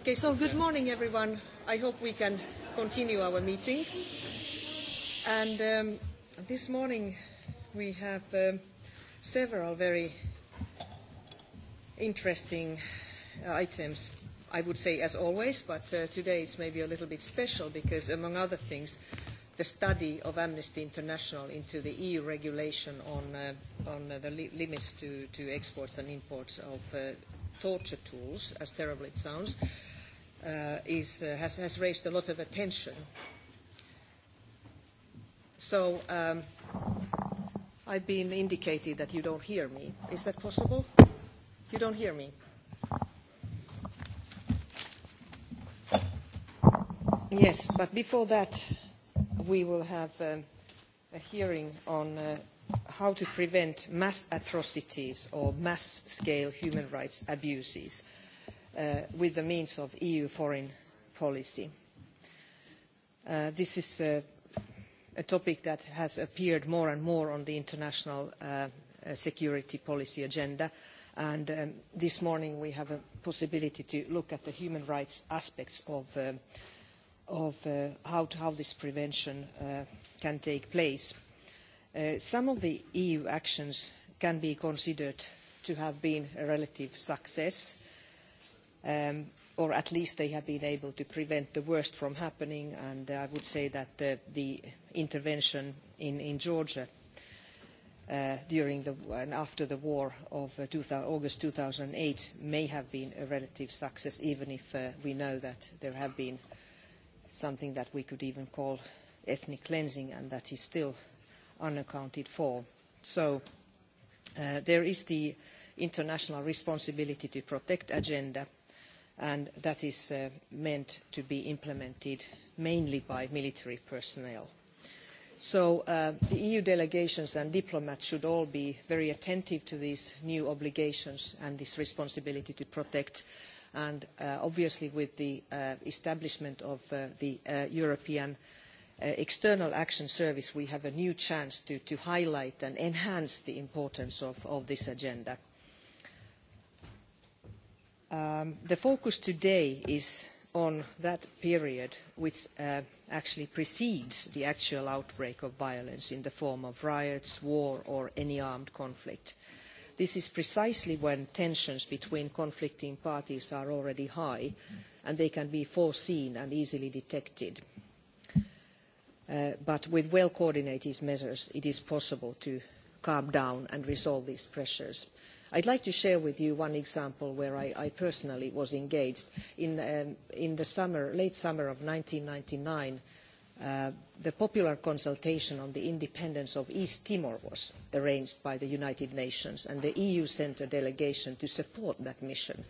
Okay, so good morning, everyone. I hope we can continue our meeting. And um, this morning we have um, several very interesting items. I would say as always, but uh, today it's maybe a little bit special because, among other things, the study of Amnesty International into the EU regulation on, uh, on the li- limits to, to exports and imports of uh, torture tools, as terrible it sounds, is, uh, has, has raised a lot of attention. So um, I've been indicated that you don't hear me. Is that possible? You don't hear me? Yes, but before that, we will have um, a hearing on uh, how to prevent mass atrocities or mass-scale human rights abuses with the means of EU foreign policy. this is a topic that has appeared more and more on the international security policy agenda and this morning we have a possibility to look at the human rights aspects of, how, this prevention can take place. some of the EU actions can be considered to have been a relative success or at least they have been able to prevent the worst from happening. And I would say that the intervention in Georgia during the and after the war of uh, two August 2008 may have been a relative success, even if we know that there have been something that we could even call ethnic cleansing, and that is still unaccounted for. So there is the international responsibility to protect agenda, and that is meant to be implemented mainly by military personnel. So the EU delegations and diplomats should all be very attentive to these new obligations and this responsibility to protect. And obviously with the establishment of the European External Action Service, we have a new chance to highlight and enhance the importance of this agenda the focus today is on that period which actually precedes the actual outbreak of violence in the form of riots, war or any armed conflict. This is precisely when tensions between conflicting parties are already high and they can be foreseen and easily detected. but with well-coordinated measures, it is possible to calm down and resolve these pressures I'd like to share with you one example where I, personally was engaged. In, in the late summer of ninety nine the popular consultation on the independence of East Timor was arranged by the United Nations, and the EU sent a delegation to support that mission.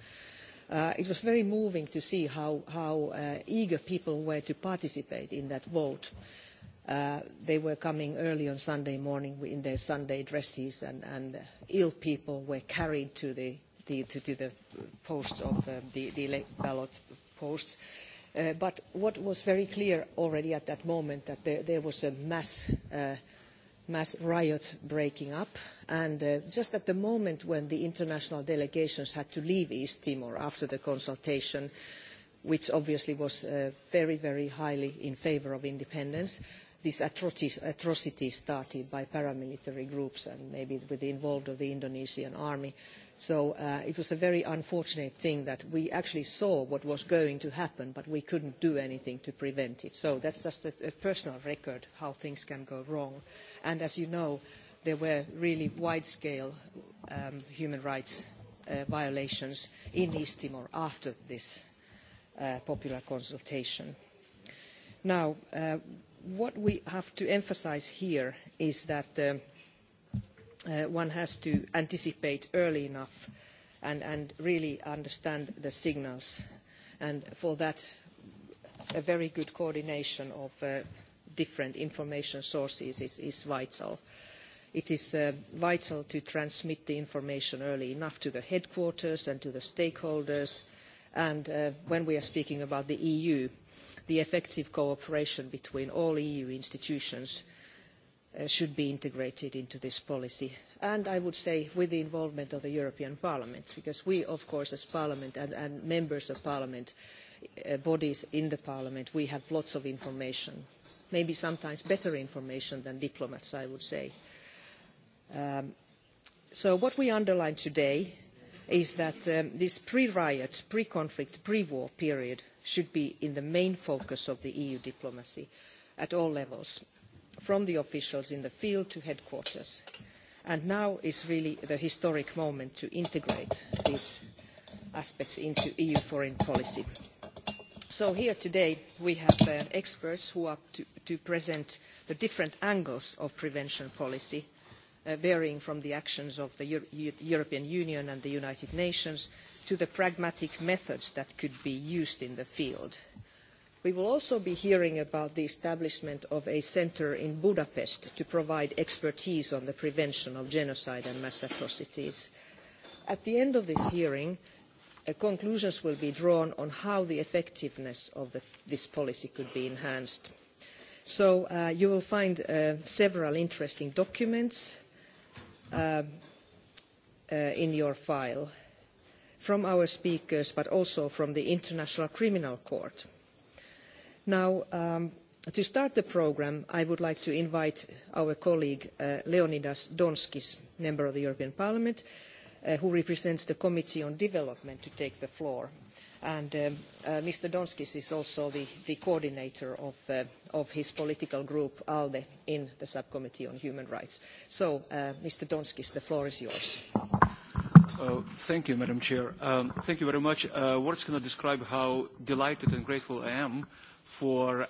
it was very moving to see how, eager people were to participate in that vote they were coming early on Sunday morning in their Sunday dresses, and, ill people were carried to the, to, the posts of the, the, ballot posts. but what was very clear already at that moment that there, there was a mass, mass riot breaking up, and just at the moment when the international delegations had to leave East Timor after the consultation, which obviously was very, very highly in favour of independence, these atrocities started by paramilitary groups and maybe with the involvement of the Indonesian army. So it was a very unfortunate thing that we actually saw what was going to happen, but we couldn't do anything to prevent it. So that's just a, a personal record how things can go wrong. And as you know, there were really wide-scale human rights violations in East Timor after this popular consultation. Now, what we have to emphasise here is that one has to anticipate early enough and really understand the signals. And for that, a very good coordination of different information sources is vital. It is vital to transmit the information early enough to the headquarters and to the stakeholders. And when we are speaking about the EU, the effective cooperation between all EU institutions should be integrated into this policy. And I would say with the involvement of the European Parliament, because we, of course, as Parliament and, members of Parliament, bodies in the Parliament, we have lots of information, maybe sometimes better information than diplomats, I would say. so what we underline today is that this pre-riot, pre-conflict, pre-war period should be in the main focus of EU diplomacy at all levels, from the officials in the field to headquarters. And now is really the historic moment to integrate these aspects into EU foreign policy. So here today we have experts who are to present the different angles of prevention policy – varying from the actions of the European Union and the United Nations to the pragmatic methods that could be used in the field. We will also be hearing about the establishment of a centre in Budapest to provide expertise on the prevention of genocide and mass atrocities. At the end of this hearing, conclusions will be drawn on how the effectiveness of this policy could be enhanced. So you will find several interesting documents in your file from our speakers, but also from the International Criminal Court. Now, to start the programme, I would like to invite our colleague Leonidas Donskis, member of the European Parliament, who represents the Committee on Development, to take the floor. Uh, And Mr. Donskis is also the, coordinator of, his political group, ALDE, in the Subcommittee on Human Rights. So, Mr. Donskis, the floor is yours. Thank you, Madam Chair. Thank you very much. Words cannot describe how delighted and grateful I am for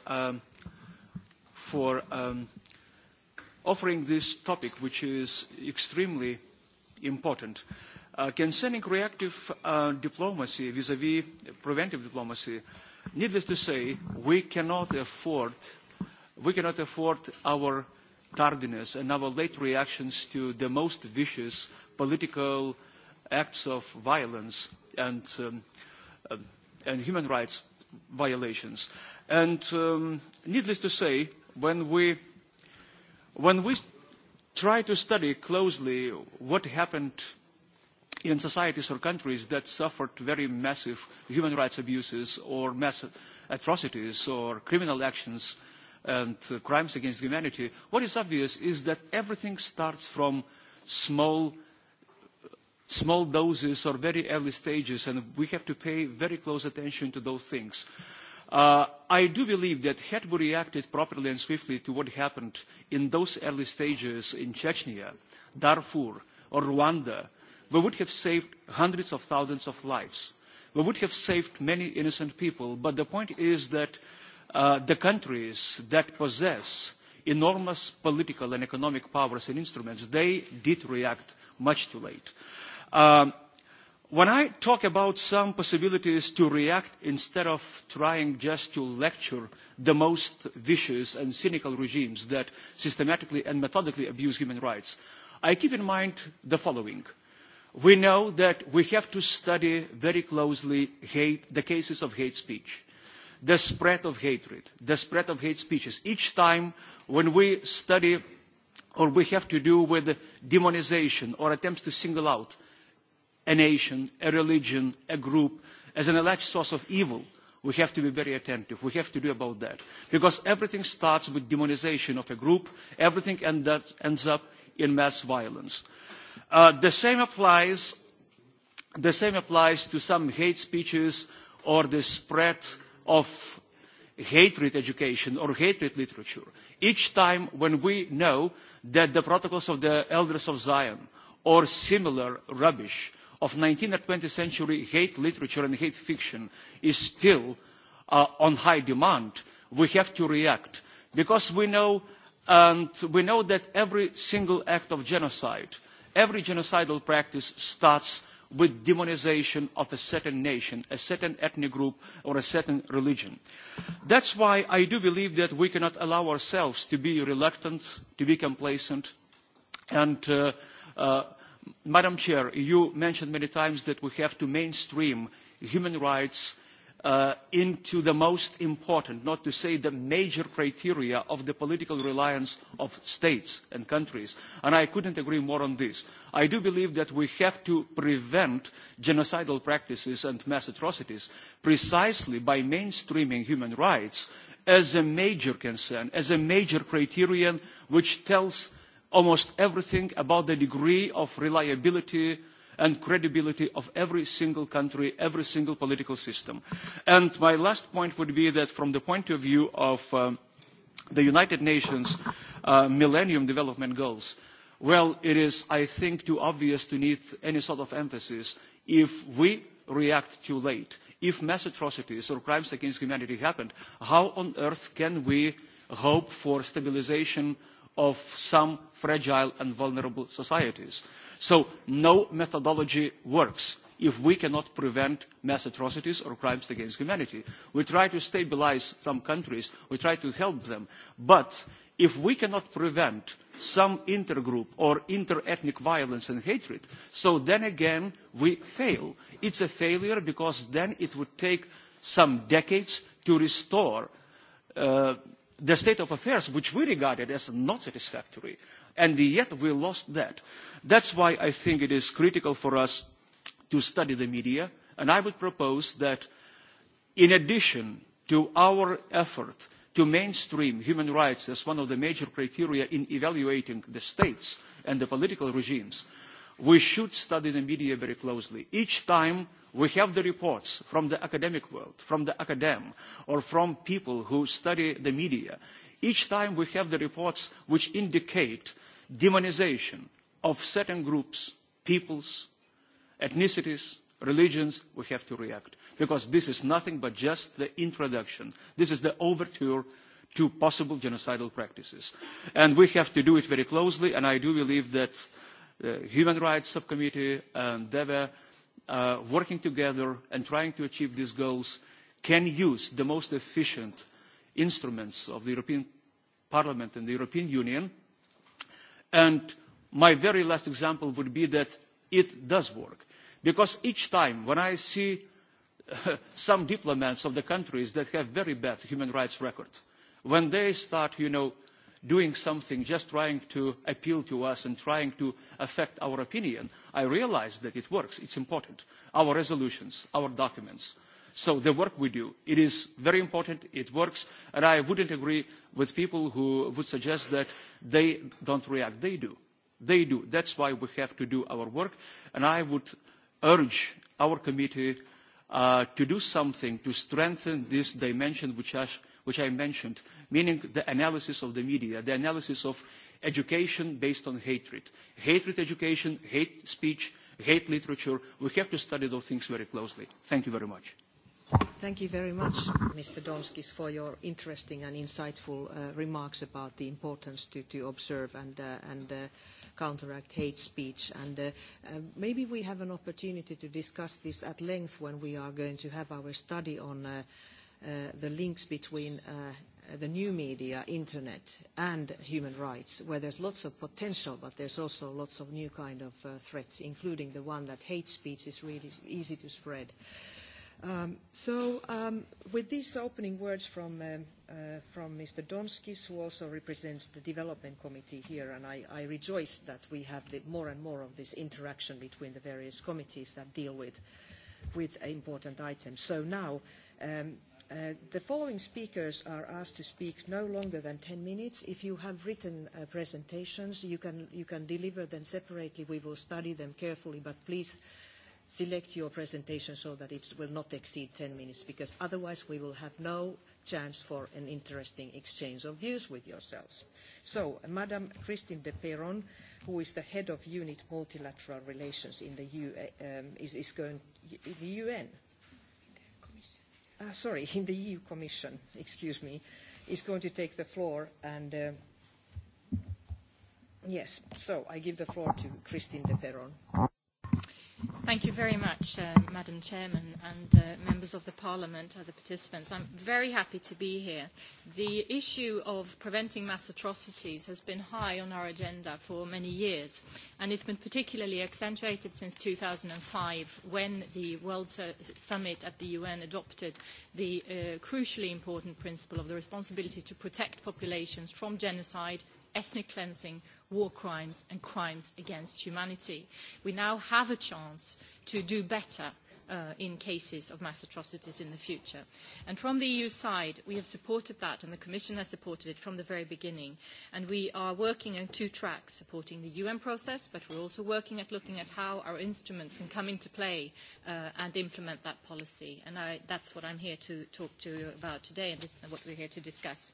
offering this topic, which is extremely important. Concerning reactive diplomacy vis-à-vis preventive diplomacy, needless to say, we cannot afford we cannot afford our tardiness and our late reactions to the most vicious political acts of violence and, and human rights violations. And needless to say, when we, when we try to study closely what happened in societies or countries that suffered very massive human rights abuses or mass atrocities or criminal actions and crimes against humanity, what is obvious is that everything starts from small small doses or very early stages, and we have to pay very close attention to those things. Uh, I do believe that had we reacted properly and swiftly to what happened in those early stages in Chechnya, Darfur, or Rwanda, we would have saved hundreds of thousands of lives. We would have saved many innocent people. But the point is that the countries that possess enormous political and economic powers and instruments, they did react much too late. when I talk about some possibilities to react instead of trying just to lecture the most vicious and cynical regimes that systematically and methodically abuse human rights, I keep in mind the following – We know that we have to study very closely hate, the cases of hate speech, the spread of hatred, the spread of hate speeches. Each time when we study or we have to do with demonization or attempts to single out a nation, a religion, a group as an alleged source of evil, we have to be very attentive. We have to do about that. Because everything starts with demonization of a group. Everything ends up in mass violence the same applies the same applies to some hate speeches or the spread of hatred education or hatred literature. Each time when we know that the protocols of the elders of Zion or similar rubbish of 19th and 20th century hate literature and hate fiction is still uh, on high demand, we have to react because we know, and we know that every single act of genocide – Every genocidal practice starts with demonization of a certain nation, a certain ethnic group, or a certain religion. That's why I do believe that we cannot allow ourselves to be reluctant, to be complacent. And, uh, uh, Madam Chair, you mentioned many times that we have to mainstream human rights into the most important, not to say the major criteria of the political reliance of states and countries. And I couldn't agree more on this. I do believe that we have to prevent genocidal practices and mass atrocities precisely by mainstreaming human rights as a major concern, as a major criterion which tells almost everything about the degree of reliability, and credibility of every single country, every single political system. And my last point would be that from the point of view of the United Nations Millennium Development Goals, well, it is, I think, too obvious to need any sort of emphasis if we react too late. If mass atrocities or crimes against humanity happened, how on earth can we hope for stabilisation of some fragile and vulnerable societies. So no methodology works if we cannot prevent mass atrocities or crimes against humanity. We try to stabilize some countries, we try to help them, but if we cannot prevent some intergroup or inter-ethnic violence and hatred, so then again we fail. It's a failure because then it would take some decades to restore the state of affairs, which we regarded as not satisfactory, and yet we lost that. That's why I think it is critical for us to study the media, and I would propose that in addition to our effort to mainstream human rights as one of the major criteria in evaluating the states and the political regimes, we should study the media very closely. Each time we have the reports from the academic world, from the academ, or from people who study the media, each time we have the reports which indicate demonization of certain groups, peoples, ethnicities, religions, we have to react. Because this is nothing but just the introduction. This is the overture to possible genocidal practices. And we have to do it very closely, and I do believe that Human Rights Subcommittee and DEVE uh, working together and trying to achieve these goals can use the most efficient instruments of the European Parliament and the European Union. And my very last example would be that it does work. Because each time when I see some diplomats of the countries that have very bad human rights records, when they start, you know, doing something, just trying to appeal to us and trying to affect our opinion. I realise that it works. It's important. Our resolutions, our documents. So the work we do, it is very important. It works. And I wouldn't agree with people who would suggest that they don't react. They do. They do. That's why we have to do our work. And I would urge our committee to do something to strengthen this dimension which which I mentioned, meaning the analysis of the media, the analysis of education based on hatred. Hatred education, hate speech, hate literature. We have to study those things very closely. Thank you very much. Thank you very much, Mr. Donskis, for your interesting and insightful uh, remarks about the importance to to observe and uh, uh, and counteract hate speech. And uh, uh, Maybe we have an opportunity to discuss this at length when we are going to have our study on uh, the links between the new media, internet, and human rights, where there's lots of potential, but there's also lots of new kind of uh, threats, including the one that hate speech is really easy to spread. so um, with these opening words from, um, uh, from Mr. Donskis, who also represents the Development Committee here, and I, I rejoice that we have the, more and more of this interaction between the various committees that deal with, with important items. So now um, the following speakers are asked to speak no longer than 10 minutes. If you have written presentations, you can deliver them separately. We will study them carefully, but please select your presentation so that it will not exceed 10 minutes, because otherwise we will have no chance for an interesting exchange of views with yourselves. So, Madam Christine de Peron, who is the head of Unit Multilateral Relations in the UN, uh, sorry, in the EU Commission, excuse me, is going to take the floor. And uh, yes, so I give the floor to Christine de Peron. Thank you very much, uh, Madam Chairman, and uh, members of the Parliament, other participants. I'm very happy to be here. The issue of preventing mass atrocities has been high on our agenda for many years, and it's been particularly accentuated since 2005 when the World Summit at the UN adopted the uh, crucially important principle of the responsibility to protect populations from genocide, ethnic cleansing, war crimes and crimes against humanity. We now have a chance to do better in cases of mass atrocities in the future. And from the EU side, we have supported that, and the Commission has supported it from the very beginning. And we are working on two tracks, supporting the UN process, but we're also working at looking at how our instruments can come into play and implement that policy. And I, that's what I'm here to talk to you about today and what we're here to discuss.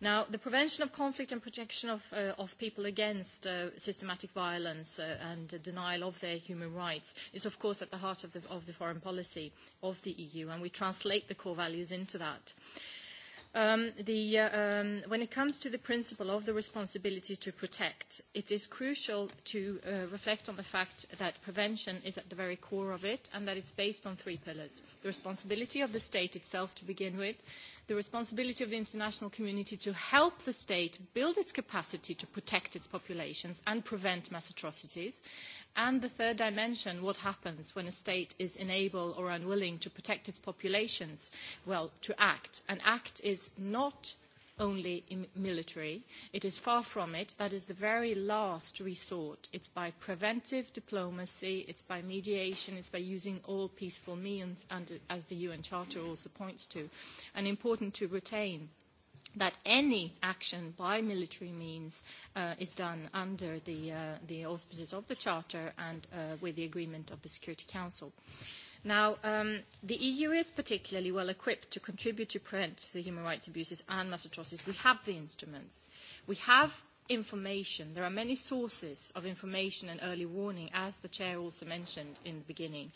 Now, the prevention of conflict and protection of, uh, of people against uh, systematic violence uh, and denial of their human rights is, of course, at the heart of the, of the foreign policy of the EU, and we translate the core values into that. Uh, when it comes to the principle of the responsibility to protect, it is crucial to reflect on the fact that prevention is at the very core of it and that it is based on three pillars. The responsibility of the state itself to begin with, the responsibility of the international community to help the state build its capacity to protect its populations and prevent mass atrocities, And the third dimension, what happens when a state is unable or unwilling to protect its populations, well, to act. And act is not only military. It is far from it. That is the very last resort. It's by preventive diplomacy, it's by mediation, it's by using all peaceful means, as the UN Charter also points to, and important to retain that any action by military means uh, is done under the, uh, the auspices of the Charter and uh, with the agreement of the Security Council. Now, um, the EU is particularly well equipped to contribute to prevent the human rights abuses and mass atrocities. We have the instruments. We have information. There are many sources of information and early warning, as the Chair also mentioned in the beginning.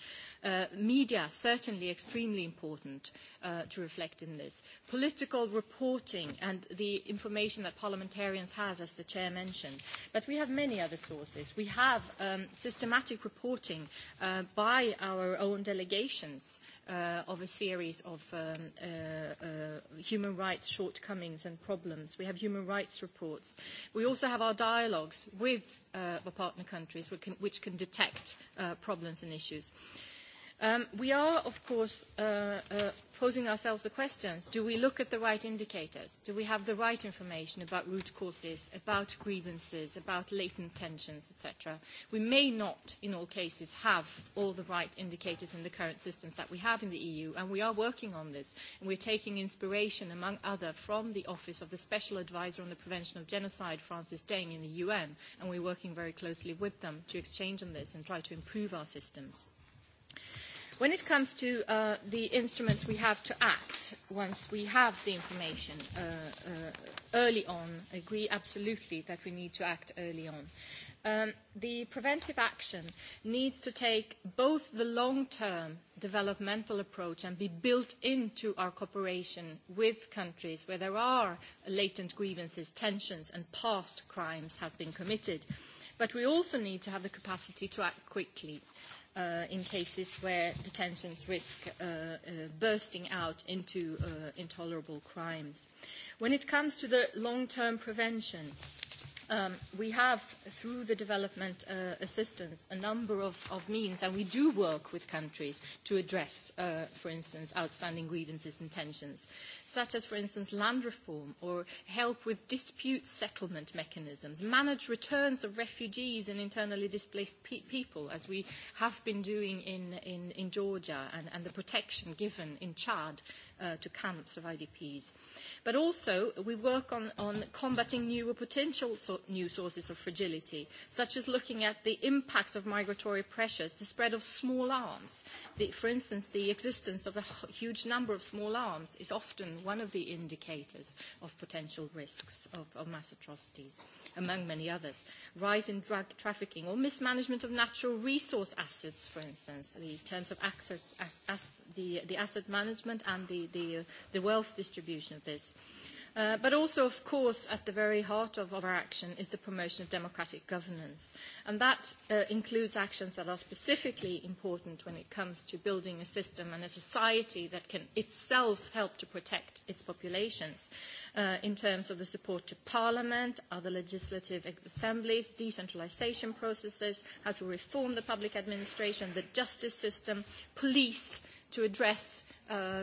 Uh, media, certainly extremely important uh, to reflect in this. Political reporting and the information that parliamentarians have, as the Chair mentioned. But we have many other sources. We have um, systematic reporting uh, by our own delegations uh, of a series of um, uh, uh, human rights shortcomings and problems. We have human rights reports. We also have our dialogues with uh, the partner countries, which can, which can detect uh, problems and issues. Uh, we are, of course, posing ourselves the questions, do we look at the right indicators? Do we have the right information about root causes, about grievances, about latent tensions, etc.? We may not, in all cases, have all the right indicators in the current systems that we have in the EU, and we are working on this. And we're taking inspiration, among other, from the Office of the Special Advisor on the Prevention of Genocide, Francis Deng, in the UN, and we're working very closely with them to exchange on this and try to improve our systems. When it comes to uh, the instruments we have to act once we have the information uh, uh, early on, I agree absolutely that we need to act early on. Um, the preventive action needs to take both the long-term developmental approach and be built into our cooperation with countries where there are latent grievances, tensions, and past crimes have been committed. But we also need to have the capacity to act quickly uh, in cases where the tensions risk uh, uh, bursting out into uh, intolerable crimes. When it comes to the long-term prevention, um, we have, through the development uh, assistance, a number of, of means, and we do work with countries to address, uh, for instance, outstanding grievances and tensions such as, for instance, land reform or help with dispute settlement mechanisms, manage returns of refugees and internally displaced pe- people, as we have been doing in, in, in Georgia, and, and the protection given in Chad uh, to camps of IDPs. But also, we work on, on combating new or potential so new sources of fragility, such as looking at the impact of migratory pressures, the spread of small arms. The, for instance, the existence of a huge number of small arms is often one of the indicators of potential risks of, of mass atrocities, among many others. Rise in drug trafficking or mismanagement of natural resource assets, for instance, the terms of access, as, as the, the asset management and the the, the wealth distribution of this. but also, of course, at the very heart of, our action is the promotion of democratic governance. And that includes actions that are specifically important when it comes to building a system and a society that can itself help to protect its populations in terms of the support to parliament, other legislative assemblies, decentralisation processes, how to reform the public administration, the justice system, police to address uh,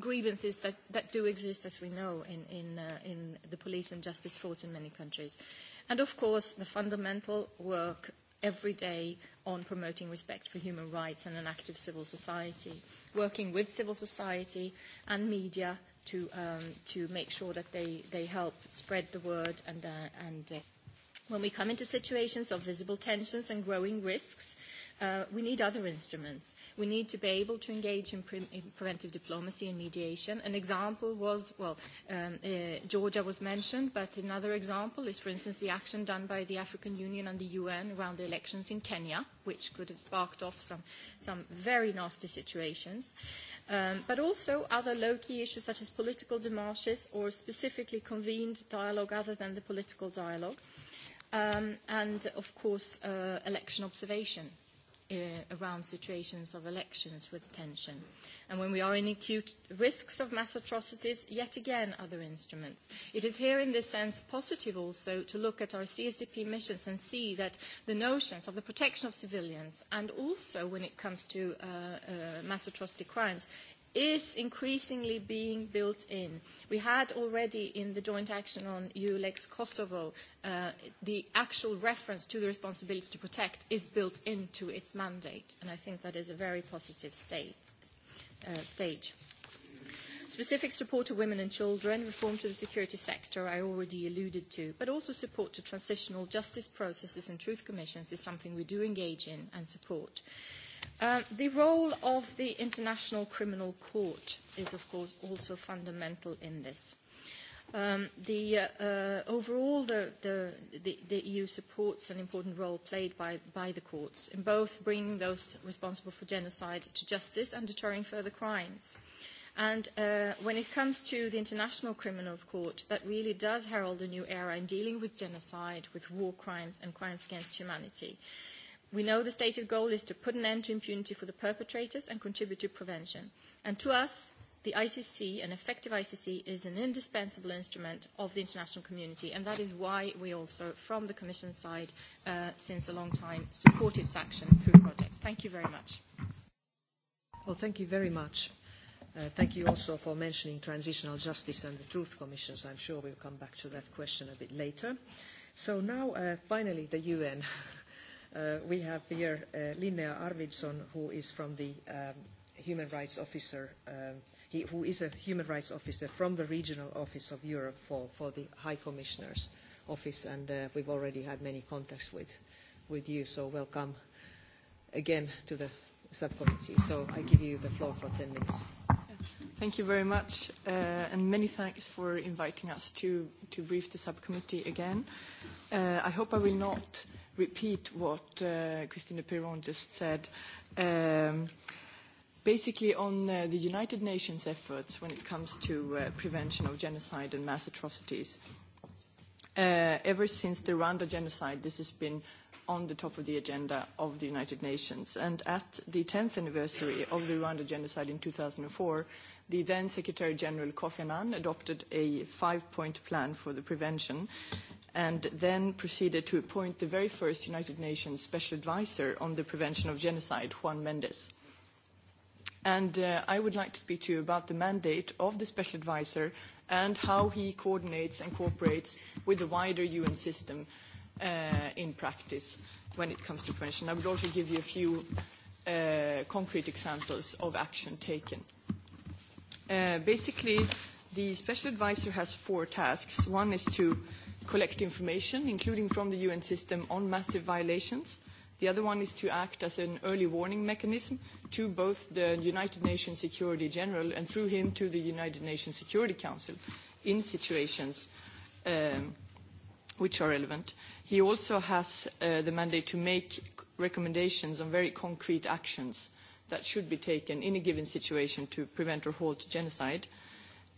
grievances that, that do exist, as we know, in, in, uh, in the police and justice force in many countries. And of course, the fundamental work every day on promoting respect for human rights and an active civil society, working with civil society and media to, um, to make sure that they, they help spread the word. And, uh, and uh, when we come into situations of visible tensions and growing risks, we need other instruments. We need to be able to engage in, pre- in preventive diplomacy and mediation. An example was, well, um, uh, Georgia was mentioned, but another example is, for instance, the action done by the African Union and the UN around the elections in Kenya, which could have sparked off some, some very nasty situations. Um, but also other low-key issues such as political demarches or specifically convened dialogue other than the political dialogue. Um, and, of course, uh, election observation around situations of elections with tension. And when we are in acute risks of mass atrocities, yet again, other instruments. It is here in this sense positive also to look at our CSDP missions and see that the notions of the protection of civilians and also when it comes to uh, uh, mass atrocity crimes is increasingly being built in. We had already in the joint action on EULEX Kosovo, uh, the actual reference to the responsibility to protect is built into its mandate, and I think that is a very positive state, uh, stage. Specific support to women and children, reform to the security sector, I already alluded to, but also support to transitional justice processes and truth commissions is something we do engage in and support. Uh, the role of the International Criminal Court is, of course, also fundamental in this. overall, the, EU supports an important role played by, the courts in both bringing those responsible for genocide to justice and deterring further crimes. And when it comes to the International Criminal Court, that really does herald a new era in dealing with genocide, with war crimes, and crimes against humanity. Uh, We know the stated goal is to put an end to impunity for the perpetrators and contribute to prevention. And to us, the ICC, an effective ICC, is an indispensable instrument of the international community, and that is why we also, from the Commission side, uh, since a long time, support its action through projects. Thank you very much. Well, thank you very much. Uh, thank you also for mentioning transitional justice and the truth commissions. I'm sure we'll come back to that question a bit later. So now, uh, finally, the UN we have here Linnea Arvidsson, who is from the human rights officer, who is a human rights officer from the Regional Office of Europe for, for the High Commissioner's Office, and uh, we've already had many contacts with, with you, so welcome again to the subcommittee. So I give you the floor for 10 minutes. Thank you very much, uh, and many thanks for inviting us to, to brief the subcommittee again. Uh, I hope I will not uh, repeat what Christina Perron just said. Um Basically, on the United Nations efforts when it comes to prevention of genocide and mass atrocities, ever since the Rwanda genocide, this has been on the top of the agenda of the United Nations. And at the 10th anniversary of the Rwanda genocide in 2004, the then Secretary General Kofi Annan adopted a five-point plan for the prevention and then proceeded to appoint the very first United Nations Special Advisor on the Prevention of Genocide, Juan Mendes. And uh, I would like to speak to you about the mandate of the Special Advisor and how he coordinates and cooperates with the wider UN system uh, in practice when it comes to prevention. I would also give you a few uh, concrete examples of action taken. Uh, basically, the special advisor has four tasks. One is to collect information, including from the UN system, on massive violations. The other one is to act as an early warning mechanism to both the United Nations Security General and through him to the United Nations Security Council in situations which are relevant. He also has the mandate to make recommendations on very concrete actions uh, that should be taken in a given situation to prevent or halt genocide.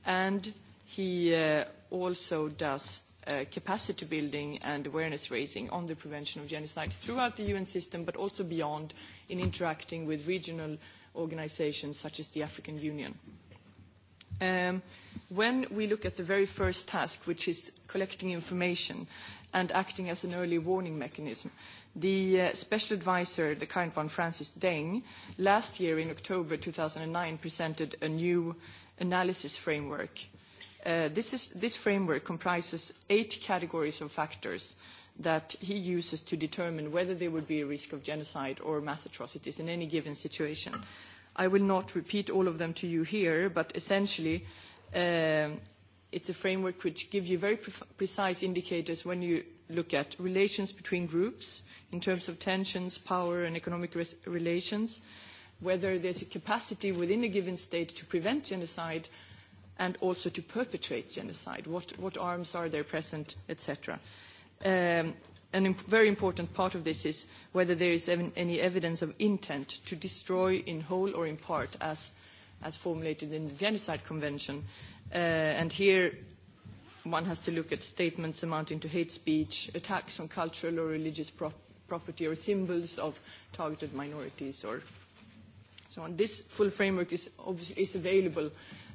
And he uh, also does uh, capacity building and awareness raising on the prevention of genocide throughout the UN system, but also beyond in interacting with regional organizations such as the African Union. Um, when we look at the very first task, which is collecting information, uh, and acting as an early warning mechanism. The special advisor, the current one, Francis Deng, last year in October 2009 presented a new analysis framework. This framework comprises eight categories of factors that he uses to determine whether there would be a risk of genocide or mass atrocities in any given situation. I will not repeat all of them to you here, but essentially, It's a framework which gives you very precise indicators when you look at relations between groups in terms of tensions, power, and economic relations, whether there's a capacity within a given state to prevent genocide and also to perpetrate genocide, what, what arms are there present, etc. Um, a very important part of this is whether there is any evidence of intent to destroy in whole or in part, as as formulated in the Genocide Convention. Uh, and here one has to look at statements amounting to hate speech, attacks on cultural or religious prop property or symbols of targeted minorities or so on. This full framework is, is available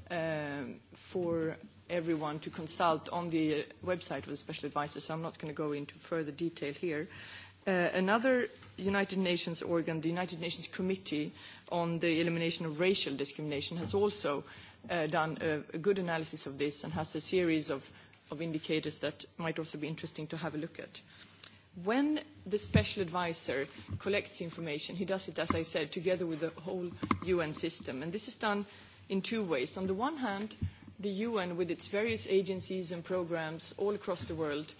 um, for everyone to consult on the website of the Special Advisor, so I'm not going to go into further detail here another United Nations organ, the United Nations Committee on the Elimination of Racial Discrimination, has also done a, good analysis of this and has a series of, indicators that might also be interesting to have a look at. When the special advisor collects information, he does it, as I said, together with the whole UN system. And this is done in two ways. On the one hand, the UN, with its various agencies and programmes all across the world,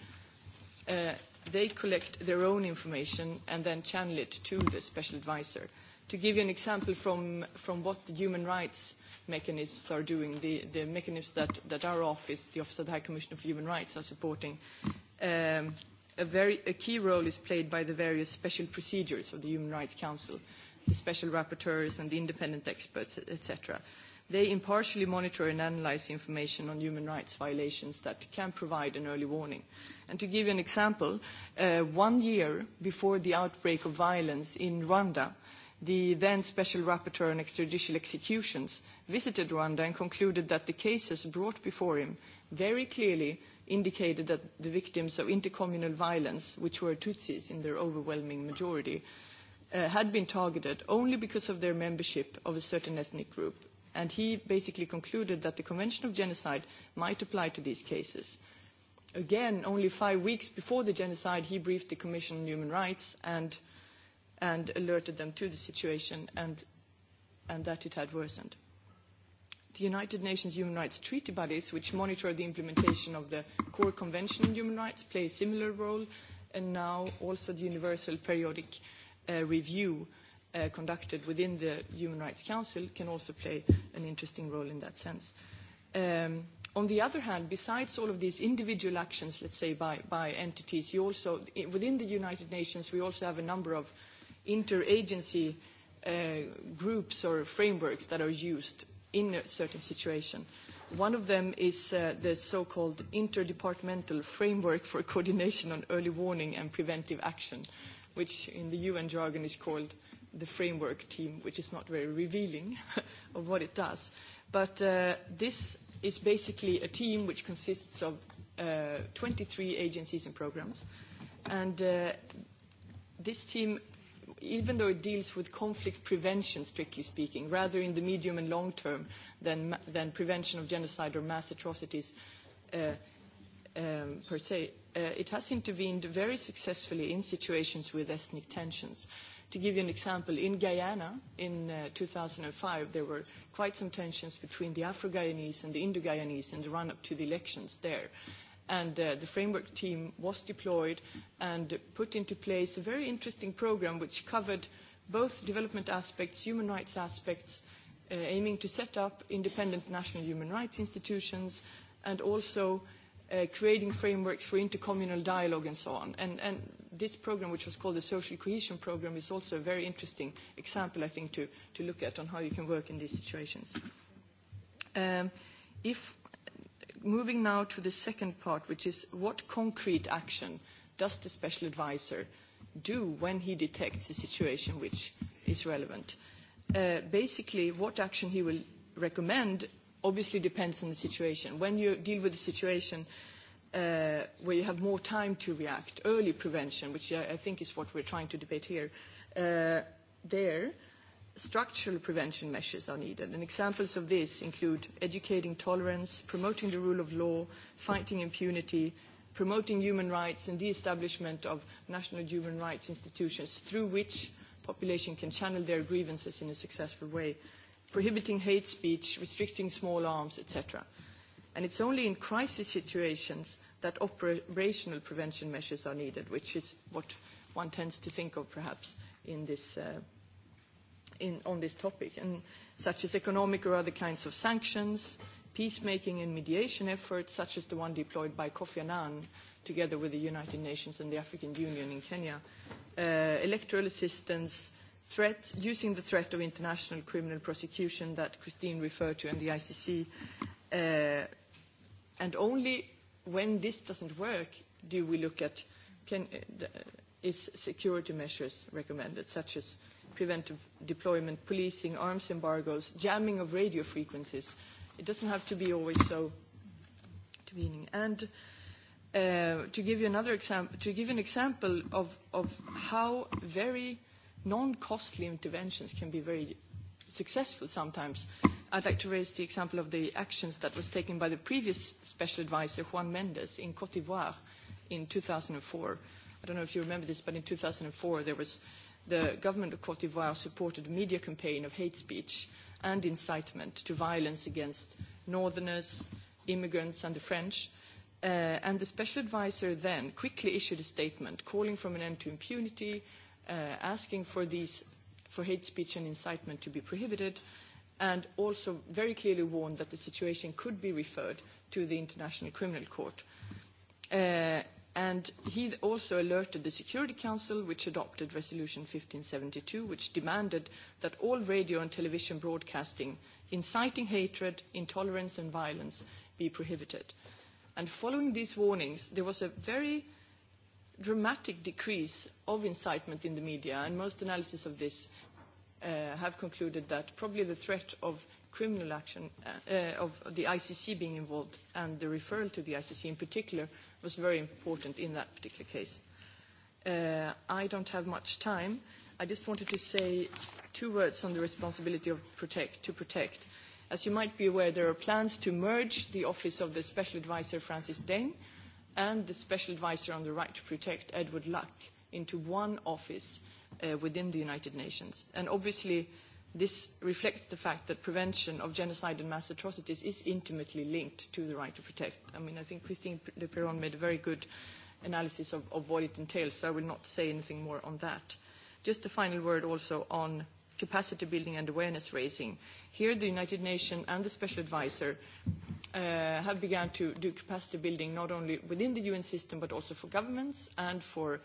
they collect their own information and then channel it to the special advisor. To give you an example from, from what the human rights mechanisms are doing, the, the mechanisms that, that our office, the Office of the High Commissioner for Human Rights, are supporting, um, a, very, a key role is played by the various special procedures of the Human Rights Council, the special rapporteurs and the independent experts, etc They impartially monitor and analyse information on human rights violations that can provide an early warning. And to give you an example, one year before the outbreak of violence in Rwanda, the then Special Rapporteur on Extrajudicial Executions visited Rwanda and concluded that the cases brought before him very clearly indicated that the victims of intercommunal violence, which were Tutsis in their overwhelming majority, had been targeted only because of their membership of a certain ethnic group and he basically concluded that the Convention of Genocide might apply to these cases. Again, only five weeks before the genocide, he briefed the Commission on Human Rights and, and alerted them to the situation and, and that it had worsened. The United Nations Human Rights Treaty bodies, which monitor the implementation of the Core Convention on Human Rights, play a similar role, and now also the Universal Periodic Review uh, conducted within the Human Rights Council can also play an interesting role in that sense. on the other hand, besides all of these individual actions, let's say, by, by entities, you also, within the United Nations, we also have a number of interagency groups or frameworks that are used in a certain situation. One of them is the so-called Interdepartmental Framework for Coordination on Early Warning and Preventive Action, which in the UN jargon is called the framework team, which is not very revealing of what it does. But uh, this is basically a team which consists of uh, 23 agencies and programs. And uh, this team, even though it deals with conflict prevention, strictly speaking, rather in the medium and long term than, than prevention of genocide or mass atrocities uh, um, per se, uh, it has intervened very successfully in situations with ethnic tensions To give you an example, in Guyana in uh, 2005, there were quite some tensions between the Afro-Guyanese and the Indo-Guyanese in the run-up to the elections there. And uh, the framework team was deployed and put into place a very interesting program which covered both development aspects, human rights aspects, uh, aiming to set up independent national human rights institutions, and also creating frameworks for intercommunal dialogue and so on. And, and this program, which was called the Social Cohesion Program, is also a very interesting example, I think, to, to look at on how you can work in these situations. Um, if moving now to the second part, which is what concrete action does the special advisor do when he detects a situation which is relevant? Uh, basically, what action he will recommend obviously depends on the situation. When you deal with a situation uh, where you have more time to react, early prevention, which I, I think is what we're trying to debate here, uh, there, structural prevention measures are needed. And examples of this include educating tolerance, promoting the rule of law, fighting impunity, promoting human rights, and the establishment of national human rights institutions through which population can channel their grievances in a successful way. Uh, prohibiting hate speech, restricting small arms, etc. And it's only in crisis situations that operational prevention measures are needed, which is what one tends to think of perhaps in this, uh, in, on this topic, and such as economic or other kinds of sanctions, peacemaking and mediation efforts, such as the one deployed by Kofi Annan together with the United Nations and the African Union in Kenya, uh, electoral assistance, threat, using the threat of international criminal prosecution that Christine referred to and the ICC. Uh, and only when this doesn't work do we look at can, uh, is security measures recommended, such as preventive deployment, policing, arms embargoes, jamming of radio frequencies. It doesn't have to be always so demeaning. And uh, to give you another example, to give an example of, of how very non-costly interventions can be very successful sometimes. I'd like to raise the example of the actions that was taken by the previous special advisor, Juan Mendes, in Côte d'Ivoire in 2004. I don't know if you remember this, but in 2004 there was the government of Côte d'Ivoire supported a media campaign of hate speech and incitement to violence against northerners, immigrants and the French. and the special advisor then quickly issued a statement calling for an end to impunity, asking for these for hate speech and incitement to be prohibited and also very clearly warned that the situation could be referred to the International Criminal Court. and he also alerted the Security Council, which adopted Resolution seventy two, which demanded that all radio and television broadcasting inciting hatred, intolerance and violence be prohibited. And following these warnings, there was a very dramatic decrease of incitement in the media, and most analysis of this have concluded that probably the threat of criminal action, of the ICC being involved, and the referral to the ICC in particular, was very important in that particular case. I don't have much time. I just wanted to say two words on the responsibility of protect, to protect. As you might be aware, there are plans to merge the office of the Special Advisor Francis Deng and the Special Advisor on the Right to Protect, Edward Luck, into one office within the United Nations. And obviously, this reflects the fact that prevention of genocide and mass atrocities is intimately linked to the right to protect. I mean, I think Christine de Peron made a very good analysis of, of what it entails, so I will not say anything more on that. Just a final word also on capacity building and awareness raising. Here, the United Nations and the Special Advisor have begun to do capacity building not only within the UN system but also for governments and for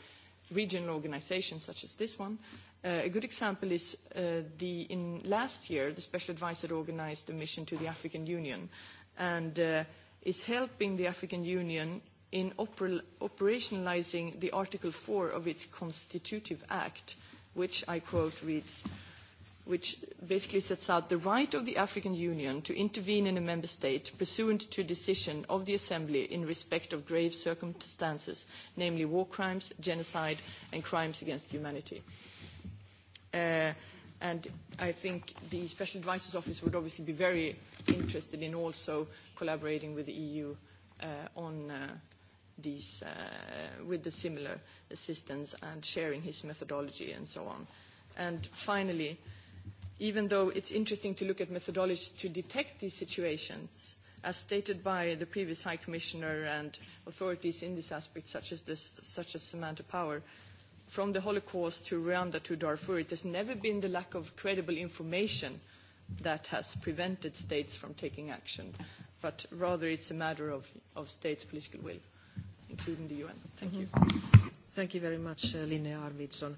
regional organisations such as this one. a good example is the, in last year the special advisor organised a mission to the African Union and is helping the African Union in oper operationalising the Article four of its Constitutive Act, which I quote reads, which basically sets out the right of the African Union to intervene in a member state pursuant to a decision of the Assembly in respect of grave circumstances, namely war crimes, genocide, and crimes against humanity. and I think the Special Advisor's Office would obviously be very interested in also collaborating with the EU on these, with the similar assistance and sharing his methodology and so on. And finally, even though it's interesting to look at methodologies to detect these situations, as stated by the previous High Commissioner and authorities in this aspect, such as, this, such as Samantha Power, from the Holocaust to Rwanda to Darfur, it has never been the lack of credible information that has prevented states from taking action, but rather it's a matter of, of states' political will, including the UN. Thank you. Thank you very much, Linnea Arvidsson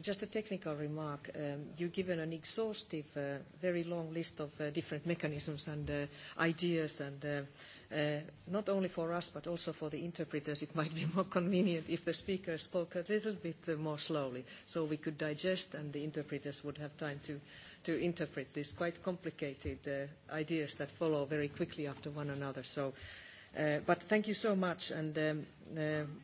Just a technical remark. You've given an exhaustive, very long list of different mechanisms and ideas, and not only for us, but also for the interpreters, it might be more convenient if the speaker spoke a little bit more slowly, so we could digest, and the interpreters would have time to to interpret these quite complicated ideas that follow very quickly after one another. So But Thank you so much, and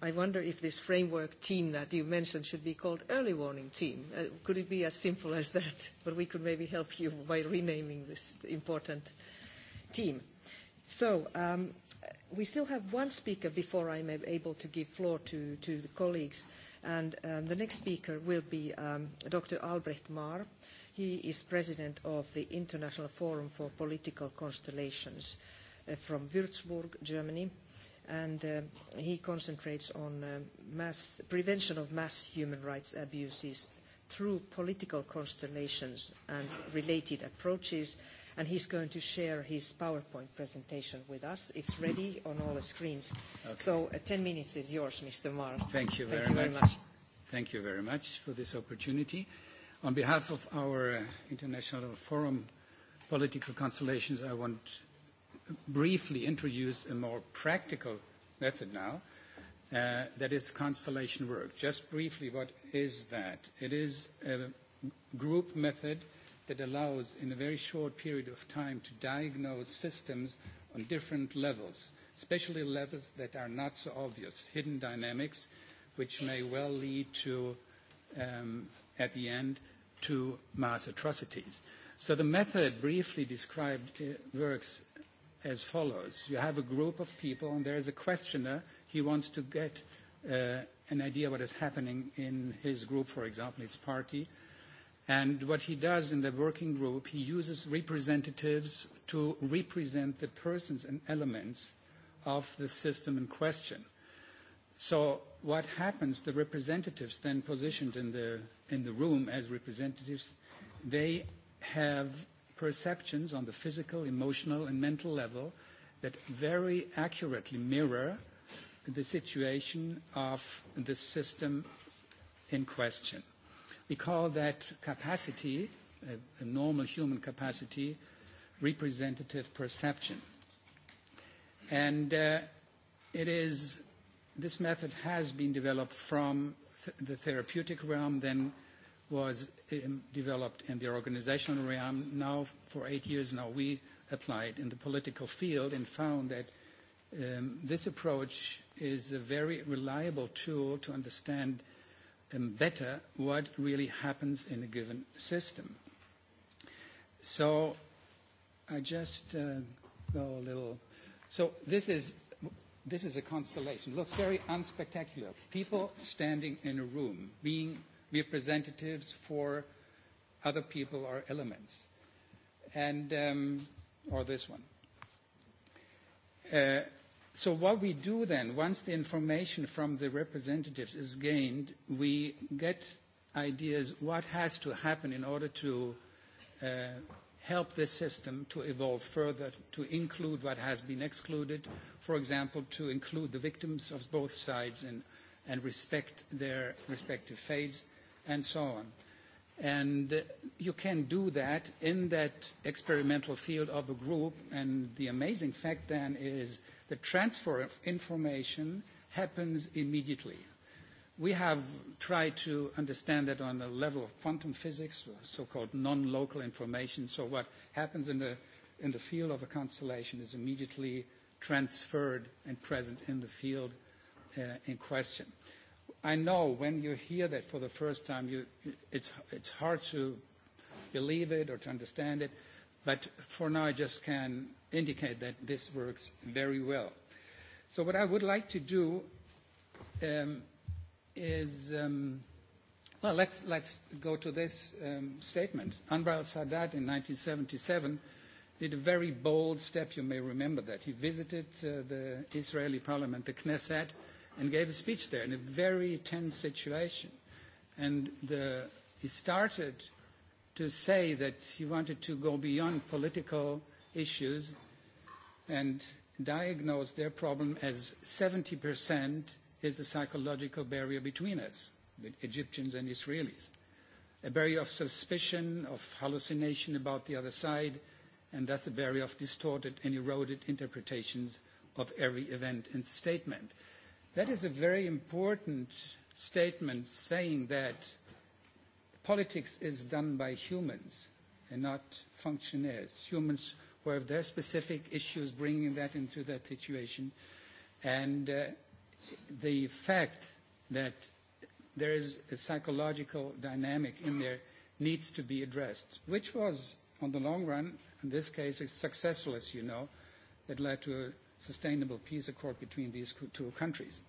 I wonder if this framework team that you mentioned should be called early warning team. Could it be as simple as that? But We could maybe help you by renaming this important team. So um We still have one speaker before I'm able to give floor to to the colleagues, and um the next speaker will be um Dr. Albrecht Mahr. He is president of the International Forum for Political Constellations, from Würzburg, Germany, and he concentrates on mass, prevention of mass human rights abuses through political constellations and related approaches, and he's going to share his PowerPoint presentation with us. It's ready on all the screens. So uh, 10 minutes is yours, Mr. Marr. Thank you very, Thank you very much. much. Thank you very much for this opportunity. On behalf of our uh, International Forum Political Constellations, I want briefly introduced a more practical method now, uh, that is constellation work. Just briefly, what is that? It is a group method that allows, in a very short period of time, to diagnose systems on different levels, especially levels that are not so obvious, hidden dynamics, which may well lead to, um, at the end, to mass atrocities. So the method briefly described works as follows. You have a group of people, and there is a questioner. He wants to get uh, an idea what is happening in his group, for example, his party. And what he does in the working group, he uses representatives to represent the persons and elements of the system in question. So what happens, the representatives then positioned in the, in the room as representatives, they have perceptions on the physical, emotional, and mental level that very accurately mirror the situation of the system in question. We call that capacity, a a normal human capacity, representative perception. And it is this method has been developed from th the therapeutic realm, then was developed in the organizational realm. Now, for eight years now, we applied in the political field and found that this approach is a very reliable tool to understand better what really happens in a given system. So I just uh, go a little. So this is this is a constellation. Looks very unspectacular. People standing in a room, being representatives for other people or elements, and um, or this one. Uh, so what we do then, once the information from the representatives is gained, we get ideas what has to happen in order to uh, help this system to evolve further, to include what has been excluded, for example, to include the victims of both sides and, and respect their respective faiths, and so on. And you can do that in that experimental field of a group. And the amazing fact then is the transfer of information happens immediately. We have tried to understand that on the level of quantum physics, so-called non-local information. So what happens in the, in the field of a constellation is immediately transferred and present in the field uh, in question. I know when you hear that for the first time, you, it's, it's hard to believe it or to understand it, but for now I just can indicate that this works very well. So what I would like to do um, is, um, well, let's, let's go to this um, statement. Anwar al-Sadat in 1977 did a very bold step, you may remember that. He visited uh, the Israeli parliament, the Knesset, and gave a speech there in a very tense situation. And the, he started to say that he wanted to go beyond political issues and diagnose their problem as 70% is a psychological barrier between us, the Egyptians and Israelis. A barrier of suspicion, of hallucination about the other side, and thus the barrier of distorted and eroded interpretations of every event and statement. That is a very important statement saying that politics is done by humans and not functionaries. Humans who have their specific issues bringing that into that situation. And uh, the fact that there is a psychological dynamic in there needs to be addressed, which was, on the long run, in this case, successful, as you know, that led to a sustainable peace accord between these two countries.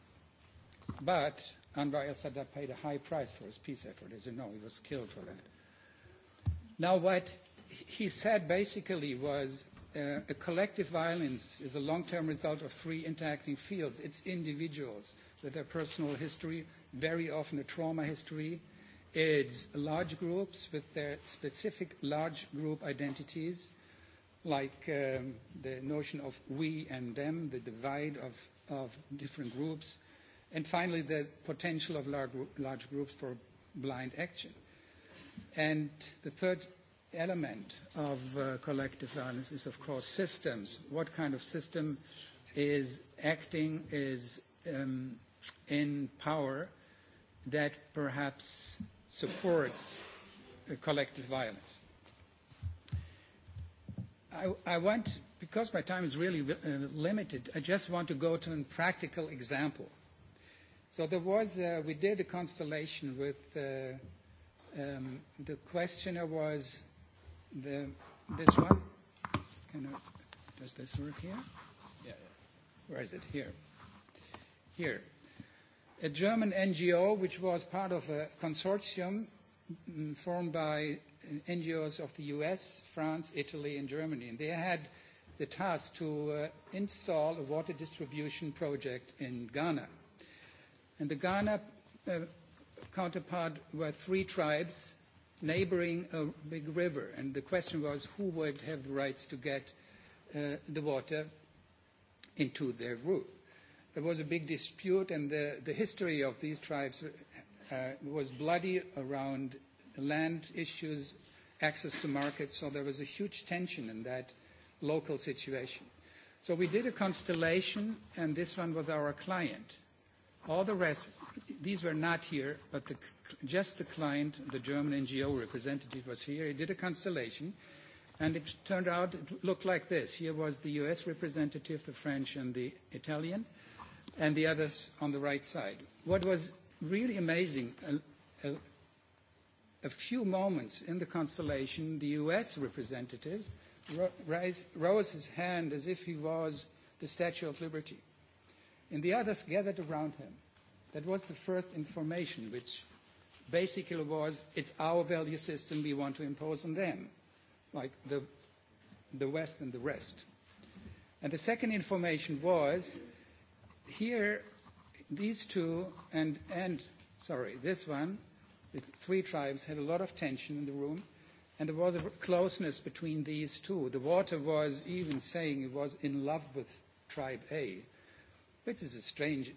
But Anwar el Sadat paid a high price for his peace effort. As you know, he was killed for that. Now, what he said basically was uh, a collective violence is a long term result of three interacting fields. It's individuals with their personal history, very often a trauma history. It's large groups with their specific large group identities like um, the notion of we and them, the divide of, of different groups, and finally the potential of large, large groups for blind action. And the third element of uh, collective violence is, of course, systems. What kind of system is acting, is um, in power that perhaps supports uh, collective violence? I, I want, because my time is really uh, limited, I just want to go to a practical example. So there was, uh, we did a constellation with, uh, um, the questioner was the, this one. Can I, does this work here? Yeah, yeah. Where is it? Here. Here. A German NGO, which was part of a consortium formed by NGOs of the US, France, Italy, and Germany. And they had the task to uh, install a water distribution project in Ghana. And the Ghana uh, counterpart were three tribes neighboring a big river. And the question was who would have the rights to get uh, the water into their group. There was a big dispute, and the, the history of these tribes uh, was bloody around land issues, access to markets. So there was a huge tension in that local situation. So we did a constellation, and this one was our client. All the rest, these were not here, but the, just the client, the German NGO representative was here. He did a constellation, and it turned out it looked like this. Here was the U.S. representative, the French, and the Italian, and the others on the right side. What was really amazing, a, a a few moments in the constellation, the U.S. representative rose his hand as if he was the Statue of Liberty. And the others gathered around him. That was the first information, which basically was it's our value system we want to impose on them, like the, the West and the rest. And the second information was here, these two, and, and sorry, this one, The three tribes had a lot of tension in the room, and there was a closeness between these two. The water was even saying it was in love with tribe A, which is a strange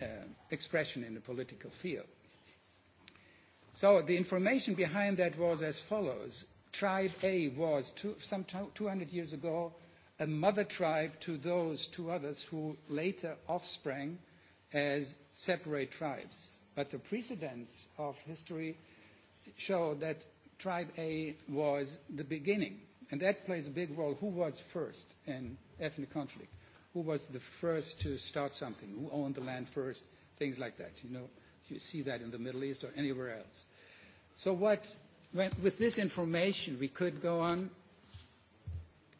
uh, expression in the political field. So the information behind that was as follows. Tribe A was two, some 200 years ago a mother tribe to those two others who later offsprang as separate tribes. But the precedents of history show that tribe A was the beginning. And that plays a big role. Who was first in ethnic conflict? Who was the first to start something? Who owned the land first? Things like that. You know, you see that in the Middle East or anywhere else. So what, when, with this information, we could go on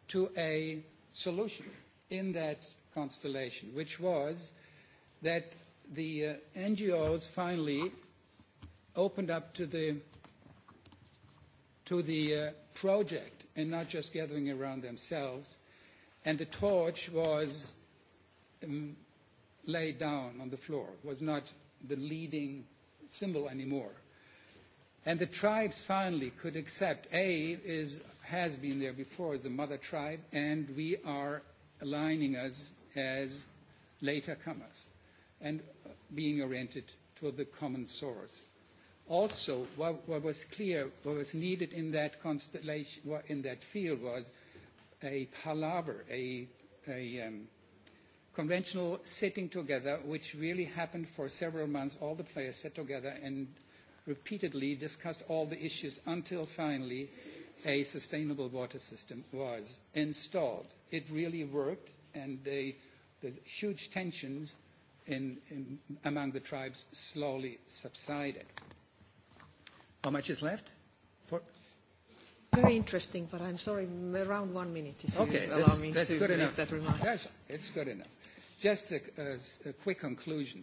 to a solution in that constellation, which was that the uh, NGOs finally opened up to the to the uh, project and not just gathering around themselves. And the torch was um, laid down on the floor, was not the leading symbol anymore. And the tribes finally could accept A is, has been there before as the mother tribe, and we are aligning us as later comers and being oriented to the common source. Also, what, what was clear, what was needed in that constellation, what in that field was a palaver, a, a um, conventional sitting together, which really happened for several months. All the players sat together and repeatedly discussed all the issues until finally a sustainable water system was installed. It really worked, and they, the huge tensions in, among the tribes slowly subsided. How much is left? For Very interesting, but I'm sorry, around one minute if okay, you allow me that's to good make enough. that remark. That's, it's good enough. Just a, a, a quick conclusion.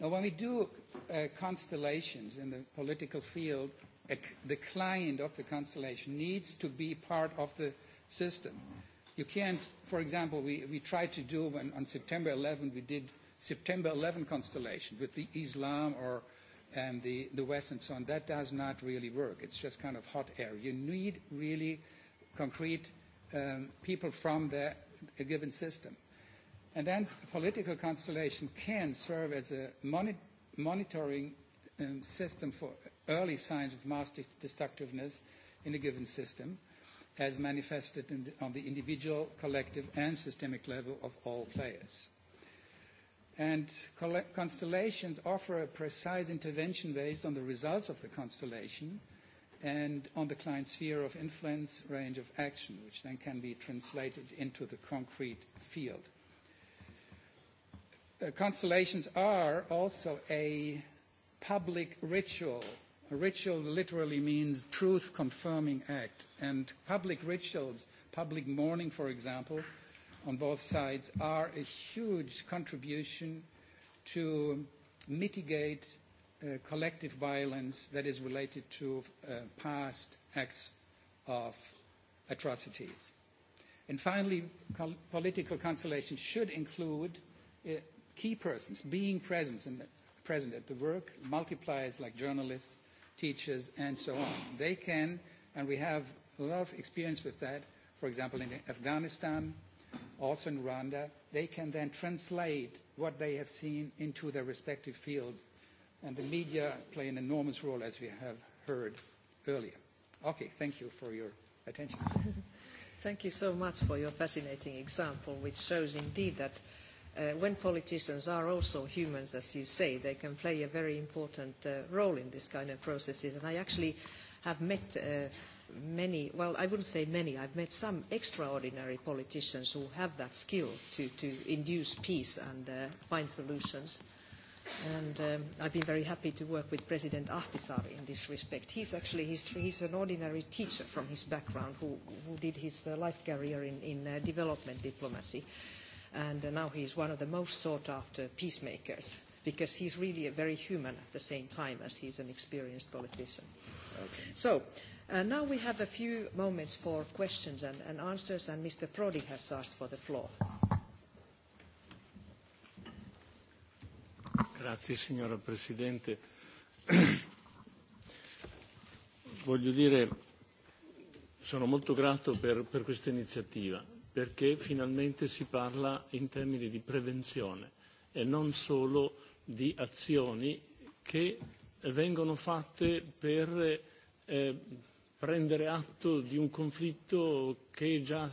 Now, when we do uh, constellations in the political field, a, the client of the constellation needs to be part of the system. You can't, for example, we, we tried to do when on September 11 we did – September 11 constellation with the Islam or and the, the West and so on, that does not really work. It's just kind of hot air. You need really concrete um, people from the, a given system. And then a political constellation can serve as a moni- monitoring um, system for early signs of mass destructiveness in a given system, as manifested in the, on the individual, collective, and systemic level of all players. And constellations offer a precise intervention based on the results of the constellation and on the client's sphere of influence range of action, which then can be translated into the concrete field. Constellations are also a public ritual. A ritual literally means truth confirming act. And public rituals, public mourning, for example, on both sides are a huge contribution to mitigate collective violence that is related to past acts of atrocities. And finally, political consolation should include key persons being present, in the, present at the work, multipliers like journalists, teachers, and so on. They can, and we have a lot of experience with that, for example, in Afghanistan, also in Rwanda, they can then translate what they have seen into their respective fields. And the media play an enormous role, as we have heard earlier. Okay, thank you for your attention. Thank you so much for your fascinating example, which shows indeed that uh, when politicians are also humans, as you say, they can play a very important uh, role in this kind of processes. And I actually have met uh, many, well, I wouldn't say many, I've met some extraordinary politicians who have that skill to, to induce peace and uh, find solutions. And um, I've been very happy to work with President Ahtisaari in this respect. He's actually he's, he's an ordinary teacher from his background who, who did his uh, life career in, in uh, development diplomacy. And uh, now he's one of the most sought-after peacemakers because he's really a very human at the same time as he's an experienced politician. Okay. So Now we have a few moments for questions and answers, and Mr. Prodi has asked for the floor. Grazie, signora Presidente. Voglio dire, sono molto grato per, questa iniziativa, perché finalmente si parla in termini di prevenzione e non solo di azioni che vengono fatte per prendere atto di un conflitto che già,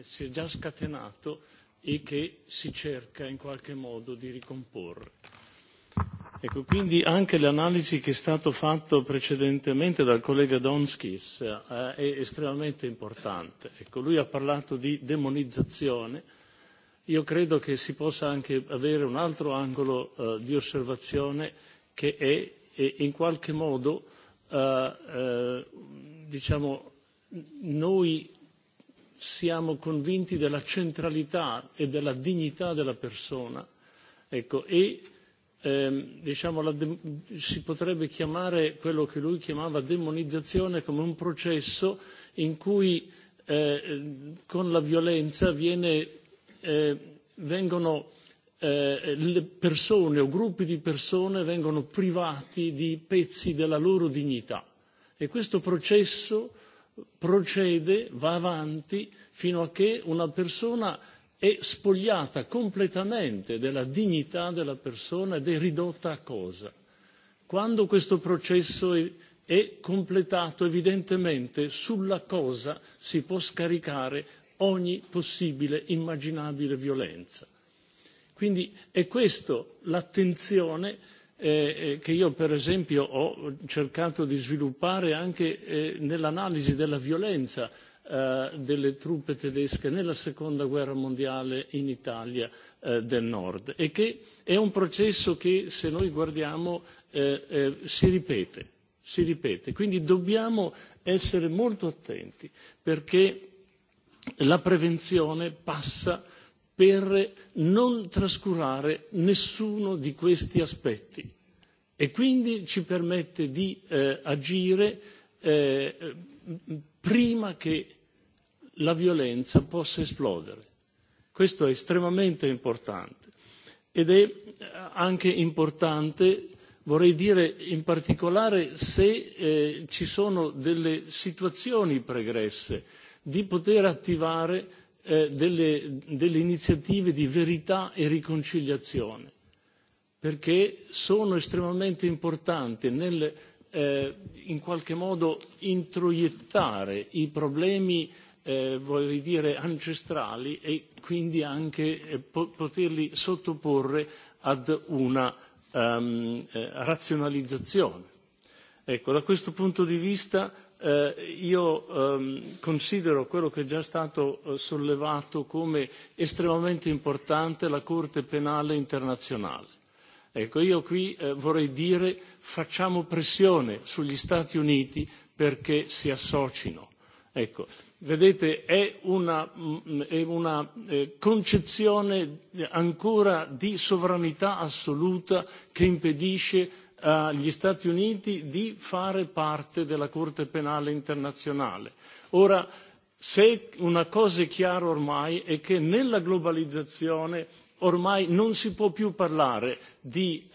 si è già scatenato e che si cerca in qualche modo di ricomporre. Ecco, quindi anche l'analisi che è stata fatta precedentemente dal collega Donskis è estremamente importante. Ecco, lui ha parlato di demonizzazione. Io credo che si possa anche avere un altro angolo di osservazione che è in qualche modo diciamo, noi siamo convinti della centralità e della dignità della persona ecco, e diciamo, la, si potrebbe chiamare quello che lui chiamava demonizzazione come un processo in cui con la violenza viene, vengono le persone o gruppi di persone vengono privati di pezzi della loro dignità e questo processo procede, va avanti fino a che una persona è spogliata completamente della dignità della persona ed è ridotta a cosa. Quando questo processo è, è completato, evidentemente sulla cosa si può scaricare ogni possibile immaginabile violenza Quindi è questa l'attenzione che io per esempio ho cercato di sviluppare anche nell'analisi della violenza delle truppe tedesche nella seconda guerra mondiale in Italia del Nord e che è un processo che se noi guardiamo si ripete, si ripete. Quindi dobbiamo essere molto attenti perché la prevenzione passa per non trascurare nessuno di questi aspetti e quindi ci permette di agire prima che la violenza possa esplodere. Questo è estremamente importante ed è anche importante vorrei dire in particolare se ci sono delle situazioni pregresse di poter attivare delle iniziative di verità e riconciliazione perché sono estremamente importanti nel in qualche modo introiettare i problemi vorrei dire ancestrali e quindi anche poterli sottoporre ad una razionalizzazione. Ecco, da questo punto di vista io considero quello che è già stato sollevato come estremamente importante la Corte Penale Internazionale. Ecco, io qui vorrei dire facciamo pressione sugli Stati Uniti perché si associno. Ecco, vedete, è una, è una concezione ancora di sovranità assoluta che impedisce agli Stati Uniti di fare parte della Corte Penale Internazionale. Ora, se una cosa è chiara ormai è che nella globalizzazione ormai non si può più parlare di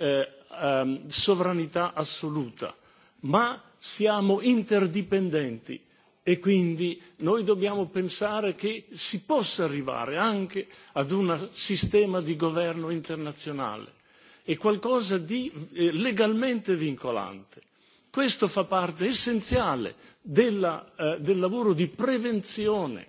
sovranità assoluta, ma siamo interdipendenti e quindi noi dobbiamo pensare che si possa arrivare anche ad un sistema di governo internazionale è qualcosa di legalmente vincolante. Questo fa parte essenziale del lavoro di prevenzione,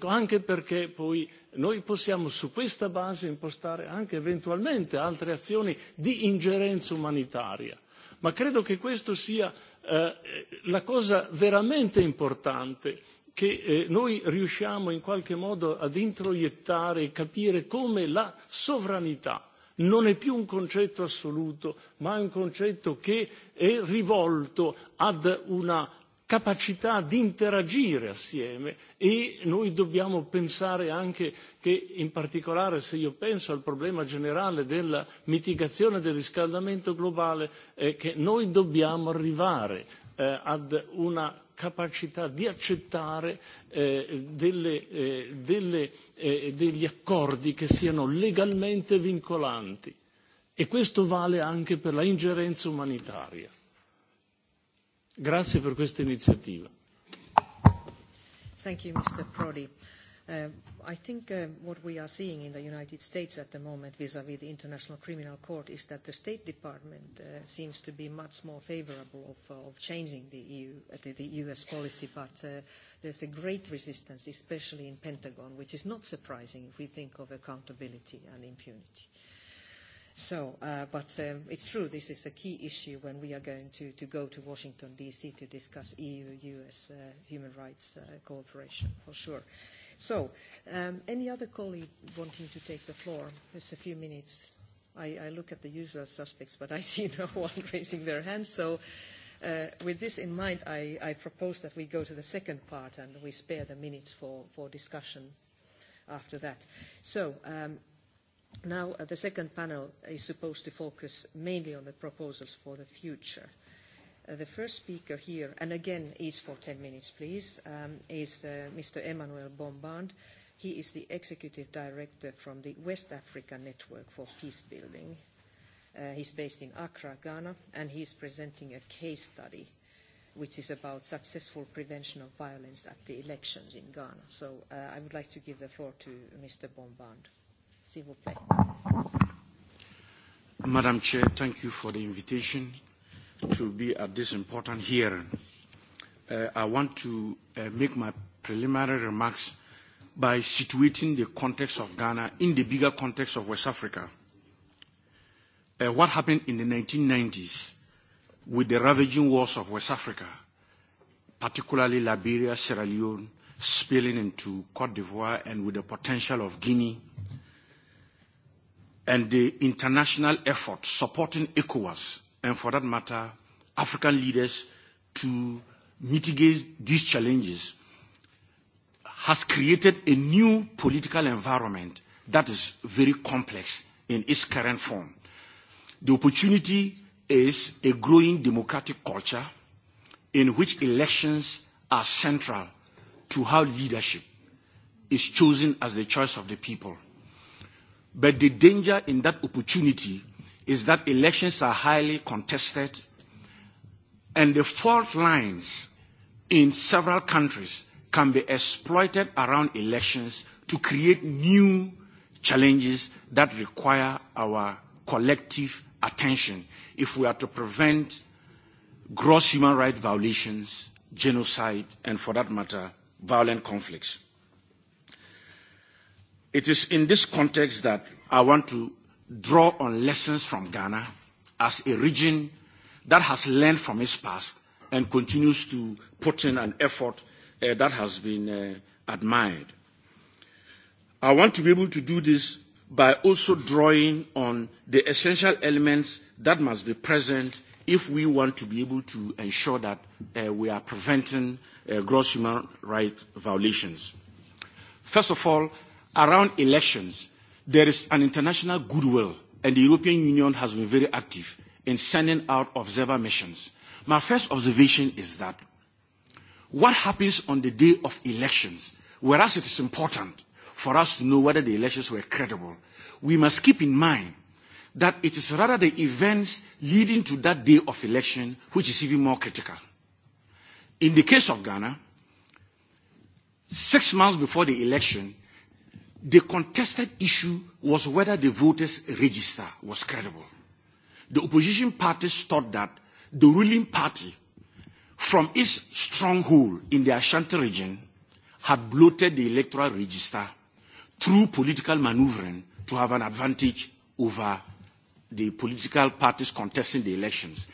anche perché poi noi possiamo su questa base impostare anche eventualmente altre azioni di ingerenza umanitaria. Ma credo che questa sia la cosa veramente importante che noi riusciamo in qualche modo ad introiettare e capire come la sovranità non è più un concetto assoluto, ma è un concetto che è rivolto ad una capacità di interagire assieme e noi dobbiamo pensare anche che in particolare se io penso al problema generale della mitigazione del riscaldamento globale che noi dobbiamo arrivare ad una capacità di accettare degli accordi che siano legalmente vincolanti e questo vale anche per la ingerenza umanitaria. Grazie per questa iniziativa. I think what we are seeing in the United States at the moment vis-à-vis the International Criminal Court is that the State Department uh seems to be much more favorable of, changing the, EU, uh the, U.S. policy, but uh, there's a great resistance, especially in Pentagon, which is not surprising if we think of accountability and impunity. So, uh, but um, it's true, this is a key issue when we are going to, to go to Washington, D.C. to discuss EU-U.S. Uh, human rights uh, cooperation, for sure. So Um, any other colleague wanting to take the floor? There's a few minutes. I, I look at the usual suspects, but I see no one raising their hand. So uh, with this in mind, I, I propose that we go to the second part and we spare the minutes for, for discussion after that. So um, now uh, the second panel is supposed to focus mainly on the proposals for the future. Uh, the first speaker here, and again, each for 10 minutes, please, um, is uh, Mr. Emmanuel Bombard, He is the executive director from the West Africa Network for Peace Building. Uh, he's based in Accra, Ghana, and he's presenting a case study which is about successful prevention of violence at the elections in Ghana. So uh, I would like to give the floor to Mr. Bombard. Madam Chair, thank you for the invitation to be at this important hearing. Uh, I want to uh, make my preliminary remarks by situating the context of Ghana in the bigger context of West Africa. Uh, what happened in the 1990s with the ravaging wars of West Africa, particularly Liberia, Sierra Leone, spilling into Cote d'Ivoire and with the potential of Guinea, and the international effort supporting ECOWAS, and for that matter, African leaders to mitigate these challenges has created a new political environment that is very complex in its current form. The opportunity is a growing democratic culture in which elections are central to how leadership is chosen as the choice of the people. But the danger in that opportunity is that elections are highly contested and the fault lines in several countries can be exploited around elections to create new challenges that require our collective attention if we are to prevent gross human rights violations, genocide, and for that matter, violent conflicts. It is in this context that I want to draw on lessons from Ghana as a region that has learned from its past and continues to put in an effort uh, that has been uh, admired. I want to be able to do this by also drawing on the essential elements that must be present if we want to be able to ensure that uh, we are preventing uh, gross human rights violations. First of all, around elections, there is an international goodwill, and the European Union has been very active in sending out observer missions. My first observation is that What happens on the day of elections? Whereas it is important for us to know whether the elections were credible, we must keep in mind that it is rather the events leading to that day of election which is even more critical. In the case of Ghana, six months before the election, the contested issue was whether the voters' register was credible. The opposition parties thought that the ruling party from its stronghold in the Ashanti region had bloated the electoral register through political maneuvering to have an advantage over the political parties contesting the elections.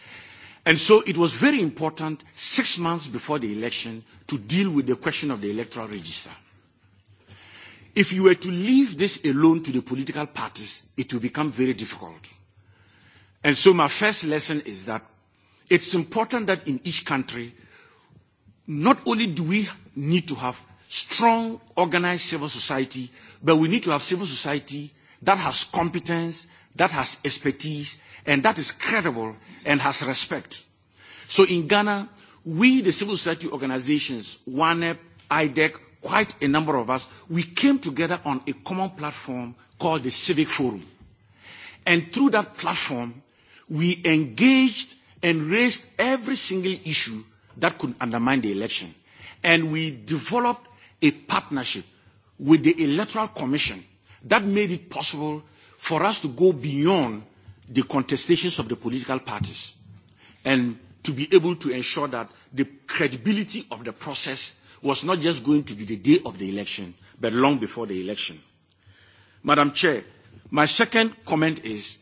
And so it was very important six months before the election to deal with the question of the electoral register. If you were to leave this alone to the political parties, it will become very difficult. And so my first lesson is that It's important that in each country, not only do we need to have strong, organized civil society, but we need to have civil society that has competence, that has expertise, and that is credible and has respect. So in Ghana, we, the civil society organizations, WANEP, IDEC, quite a number of us, we came together on a common platform called the Civic Forum. And through that platform, we engaged and raised every single issue that could undermine the election. And we developed a partnership with the Electoral Commission that made it possible for us to go beyond the contestations of the political parties and to be able to ensure that the credibility of the process was not just going to be the day of the election, but long before the election. Madam Chair, my second comment is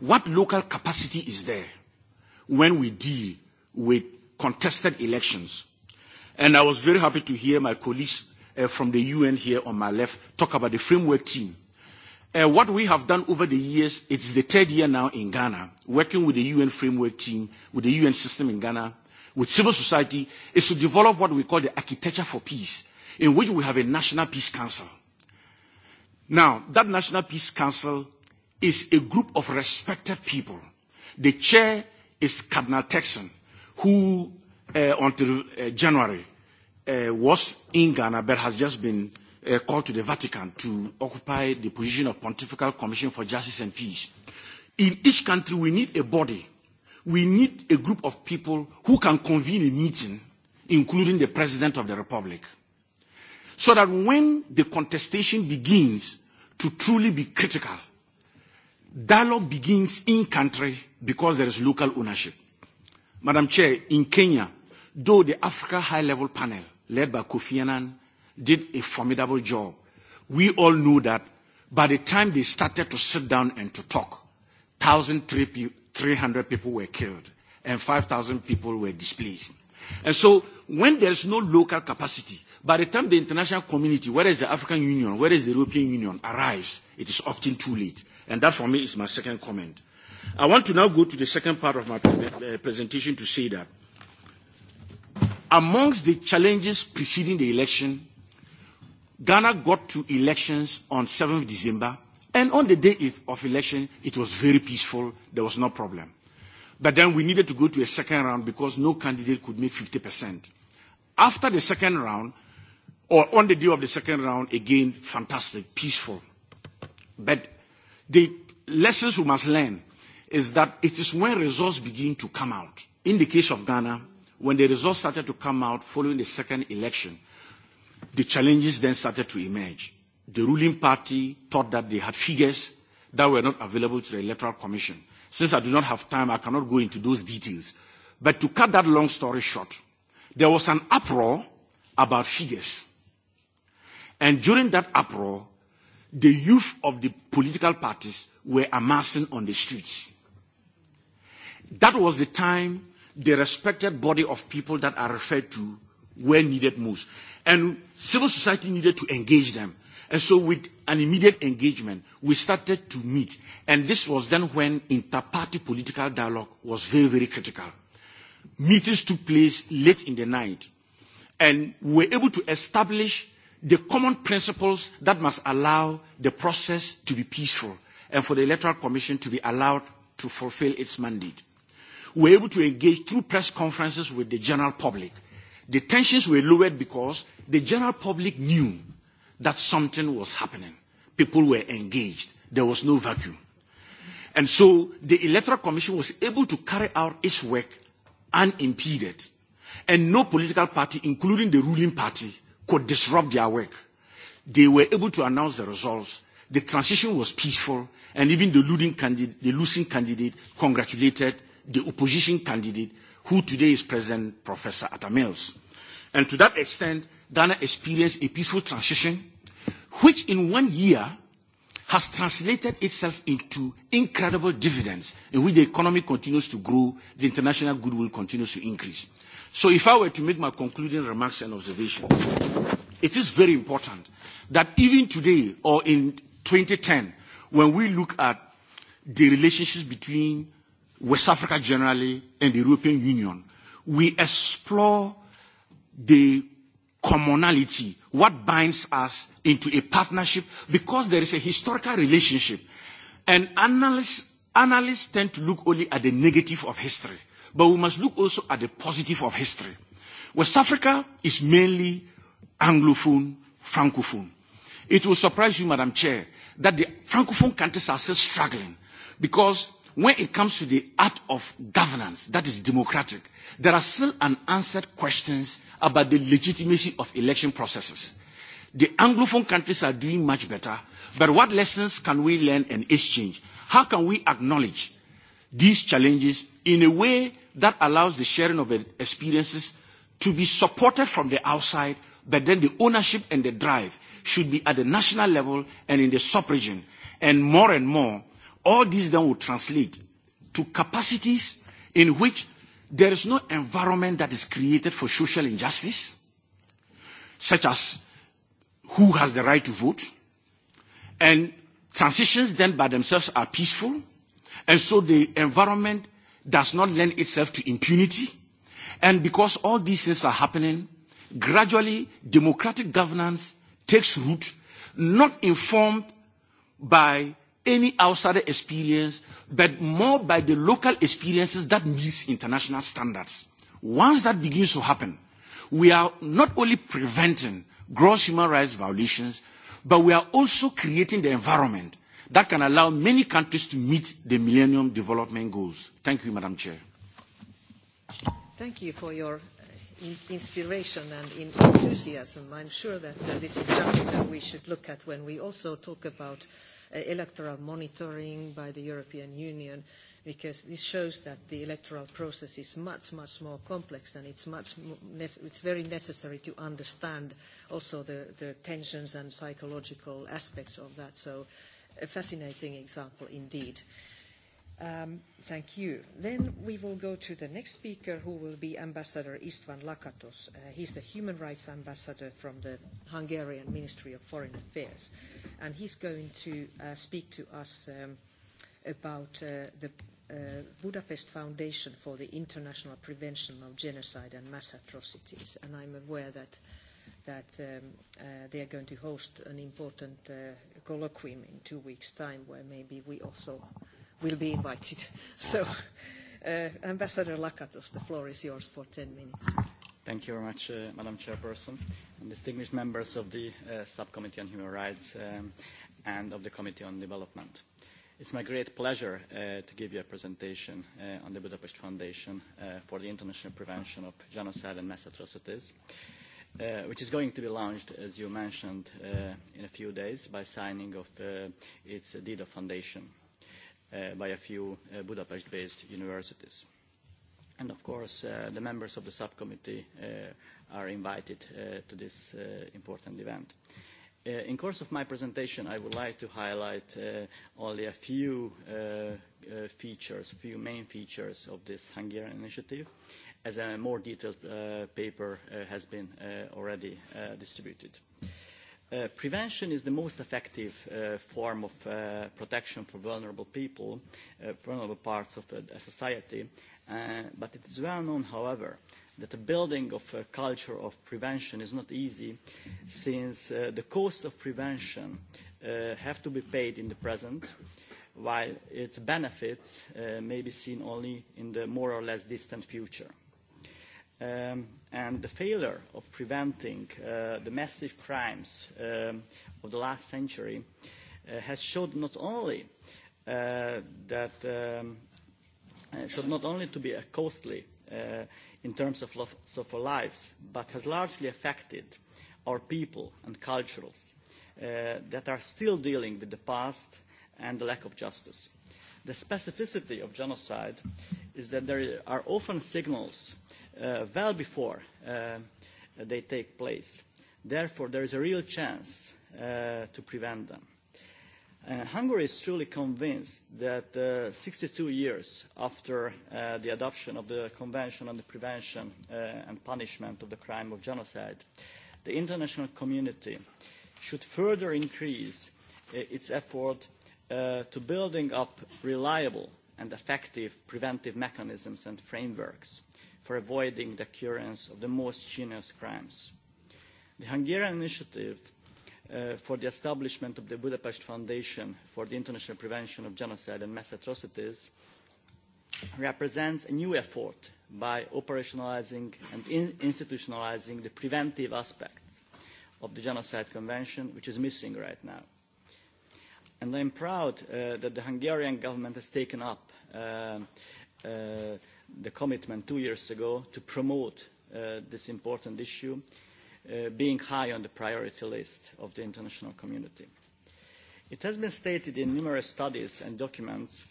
what local capacity is there? when we deal with contested elections. And I was very happy to hear my colleagues from the UN here on my left talk about the framework team. what we have done over the years, it's the third year now in Ghana, working with the UN framework team, with the UN system in Ghana, with civil society, is to develop what we call the architecture for peace, in which we have a national peace council. Now, that national peace council is a group of respected people. The chair is Cardinal Texan, who uh, until uh, January uh, was in Ghana but has just been uh, called to the Vatican to occupy the position of Pontifical Commission for Justice and Peace. In each country, we need a body. We need a group of people who can convene a meeting, including the President of the Republic, so that when the contestation begins to truly be critical, dialogue begins in country because there is local ownership. Madam Chair, in Kenya, though the Africa High Level Panel, led by Kofi Annan, did a formidable job, we all knew that by the time they started to sit down and to talk, 1,300 people were killed and 5,000 people were displaced. And so when there's no local capacity, by the time the international community, whether it's the African Union, whether it's the European Union, arrives, it is often too late. And that for me is my second comment. I want to now go to the second part of my presentation to say that amongst the challenges preceding the election, Ghana got to elections on 7th December, and on the day of election, it was very peaceful. There was no problem. But then we needed to go to a second round because no candidate could make 50%. After the second round, or on the day of the second round, again, fantastic, peaceful. But the lessons we must learn is that it is when results begin to come out. In the case of Ghana, when the results started to come out following the second election, the challenges then started to emerge. The ruling party thought that they had figures that were not available to the Electoral Commission. Since I do not have time, I cannot go into those details. But to cut that long story short, there was an uproar about figures. And during that uproar, the youth of the political parties were amassing on the streets. That was the time the respected body of people that are referred to were needed most. And civil society needed to engage them. And so with an immediate engagement, we started to meet. And this was then when inter-party political dialogue was very, very critical. Meetings took place late in the night. And we were able to establish the common principles that must allow the process to be peaceful and for the Electoral Commission to be allowed to fulfill its mandate were able to engage through press conferences with the general public. The tensions were lowered because the general public knew that something was happening. People were engaged. There was no vacuum. And so the Electoral Commission was able to carry out its work unimpeded. And no political party, including the ruling party, could disrupt their work. They were able to announce the results. The transition was peaceful, and even the losing candidate, congratulated the opposition candidate who today is President Professor Atta Mills. And to that extent, Ghana experienced a peaceful transition, which in one year has translated itself into incredible dividends in which the economy continues to grow, the international goodwill continues to increase. So if I were to make my concluding remarks and observation, it is very important that even today or in 2010, when we look at the relationships between West Africa generally, and the European Union, we explore the commonality, what binds us into a partnership, because there is a historical relationship. And analysts, analysts tend to look only at the negative of history, but we must look also at the positive of history. West Africa is mainly Anglophone, Francophone. It will surprise you, Madam Chair, that the Francophone countries are still struggling because when it comes to the art of governance that is democratic, there are still unanswered questions about the legitimacy of election processes. The Anglophone countries are doing much better, but what lessons can we learn and exchange? How can we acknowledge these challenges in a way that allows the sharing of experiences to be supported from the outside, but then the ownership and the drive should be at the national level and in the sub-region. And more and more, All this then will translate to capacities in which there is no environment that is created for social injustice, such as who has the right to vote, and transitions then by themselves are peaceful, and so the environment does not lend itself to impunity. And because all these things are happening, gradually democratic governance takes root, not informed by any outsider experience, but more by the local experiences that meets international standards. Once that begins to happen, we are not only preventing gross human rights violations, but we are also creating the environment that can allow many countries to meet the Millennium Development Goals. Thank you, Madam Chair. Thank you for your inspiration and enthusiasm. I'm sure that this is something that we should look at when we also talk about electoral monitoring by the European Union, because this shows that the electoral process is much, much more complex and it's, much, it's very necessary to understand also the, the tensions and psychological aspects of that. So a fascinating example indeed. Uh, Um, thank you. Then we will go to the next speaker, who will be Ambassador Istvan Lakatos. he's the Human Rights Ambassador from the Hungarian Ministry of Foreign Affairs. And he's going to uh, speak to us um, about uh, the uh, Budapest Foundation for the International Prevention of Genocide and Mass Atrocities. And I'm aware that that um, uh, they are going to host an important uh, colloquium in two weeks' time, where maybe we also will be invited. So, Ambassador Lakatos, the floor is yours for 10 minutes. Thank you very much, Madam Chairperson, and distinguished members of the Subcommittee on Human Rights and of the Committee on Development. It's my great pleasure to give you a presentation on the Budapest Foundation for the International Prevention of Genocide and Mass Atrocities, which is going to be launched, as you mentioned, in a few days by signing of its deed of foundation by a few Budapest-based universities. And of course, the members of the subcommittee are invited to this important event. In course of my presentation, I would like to highlight only a few features, a few main features of this Hungarian initiative, as a more detailed paper has been already distributed prevention is the most effective form of protection for vulnerable people, vulnerable parts of a society. but it is well known, however, that the building of a culture of prevention is not easy since the cost of prevention have to be paid in the present while its benefits may be seen only in the more or less distant future and the failure of preventing the massive crimes of the last century has showed not only that should not only to be costly in terms of loss of lives, but has largely affected our people and cultures that are still dealing with the past and the lack of justice The specificity of genocide is that there are often signals well before they take place. Therefore, there is a real chance to prevent them. Hungary is truly convinced that sixty two years after the adoption of the Convention on the Prevention and Punishment of the Crime of Genocide, the international community should further increase its effort to building up reliable and effective preventive mechanisms and frameworks for avoiding the occurrence of the most heinous crimes. The Hungarian initiative for the establishment of the Budapest Foundation for the International Prevention of Genocide and Mass Atrocities represents a new effort by operationalising and institutionalising the preventive aspect of the Genocide Convention, which is missing right now. And I'm proud uh, that the Hungarian government has taken up uh, uh, the commitment two years ago to promote uh, this important issue, uh, being high on the priority list of the international community. It has been stated in numerous studies and documents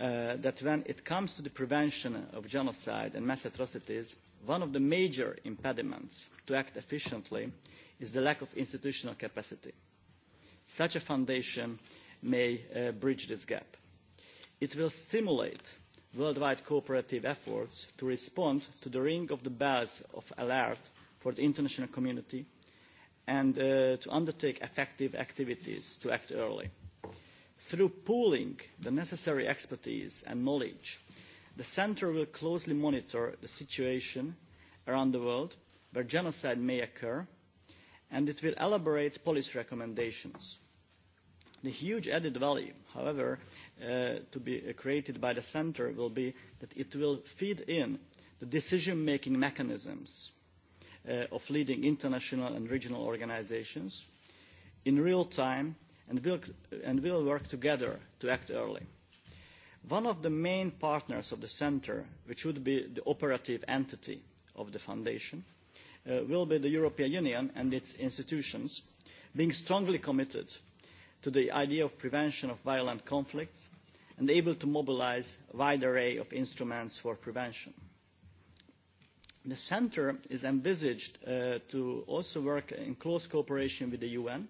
uh, that when it comes to the prevention of genocide and mass atrocities, one of the major impediments to act efficiently is the lack of institutional capacity Such a foundation may bridge this gap. It will stimulate worldwide cooperative efforts to respond to the ring of the bells of alert for the international community and to undertake effective activities to act early. Through pooling the necessary expertise and knowledge, the Centre will closely monitor the situation around the world where genocide may occur and it will elaborate policy recommendations. The huge added value, however, to be created by the centre will be that it will feed in the decision-making mechanisms of leading international and regional organisations in real time and will work together to act early. One of the main partners of the centre, which would be the operative entity of the foundation, will be the European Union and its institutions being strongly committed to the idea of prevention of violent conflicts and able to mobilise a wide array of instruments for prevention. The centre is envisaged to also work in close cooperation with the UN,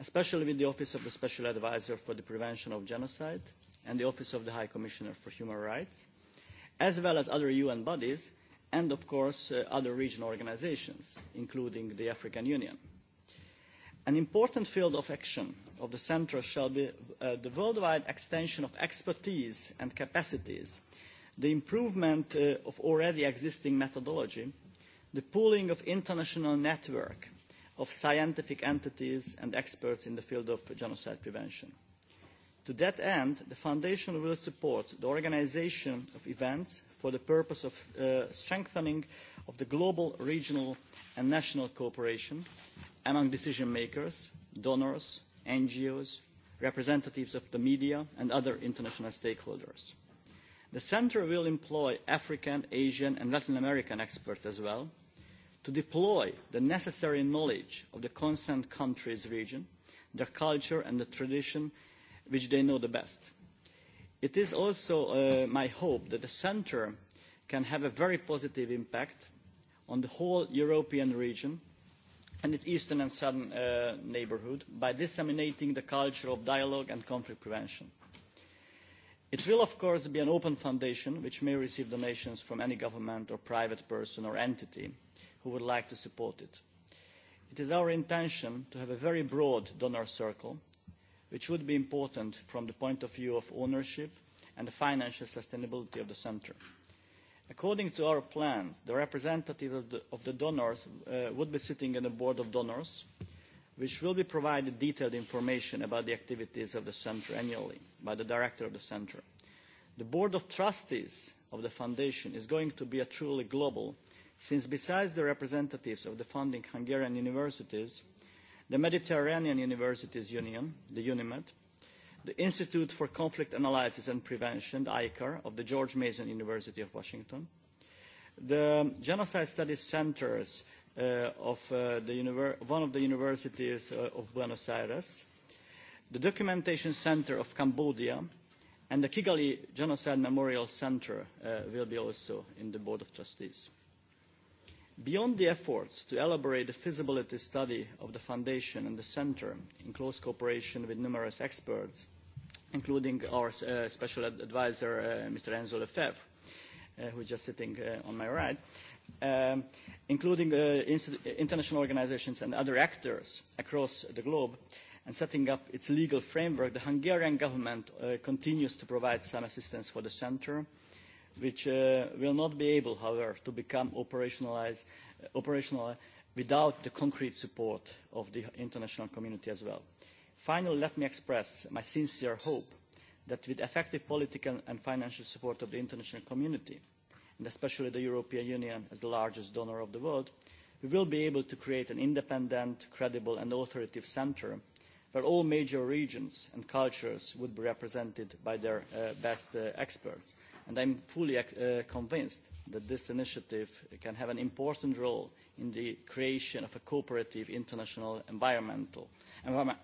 especially with the Office of the Special Advisor for the Prevention of Genocide and the Office of the High Commissioner for Human Rights, as well as other UN bodies and of course other regional organisations, including the African Union. An important field of action of the Centre shall be the worldwide extension of expertise and capacities, the improvement of already existing methodology, the pooling of international network of scientific entities and experts in the field of genocide prevention. To that end, the Foundation will support the organisation of events for the purpose of strengthening of the global, regional and national cooperation among decision makers, donors, NGOs, representatives of the media and other international stakeholders. The Centre will employ African, Asian and Latin American experts as well to deploy the necessary knowledge of the consent countries region, their culture and the tradition which they know the best. It is also my hope that the centre can have a very positive impact on the whole European region and its eastern and southern neighbourhood by disseminating the culture of dialogue and conflict prevention. It will, of course, be an open foundation which may receive donations from any government or private person or entity who would like to support it. It is our intention to have a very broad donor circle which would be important from the point of view of ownership and the financial sustainability of the centre. According to our plans, the representative of the, of the donors uh, would be sitting on the board of donors, which will be provided detailed information about the activities of the centre annually by the director of the centre. The board of trustees of the foundation is going to be a truly global, since besides the representatives of the funding Hungarian universities, the Mediterranean Universities Union, the UNIMED, the Institute for Conflict Analysis and Prevention, the ICAR, of the George Mason University of Washington, the Genocide Studies Centers of one of the universities of Buenos Aires, the Documentation Center of Cambodia, and the Kigali Genocide Memorial Center will be also in the Board of Trustees. Beyond the efforts to elaborate the feasibility study of the Foundation and the Centre in close cooperation with numerous experts, including our uh, special advisor, uh, Mr. Enzo Lefebvre, uh, who is just sitting uh, on my right, um, including uh, international organizations and other actors across the globe, and setting up its legal framework, the Hungarian government uh, continues to provide some assistance for the Centre which uh, will not be able, however, to become operationalized, operational without the concrete support of the international community as well. Finally, let me express my sincere hope that with effective political and financial support of the international community, and especially the European Union as the largest donor of the world, we will be able to create an independent, credible and authoritative centre where all major regions and cultures would be represented by their best experts and I'm fully uh, convinced that this initiative can have an important role in the creation of a cooperative international environmental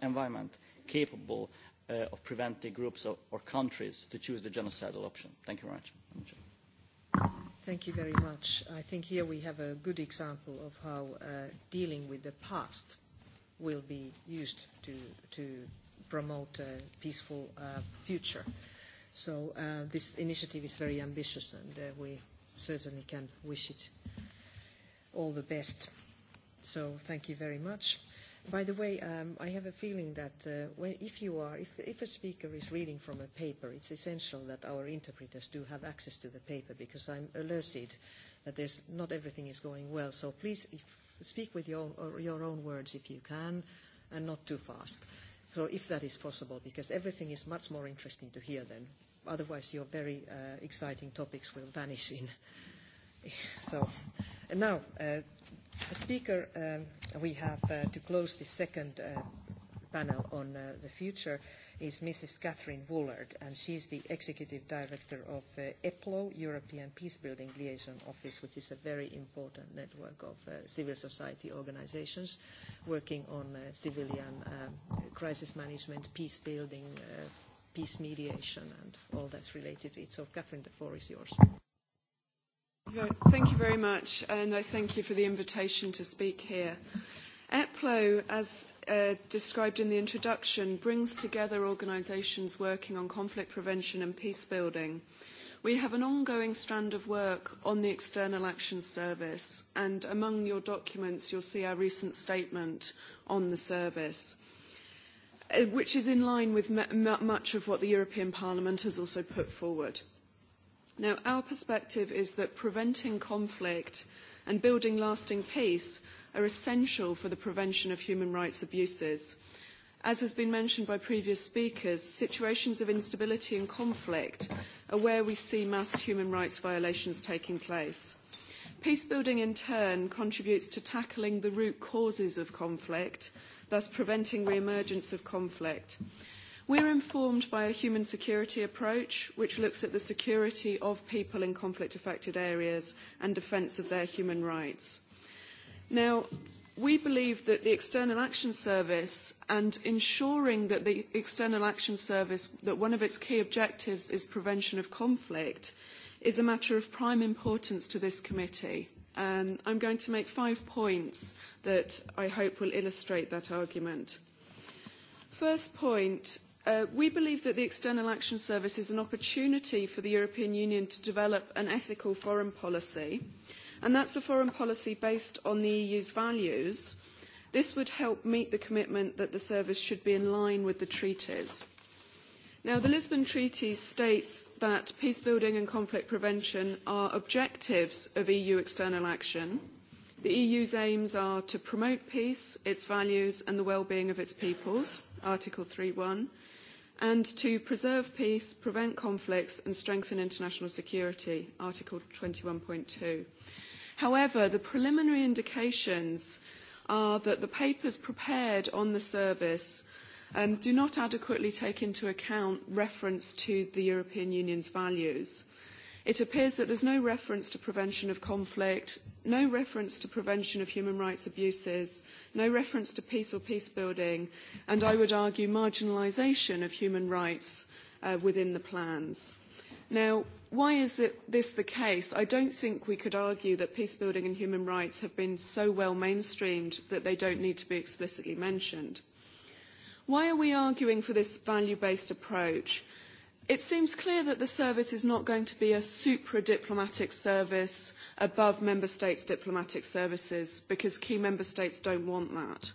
environment capable uh, of preventing groups or, or countries to choose the genocidal option. Thank you very much. Thank you very much. I think here we have a good example of how uh, dealing with the past will be used to, to promote a peaceful uh, future. So uh, this initiative is very ambitious and uh, we certainly can wish it all the best. So thank you very much. By the way, um, I have a feeling that uh, when, if you are, if, if a speaker is reading from a paper, it's essential that our interpreters do have access to the paper because I'm alerted that there's not everything is going well. So please if, speak with your, your own words if you can, and not too fast. So if that is possible, because everything is much more interesting to hear then Otherwise, your very uh, exciting topics will vanish in. So, and now, uh, speaker, um, we have uh, to close the second uh, panel on uh, the future is Mrs. Catherine Woolard, and she's the Executive Director of uh, EPLO, European Peacebuilding Liaison Office, which is a very important network of uh, civil society organizations working on uh, civilian um, crisis management, peacebuilding, uh, peace mediation and all that's related to it. So, Catherine, the floor is yours. Thank you very much, and I thank you for the invitation to speak here. EPLO, as described in the introduction, brings together organisations working on conflict prevention and peace building. We have an ongoing strand of work on the External Action Service, and among your documents, you'll see our recent statement on the service which is in line with much of what the European Parliament has also put forward. Now, our perspective is that preventing conflict and building lasting peace are essential for the prevention of human rights abuses. As has been mentioned by previous speakers, situations of instability and conflict are where we see mass human rights violations taking place. Peace building in turn contributes to tackling the root causes of conflict thus preventing re-emergence of conflict. We're informed by a human security approach, which looks at the security of people in conflict-affected areas and defence of their human rights. Now, we believe that the External Action Service and ensuring that the External Action Service, that one of its key objectives is prevention of conflict, is a matter of prime importance to this committee. Um, I'm going to make five points that I hope will illustrate that argument. First point, we believe that the External Action Service is an opportunity for the European Union to develop an ethical foreign policy, and that is a foreign policy based on the EU's values. This would help meet the commitment that the service should be in line with the treaties. Now, the Lisbon Treaty states that peace building and conflict prevention are objectives of EU external action. The EU's aims are to promote peace, its values, and the well-being of its peoples, Article three one, and to preserve peace, prevent conflicts, and strengthen international security, Article twenty one two. However, the preliminary indications are that the papers prepared on the service do not adequately take into account reference to the European Union's values. It appears that there is no reference to prevention of conflict, no reference to prevention of human rights abuses, no reference to peace or peace building, and I would argue marginalisation of human rights within the plans. Now, why is this the case? I don't think we could argue that peace building and human rights have been so well mainstreamed that they don't need to be explicitly mentioned. Why are we arguing for this value-based approach? It seems clear that the service is not going to be a supra-diplomatic service above member states' diplomatic services because key member states don't want that.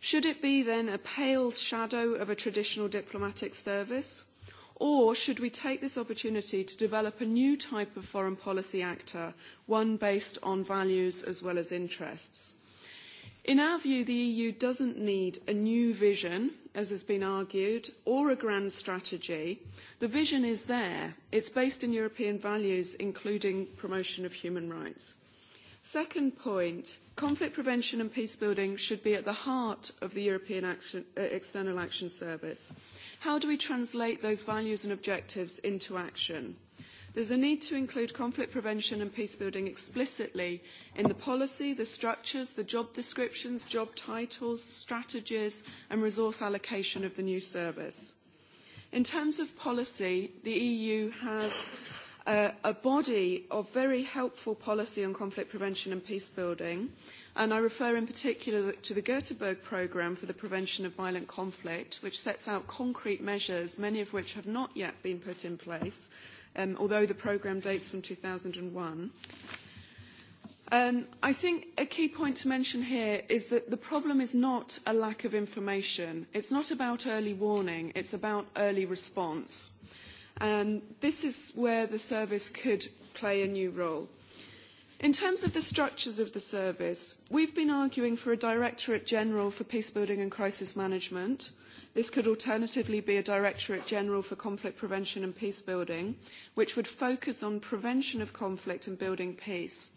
Should it be then a pale shadow of a traditional diplomatic service? Or should we take this opportunity to develop a new type of foreign policy actor, one based on values as well as interests? In our view, the EU doesn't need a new vision, as has been argued, or a grand strategy. The vision is there. It's based in European values, including promotion of human rights. Second point, conflict prevention and peace building should be at the heart of the European Action, uh, External Action Service. How do we translate those values and objectives into action? There's a need to include conflict prevention and peace building explicitly in the policy, the structures, the job descriptions, job titles, strategies and resource allocation of the new service. In terms of policy, the EU has a body of very helpful policy on conflict prevention and peace building, and I refer in particular to the Göteborg Programme for the Prevention of Violent Conflict, which sets out concrete measures, many of which have not yet been put in place, um, although the programme dates from 2001. Um, I think a key point to mention here is that the problem is not a lack of information. It's not about early warning, it's about early response. And this is where the service could play a new role. In terms of the structures of the service, we've been arguing for a Directorate General for Peacebuilding and Crisis Management – This could alternatively be a Directorate General for Conflict Prevention and Peace Building, which would focus on prevention of conflict and building peace.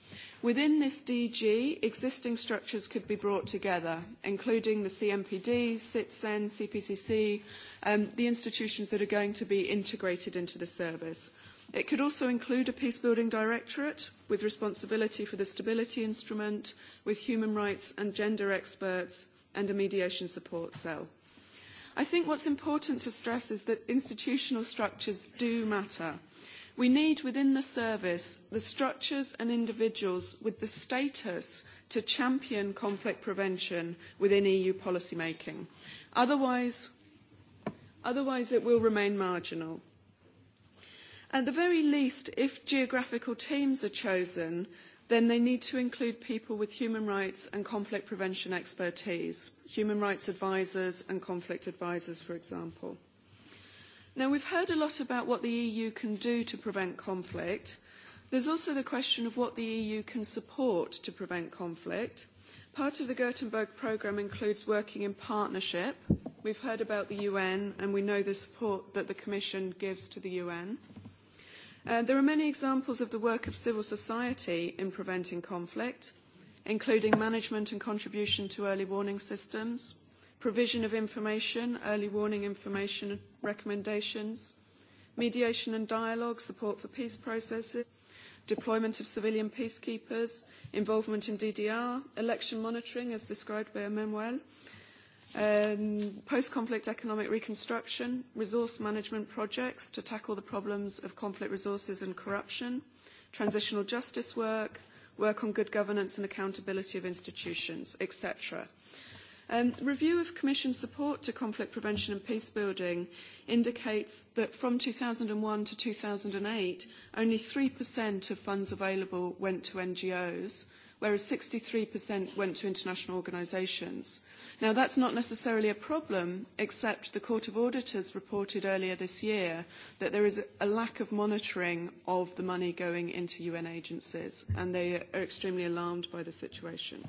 Within this DG, existing structures could be brought together, including the CMPD, CITSEN, CPCC, um, the institutions that are going to be integrated into the service. It could also include a peacebuilding directorate with responsibility for the stability instrument, with human rights and gender experts, and a mediation support cell. I think what's important to stress is that institutional structures do matter. We need within the service the structures and individuals with the status to champion conflict prevention within EU policymaking. Otherwise, otherwise it will remain marginal. At the very least, if geographical teams are chosen, then they need to include people with human rights and conflict prevention expertise human rights advisers and conflict advisers, for example. Now, we've heard a lot about what the EU can do to prevent conflict. There's also the question of what the EU can support to prevent conflict. Part of the Gothenburg programme includes working in partnership. We've heard about the UN and we know the support that the Commission gives to the UN. there are many examples of the work of civil society in preventing conflict including management and contribution to early warning systems, provision of information, early warning information recommendations, mediation and dialogue, support for peace processes, deployment of civilian peacekeepers, involvement in DDR, election monitoring as described by Emmanuel, um, post-conflict economic reconstruction, resource management projects to tackle the problems of conflict resources and corruption, transitional justice work, work on good governance and accountability of institutions, etc. Um, review of Commission support to conflict prevention and peace building indicates that from 2001 to 2008, only 3% of funds available went to NGOs, whereas 63% went to international organisations. Now, that's not necessarily a problem, except the Court of Auditors reported earlier this year that there is a lack of monitoring of the money going into UN agencies, and they are extremely alarmed by the situation.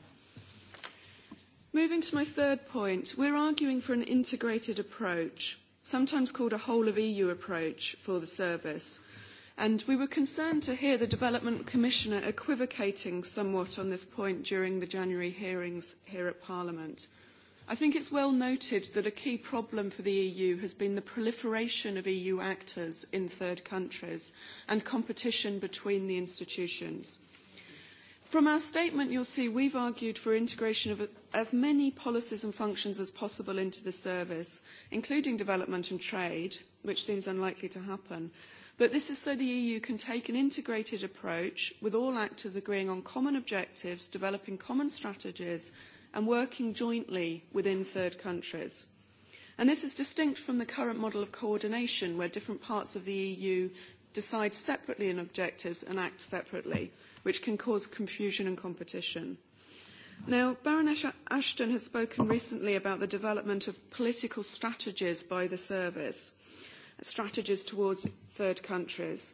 Moving to my third point, we're arguing for an integrated approach, sometimes called a whole of EU approach for the service And we were concerned to hear the Development Commissioner equivocating somewhat on this point during the January hearings here at Parliament. I think it's well noted that a key problem for the EU has been the proliferation of EU actors in third countries and competition between the institutions. From our statement, you'll see we've argued for integration of as many policies and functions as possible into the service, including development and trade, which seems unlikely to happen, But this is so the EU can take an integrated approach with all actors agreeing on common objectives, developing common strategies and working jointly within third countries. And this is distinct from the current model of coordination where different parts of the EU decide separately on objectives and act separately, which can cause confusion and competition. Now, Baroness Ashton has spoken recently about the development of political strategies by the service strategies towards third countries.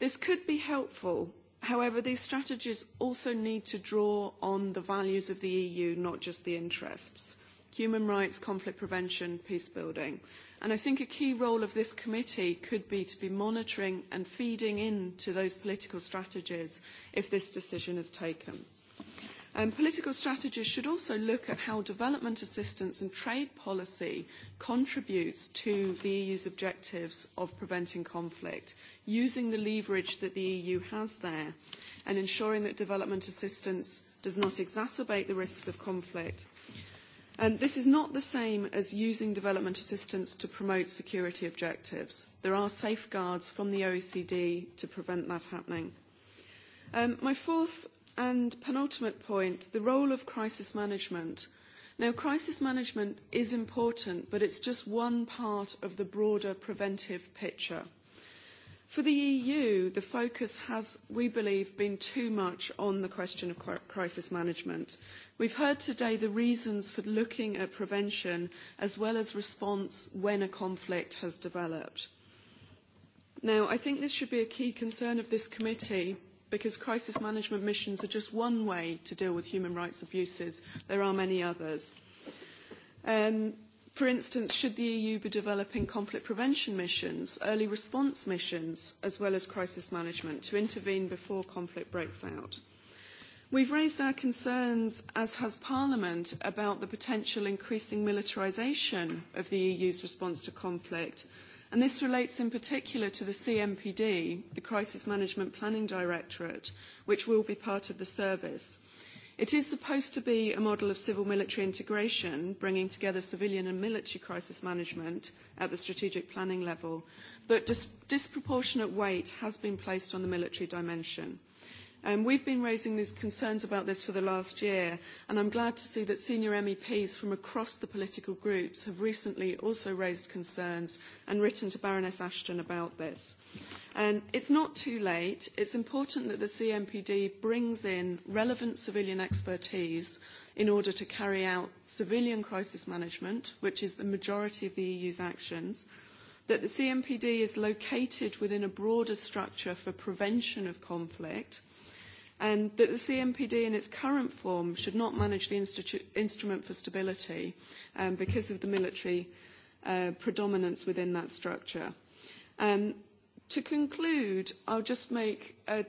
This could be helpful. However, these strategies also need to draw on the values of the EU, not just the interests. Human rights, conflict prevention, peace building. And I think a key role of this committee could be to be monitoring and feeding into those political strategies if this decision is taken political strategies should also look at how development assistance and trade policy contributes to the EU's objectives of preventing conflict, using the leverage that the EU has there and ensuring that development assistance does not exacerbate the risks of conflict. this is not the same as using development assistance to promote security objectives. There are safeguards from the OECD to prevent that happening. my fourth And penultimate point, the role of crisis management. Now, crisis management is important, but it's just one part of the broader preventive picture. For the EU, the focus has, we believe, been too much on the question of crisis management. We've heard today the reasons for looking at prevention as well as response when a conflict has developed. Now, I think this should be a key concern of this committee because crisis management missions are just one way to deal with human rights abuses. There are many others. for instance, should the EU be developing conflict prevention missions, early response missions, as well as crisis management to intervene before conflict breaks out? We've raised our concerns, as has Parliament, about the potential increasing militarisation of the EU's response to conflict And this relates in particular to the CMPD, the Crisis Management Planning Directorate, which will be part of the service. It is supposed to be a model of civil military integration, bringing together civilian and military crisis management at the strategic planning level, but dis- disproportionate weight has been placed on the military dimension. We have been raising these concerns about this for the last year, and I am glad to see that senior MEPs from across the political groups have recently also raised concerns and written to Baroness Ashton about this. It is not too late. It is important that the CMPD brings in relevant civilian expertise in order to carry out civilian crisis management, which is the majority of the EU's actions, that the CMPD is located within a broader structure for prevention of conflict, and that the CMPD in its current form should not manage the instrument for stability um, because of the military uh, predominance within that structure. Um, to conclude, I'll just make a,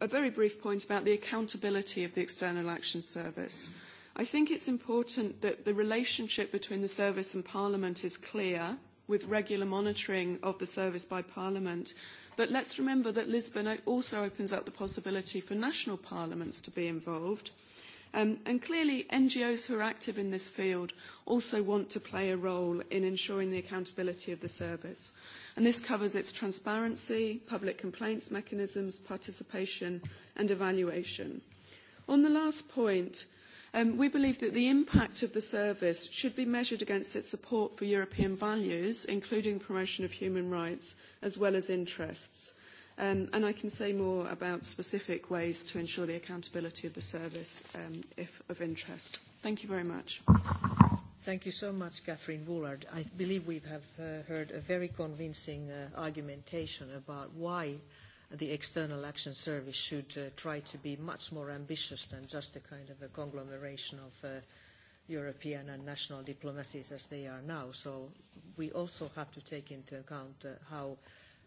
a very brief point about the accountability of the External Action Service. I think it's important that the relationship between the service and Parliament is clear with regular monitoring of the service by Parliament But let's remember that Lisbon also opens up the possibility for national parliaments to be involved. and clearly, NGOs who are active in this field also want to play a role in ensuring the accountability of the service. And this covers its transparency, public complaints mechanisms, participation, and evaluation. On the last point, we believe that the impact of the service should be measured against its support for European values, including promotion of human rights as well as interests. and I can say more about specific ways to ensure the accountability of the service if of interest. Thank you very much. Thank you so much, Catherine Woolard. I believe we have heard a very convincing argumentation about why the External Action Service should try to be much more ambitious than just a kind of a conglomeration of European and national diplomacies as they are now. So we also have to take into account how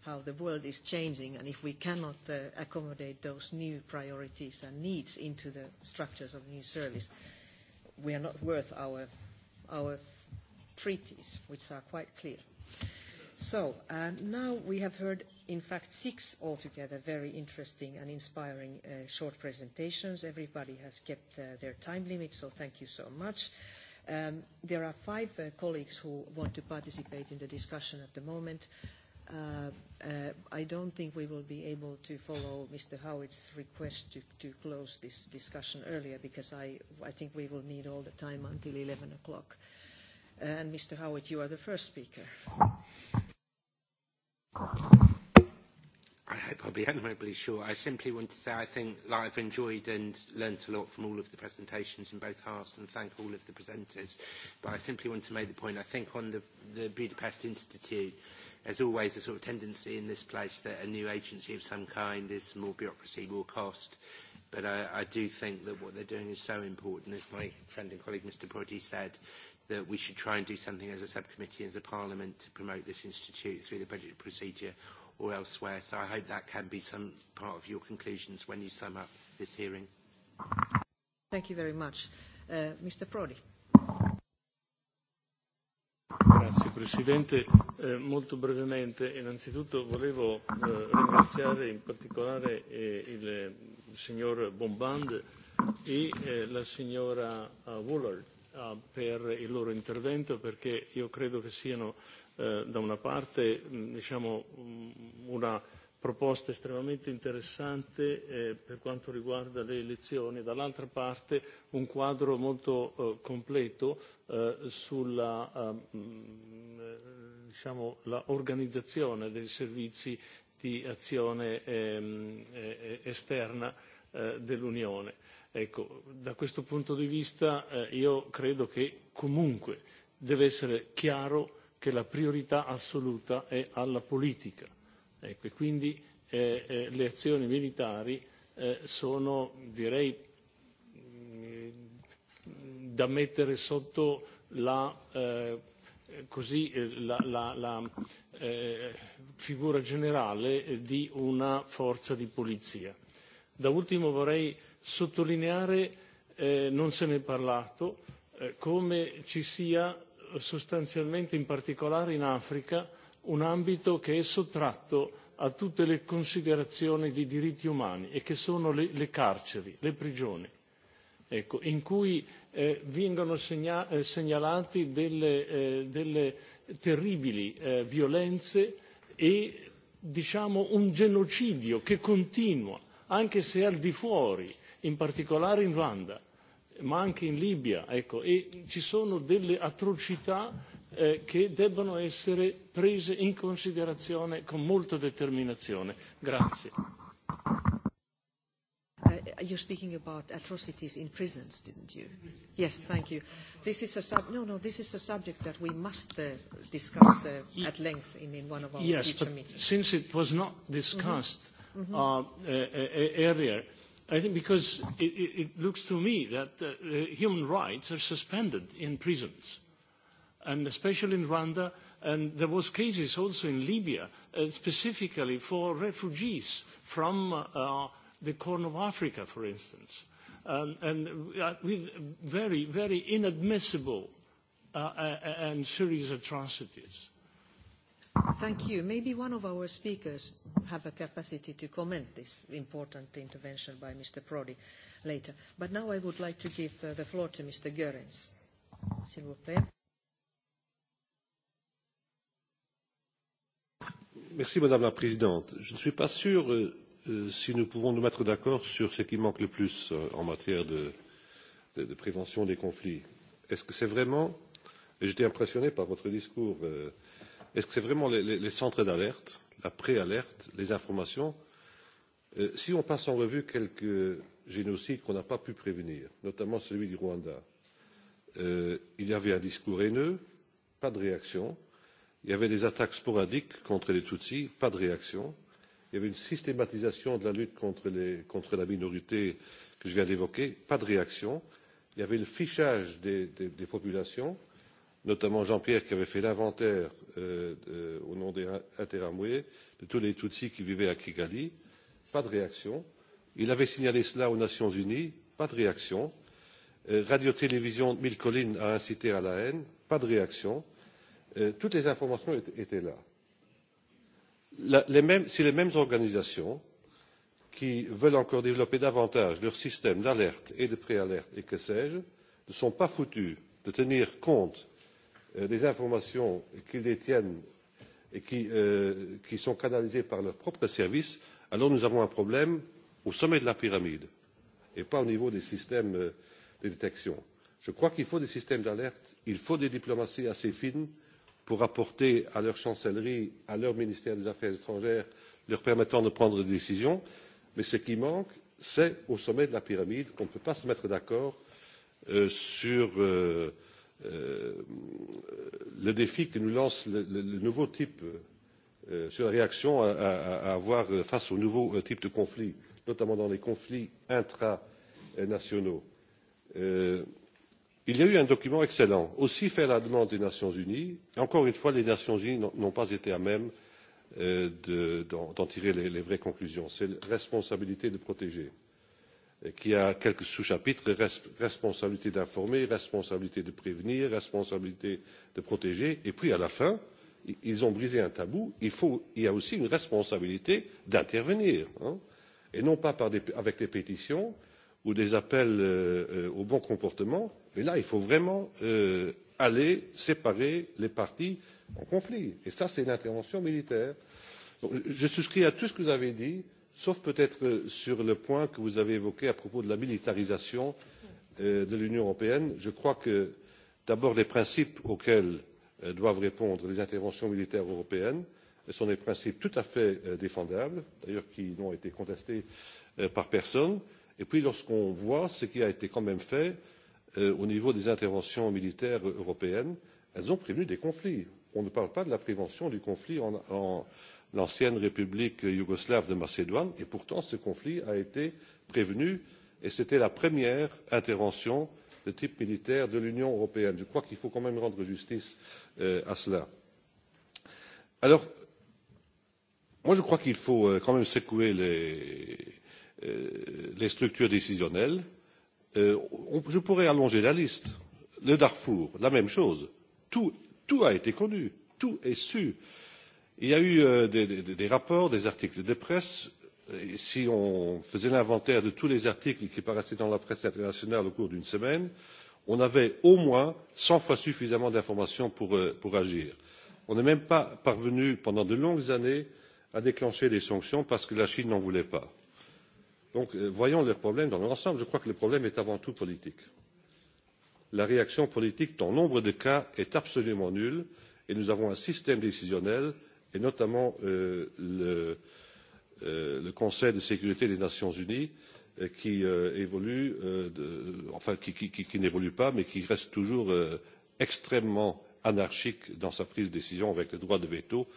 how the world is changing, and if we cannot accommodate those new priorities and needs into the structures of the new service, we are not worth our our treaties, which are quite clear. So Now we have heard in fact, six altogether very interesting and inspiring uh, short presentations. Everybody has kept uh, their time limit, so thank you so much. Um, there are five uh, colleagues who want to participate in the discussion at the moment. Uh, uh, I don't think we will be able to follow Mr. Howitt's request to, to close this discussion earlier because I, I think we will need all the time until 11 o'clock. And Mr. Howitt, you are the first speaker. I hope I'll be admirably sure. I simply want to say I think like, I've enjoyed and learnt a lot from all of the presentations in both halves and thank all of the presenters. But I simply want to make the point, I think on the, the Budapest Institute, there's always a sort of tendency in this place that a new agency of some kind is more bureaucracy, more cost. But I, I do think that what they're doing is so important, as my friend and colleague Mr. Brody said, that we should try and do something as a subcommittee, as a parliament, to promote this institute through the budget procedure or elsewhere. So I hope that can be some part of your conclusions when you sum up this hearing. Thank you very much. Uh, Mr. Prodi. Grazie Presidente. Eh, molto brevemente, innanzitutto volevo eh, ringraziare in particolare eh, il il signor Bomband e eh, la signora uh, Woolard uh, per il loro intervento perché io credo che siano da una parte diciamo, una proposta estremamente interessante per quanto riguarda le elezioni, dall'altra parte un quadro molto completo sulla diciamo, l'organizzazione dei servizi di azione esterna dell'Unione. Ecco, da questo punto di vista io credo che comunque deve essere chiaro che la priorità assoluta è alla politica e quindi le azioni militari sono direi da mettere sotto la figura generale di una forza di polizia. Da ultimo vorrei sottolineare non se ne è parlato come ci sia sostanzialmente in particolare in Africa un ambito che è sottratto a tutte le considerazioni di diritti umani e che sono le, carceri, le prigioni, in cui vengono segnalati delle, terribili violenze e diciamo un genocidio che continua anche se al di fuori, in particolare in Ruanda, ma anche in Libia, ecco, e ci sono delle atrocità che debbano essere prese in considerazione con molta determinazione. Grazie. Uh, you're speaking about atrocities in prisons, didn't you? Yes, thank you. This is a sub no, no. This is a subject that we must uh, discuss uh, at length in, in one of our yes, future meetings. Yes, since it was not discussed mm-hmm. mm Uh, uh, earlier, I think because it, it, it looks to me that uh, human rights are suspended in prisons, and especially in Rwanda. And there was cases also in Libya, uh, specifically for refugees from uh, the Corn of Africa, for instance, um, and uh, with very, very inadmissible uh, and serious atrocities Thank you. Maybe one of our speakers have a capacity to comment this important intervention by Mr. Prodi later. But now I would like to give the floor to Mr. Goerens. S'il vous plaît. Merci, Madame la Présidente. Je ne suis pas sûr si nous pouvons nous mettre d'accord sur ce qui manque le plus en matière de, prévention des conflits. Est-ce que c'est vraiment, j'étais impressionné par votre discours, euh, Est-ce que c'est vraiment les, les, les centres d'alerte, la préalerte, les informations euh, Si on passe en revue quelques génocides qu'on n'a pas pu prévenir, notamment celui du Rwanda, euh, il y avait un discours haineux, pas de réaction. Il y avait des attaques sporadiques contre les Tutsis, pas de réaction. Il y avait une systématisation de la lutte contre, les, contre la minorité que je viens d'évoquer, pas de réaction. Il y avait le fichage des, des, des populations, euh, notamment Jean Pierre qui avait fait l'inventaire au nom des Interamwe de tous les Tutsis qui vivaient à Kigali, pas de réaction. Il avait signalé cela aux Nations Unies, pas de réaction. Radio Télévision Mille Collines a incité à la haine, pas de réaction. toutes les informations étaient là. si les mêmes organisations qui veulent encore développer davantage leur système d'alerte et de préalerte et que sais je ne sont pas foutues de tenir compte des informations qu'ils détiennent et qui sont canalisées par leurs propres services alors nous avons un problème au sommet de la pyramide et pas au niveau des systèmes de détection. je crois qu'il faut des systèmes d'alerte il faut des diplomaties assez fines pour apporter à leur chancellerie à leur ministère des affaires étrangères leur permettant de prendre des décisions mais ce qui manque c'est au sommet de la pyramide qu'on ne peut pas se mettre d'accord sur le défi que nous lance le, nouveau type sur la réaction à, avoir face aux nouveaux types de conflits, notamment dans les conflits intranationaux. il y a eu un document excellent, aussi fait à la demande des Nations Unies. Encore une fois, les Nations Unies n'ont pas été à même d'en tirer les, vraies conclusions. C'est la responsabilité de protéger qui a quelques sous chapitres responsabilité d'informer responsabilité de prévenir responsabilité de protéger et puis à la fin ils ont brisé un tabou il y a aussi une responsabilité d'intervenir et non pas avec des pétitions ou des appels au bon comportement mais là il faut vraiment aller séparer les parties en conflit et ça c'est l'intervention militaire. je souscris à tout ce que vous avez dit sauf peut être sur le point que vous avez évoqué à propos de la militarisation de l'union européenne. je crois que d'abord les principes auxquels doivent répondre les interventions militaires européennes sont des principes tout à fait défendables d'ailleurs qui n'ont été contestés par personne et puis lorsqu'on voit ce qui a été quand même fait au niveau des interventions militaires européennes elles ont prévenu des conflits. on ne parle pas de la prévention du conflit l'ancienne république yougoslave de macédoine et pourtant ce conflit a été prévenu et c'était la première intervention de type militaire de l'union européenne. je crois qu'il faut quand même rendre justice à cela. alors je crois qu'il faut quand même secouer les structures décisionnelles. je pourrais allonger la liste le darfour la même chose. tout a été connu tout est il y a eu des rapports des articles de presse et si on faisait l'inventaire de tous les articles qui paraissaient dans la presse internationale au cours d'une semaine on avait au moins cent fois suffisamment d'informations pour agir. on n'est même pas parvenu pendant de longues années à déclencher des sanctions parce que la chine n'en voulait pas. donc voyons le problème dans l'ensemble. je crois que le problème est avant tout politique. la réaction politique dans nombre de cas est absolument nulle et nous avons un système décisionnel et notamment le, Conseil de sécurité des Nations Unies qui évolue, enfin qui, n'évolue pas, mais qui reste toujours extrêmement anarchique dans sa prise de décision avec le droit de veto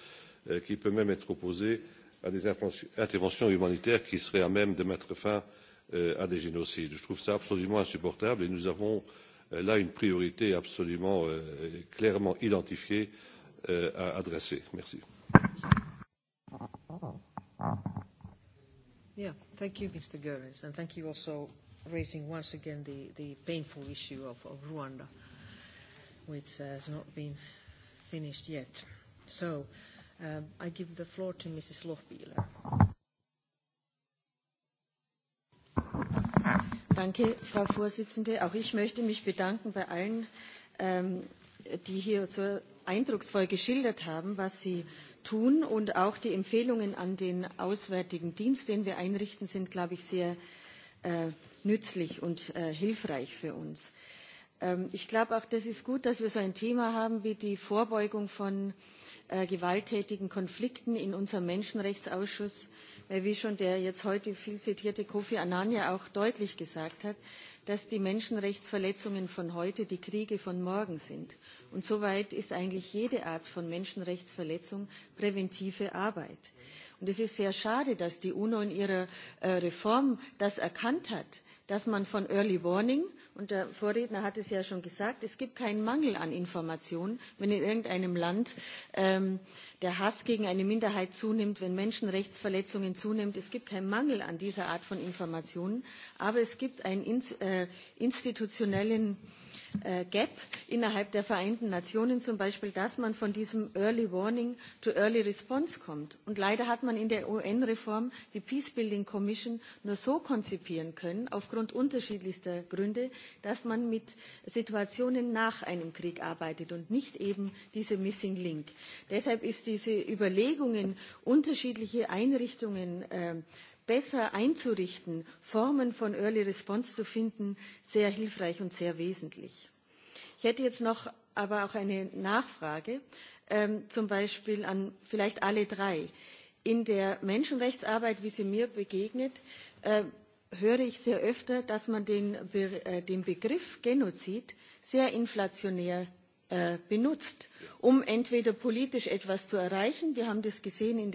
qui peut même être opposé à des interventions humanitaires qui seraient à même de mettre fin à des génocides. Je trouve cela absolument insupportable et nous avons là une priorité absolument clairement identifiée à adresser. Merci. Yeah. Thank you, Mr. Goerens, and thank you also raising once again the the painful issue of of Rwanda, which has not been finished yet. So, um I give the floor to Mrs. Lochbieler. Danke, Frau Vorsitzende. Auch ich möchte mich bedanken bei allen, ähm, die hier so eindrucksvoll geschildert haben, was sie tun. Und auch die Empfehlungen an den Auswärtigen Dienst, den wir einrichten, sind, glaube ich, sehr nützlich und hilfreich für uns. Ich glaube auch, das ist gut, dass wir so ein Thema haben wie die Vorbeugung von gewalttätigen Konflikten in unserem Menschenrechtsausschuss wie schon der jetzt heute viel zitierte Kofi Annan ja auch deutlich gesagt hat, dass die Menschenrechtsverletzungen von heute die Kriege von morgen sind. Und soweit ist eigentlich jede Art von Menschenrechtsverletzung präventive Arbeit. Und es ist sehr schade, dass die UNO in ihrer Reform das erkannt hat dass man von Early Warning, und der Vorredner hat es ja schon gesagt, es gibt keinen Mangel an Informationen, wenn in irgendeinem Land der Hass gegen eine Minderheit zunimmt, wenn Menschenrechtsverletzungen zunehmen. Es gibt keinen Mangel an dieser Art von Informationen, aber es gibt einen institutionellen Gap innerhalb der Vereinten Nationen, zum Beispiel, dass man von diesem Early Warning to Early Response kommt. Und leider hat man in der UN-Reform die Peacebuilding Commission nur so konzipieren können, aufgrund unterschiedlichster Gründe, dass man mit Situationen nach einem Krieg arbeitet und nicht eben diese Missing Link. Deshalb ist diese Überlegungen, unterschiedliche Einrichtungen besser einzurichten, Formen von Early Response zu finden, sehr hilfreich und sehr wesentlich. Ich hätte jetzt noch aber auch eine Nachfrage, zum Beispiel an vielleicht alle drei. In der Menschenrechtsarbeit, wie sie mir begegnet, höre ich sehr öfter, dass man den, Begriff Genozid sehr inflationär benutzt um entweder politisch etwas zu erreichen wir haben das gesehen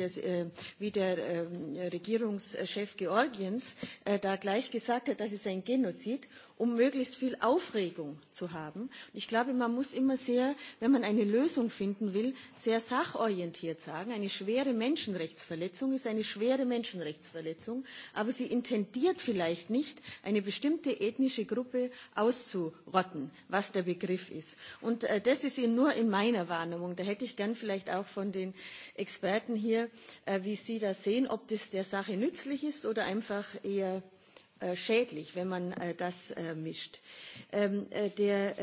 wie der regierungschef georgiens da gleich gesagt hat das ist ein genozid um möglichst viel Aufregung zu haben. Ich glaube, man muss immer sehr, wenn man eine Lösung finden will, sehr sachorientiert sagen, eine schwere Menschenrechtsverletzung ist eine schwere Menschenrechtsverletzung, aber sie intendiert vielleicht nicht, eine bestimmte ethnische Gruppe auszurotten, was der Begriff ist. Und das ist nur in meiner Wahrnehmung. Da hätte ich gern vielleicht auch von den Experten hier, wie Sie das sehen, ob das der Sache nützlich ist oder einfach eher schädlich, wenn man das mischt. Der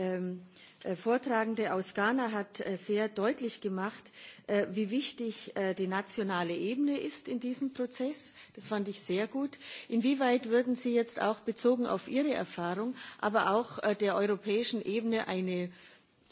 Vortragende aus Ghana hat sehr deutlich gemacht, wie wichtig die nationale Ebene ist in diesem Prozess. Das fand ich sehr gut. Inwieweit würden Sie jetzt auch bezogen auf Ihre Erfahrung, aber auch der europäischen Ebene eine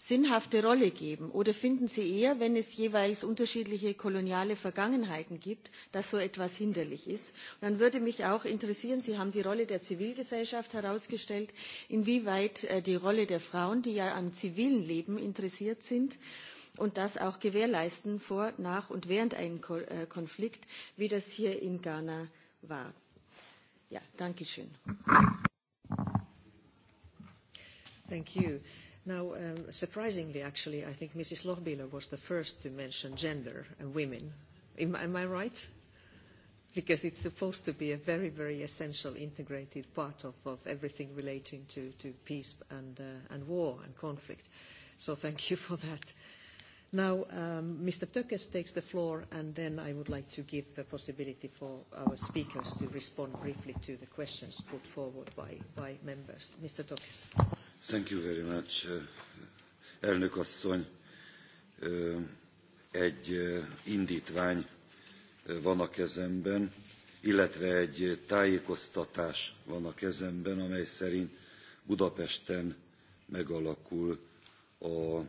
sinnhafte Rolle geben? Oder finden Sie eher, wenn es jeweils unterschiedliche koloniale Vergangenheiten gibt, dass so etwas hinderlich ist? dann würde mich auch interessieren, Sie haben die Rolle der Zivilgesellschaft herausgestellt, inwieweit die Rolle der Frauen, die ja am zivilen Leben interessiert sind, und das auch gewährleisten vor, nach und während einem Konflikt, wie das hier in Ghana war. Ja, danke schön. Thank you. Now, um, surprisingly, actually, I think Mrs. Lochbihler was the first to mention gender and women. Am, am I right? Because it's supposed to be a very, very essential integrated part of, of everything relating to, to peace and, uh, and war and conflict. So thank you for that. Now, um, Mr. Tökes takes the floor, and then I would like to give the possibility for our speakers to respond briefly to the questions put forward by, by members. Mr. Tökes. Thank you very much, elnök asszony. Egy indítvány van a kezemben, illetve egy tájékoztatás van a kezemben, amely szerint Budapesten megalakul a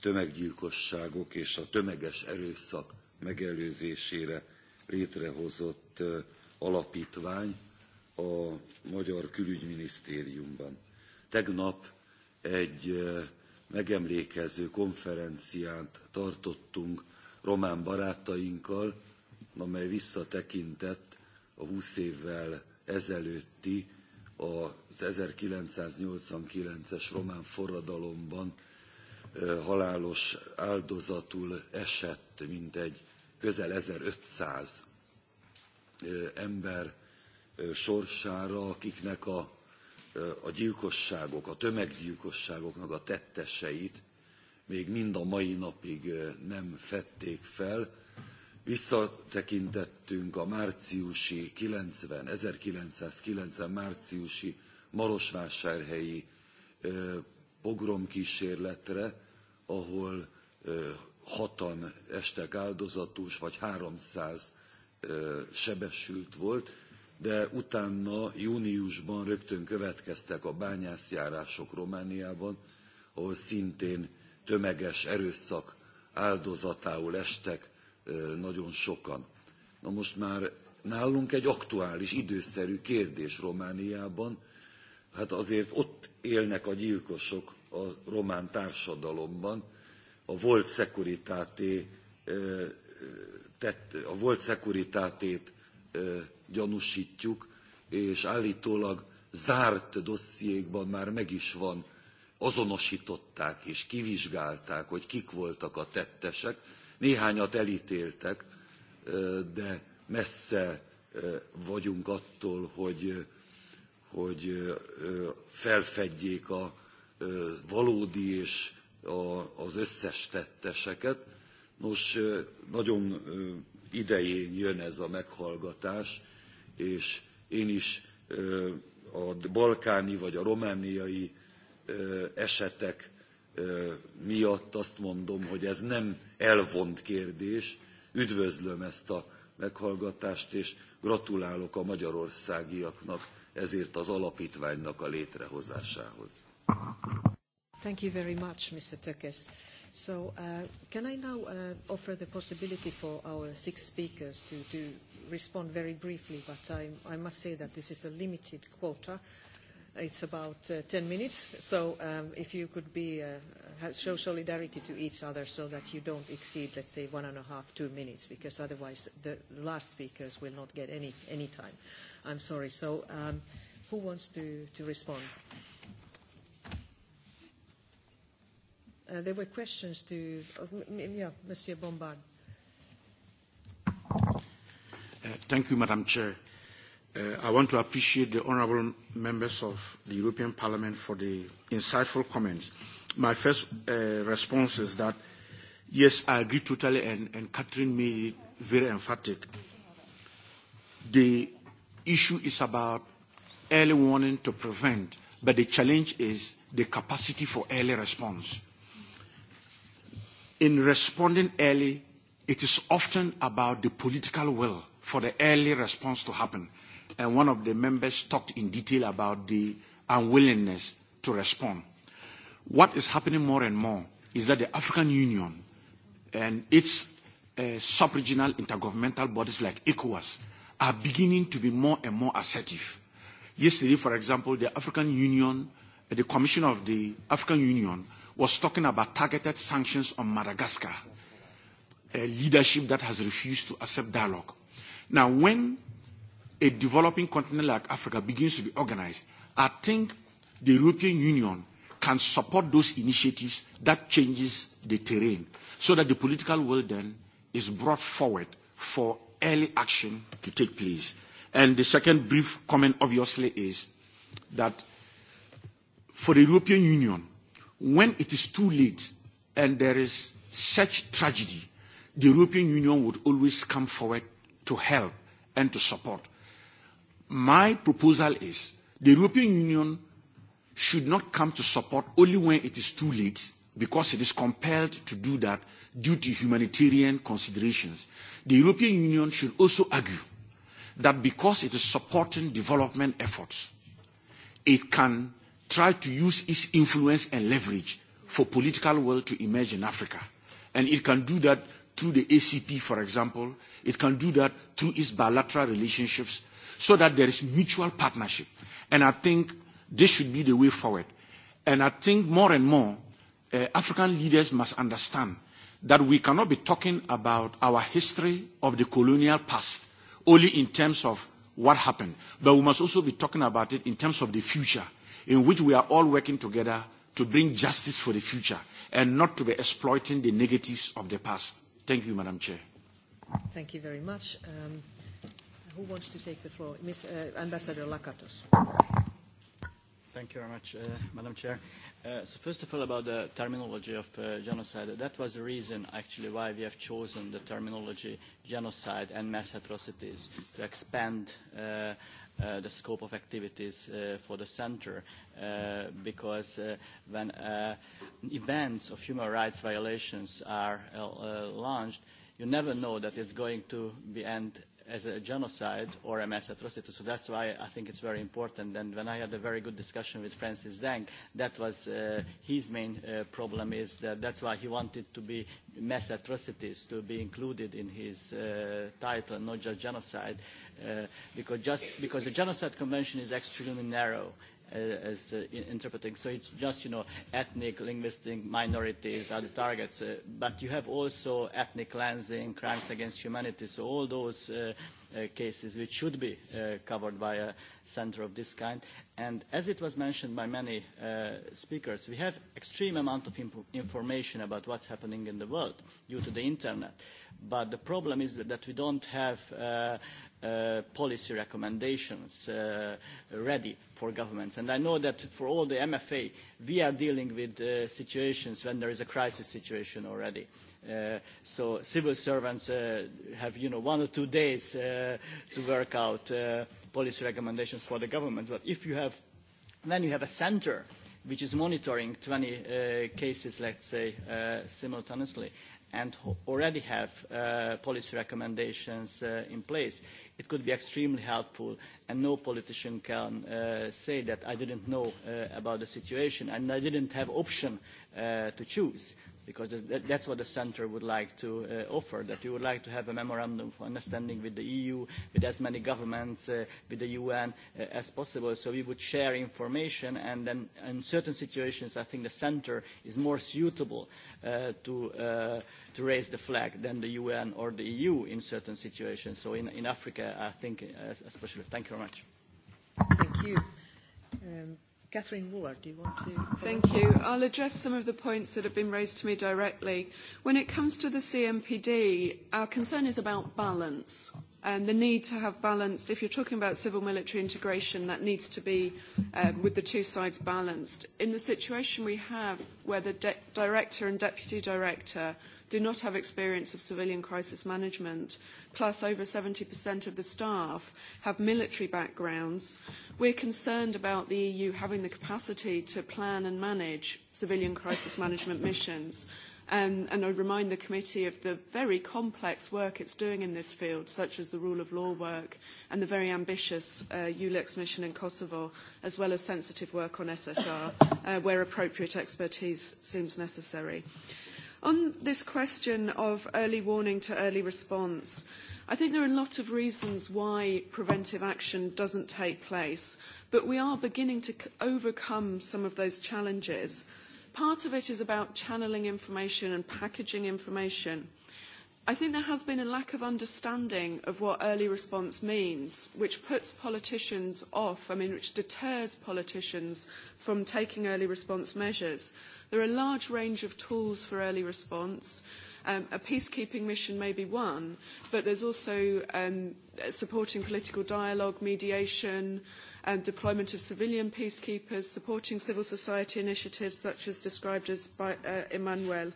tömeggyilkosságok és a tömeges erőszak megelőzésére létrehozott alapítvány a Magyar Külügyminisztériumban tegnap egy megemlékező konferenciát tartottunk román barátainkkal, amely visszatekintett a 20 évvel ezelőtti, az 1989-es román forradalomban halálos áldozatul esett mintegy közel 1500 ember sorsára, akiknek a a gyilkosságok, a tömeggyilkosságoknak a tetteseit még mind a mai napig nem fedték fel. Visszatekintettünk a márciusi 90, 1990 márciusi Marosvásárhelyi pogromkísérletre, ahol hatan estek áldozatus, vagy 300 sebesült volt, de utána júniusban rögtön következtek a bányászjárások Romániában, ahol szintén tömeges erőszak áldozatául estek nagyon sokan. Na most már nálunk egy aktuális, időszerű kérdés Romániában, hát azért ott élnek a gyilkosok a román társadalomban, a volt szekuritáté, tett, a volt szekuritátét gyanúsítjuk, és állítólag zárt dossziékban már meg is van, azonosították és kivizsgálták, hogy kik voltak a tettesek. Néhányat elítéltek, de messze vagyunk attól, hogy, hogy felfedjék a valódi és az összes tetteseket. Nos, nagyon idején jön ez a meghallgatás, és én is a balkáni vagy a romániai esetek miatt azt mondom, hogy ez nem elvont kérdés. Üdvözlöm ezt a meghallgatást, és gratulálok a magyarországiaknak ezért az alapítványnak a létrehozásához. Thank you very much, Mr. So uh, can I now uh, offer the possibility for our six speakers to, to respond very briefly, but I, I must say that this is a limited quota. It's about uh, 10 minutes, so um, if you could be, uh, show solidarity to each other so that you don't exceed, let's say, one and a half, two minutes, because otherwise the last speakers will not get any, any time. I'm sorry. So um, who wants to, to respond? there were questions to, yeah, Monsieur Bombard. Thank you, Madam Chair. I want to appreciate the honourable members of the European Parliament for the insightful comments. My first response is that, yes, I agree totally, and, and Catherine made it very emphatic. The issue is about early warning to prevent, but the challenge is the capacity for early response in responding early, it is often about the political will for the early response to happen. And one of the members talked in detail about the unwillingness to respond. What is happening more and more is that the African Union and its uh, sub-regional intergovernmental bodies like ECOWAS are beginning to be more and more assertive. Yesterday, for example, the African Union, the Commission of the African Union was talking about targeted sanctions on Madagascar, a leadership that has refused to accept dialogue. Now, when a developing continent like Africa begins to be organized, I think the European Union can support those initiatives that changes the terrain so that the political will then is brought forward for early action to take place. And the second brief comment, obviously, is that for the European Union, when it is too late and there is such tragedy, the European Union would always come forward to help and to support. My proposal is the European Union should not come to support only when it is too late, because it is compelled to do that due to humanitarian considerations. The European Union should also argue that because it is supporting development efforts, it can tried to use its influence and leverage for political will to emerge in Africa. And it can do that through the ACP, for example. It can do that through its bilateral relationships so that there is mutual partnership. And I think this should be the way forward. And I think more and more, uh, African leaders must understand that we cannot be talking about our history of the colonial past only in terms of what happened, but we must also be talking about it in terms of the future in which we are all working together to bring justice for the future and not to be exploiting the negatives of the past. Thank you, Madam Chair. Thank you very much. Um, who wants to take the floor? Ms. Uh, Ambassador Lakatos. Thank you very much, uh, Madam Chair. Uh, so first of all, about the terminology of uh, genocide, that was the reason actually why we have chosen the terminology genocide and mass atrocities to expand uh, the scope of activities for the centre, because when events of human rights violations are launched, you never know that it's going to be end as a genocide or a mass atrocity. So that's why I think it's very important. And when I had a very good discussion with Francis Deng, that was uh, his main uh, problem is that that's why he wanted to be mass atrocities to be included in his uh, title, not just genocide, because, just, because the Genocide Convention is extremely narrow as uh, interpreting. So it's just, you know, ethnic, linguistic minorities are the targets. Uh, but you have also ethnic cleansing, crimes against humanity. So all those uh, uh, cases which should be uh, covered by a center of this kind. And as it was mentioned by many uh, speakers, we have extreme amount of imp information about what's happening in the world due to the internet. But the problem is that we don't have uh, policy recommendations ready for governments. And I know that for all the MFA, we are dealing with situations when there is a crisis situation already. so civil servants have, you know, one or two days to work out policy recommendations for the governments. But if you have, when you have a centre which is monitoring twenty cases, let's say, simultaneously, and already have uh, policy recommendations uh, in place, it could be extremely helpful. And no politician can uh, say that I didn't know uh, about the situation and I didn't have option uh, to choose because that's what the centre would like to offer, that you would like to have a memorandum of understanding with the EU, with as many governments, with the UN as possible, so we would share information, and then in certain situations, I think the centre is more suitable to, raise the flag than the UN or the EU in certain situations. So in, in Africa, I think especially. Thank you very much. Thank you. Catherine Ward, do you want to? Thank you. I'll address some of the points that have been raised to me directly. When it comes to the CMPD, our concern is about balance and the need to have balanced, if you're talking about civil-military integration, that needs to be with the two sides balanced. In the situation we have where the director and deputy director do not have experience of civilian crisis management, plus over 70% of the staff have military backgrounds, we're concerned about the EU having the capacity to plan and manage civilian crisis management missions Um, and I remind the committee of the very complex work it's doing in this field, such as the rule of law work and the very ambitious uh, ULEX mission in Kosovo, as well as sensitive work on SSR, uh, where appropriate expertise seems necessary. On this question of early warning to early response, I think there are a lot of reasons why preventive action doesn't take place, but we are beginning to overcome some of those challenges part of it is about channeling information and packaging information. I think there has been a lack of understanding of what early response means, which puts politicians off, I mean, which deters politicians from taking early response measures. There are a large range of tools for early response. Um, a peacekeeping mission may be one, but there's also um, supporting political dialogue, mediation, and deployment of civilian peacekeepers, supporting civil society initiatives such as described as by uh, Emmanuel.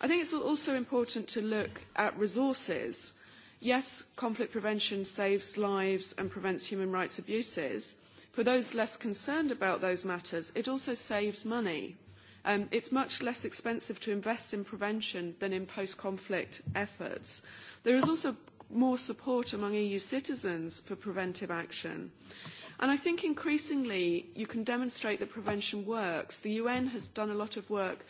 I think it's also important to look at resources. Yes, conflict prevention saves lives and prevents human rights abuses. For those less concerned about those matters, it also saves money Um, it's much less expensive to invest in prevention than in post-conflict efforts. There is also more support among EU citizens for preventive action. And I think increasingly you can demonstrate that prevention works. The UN has done a lot of work.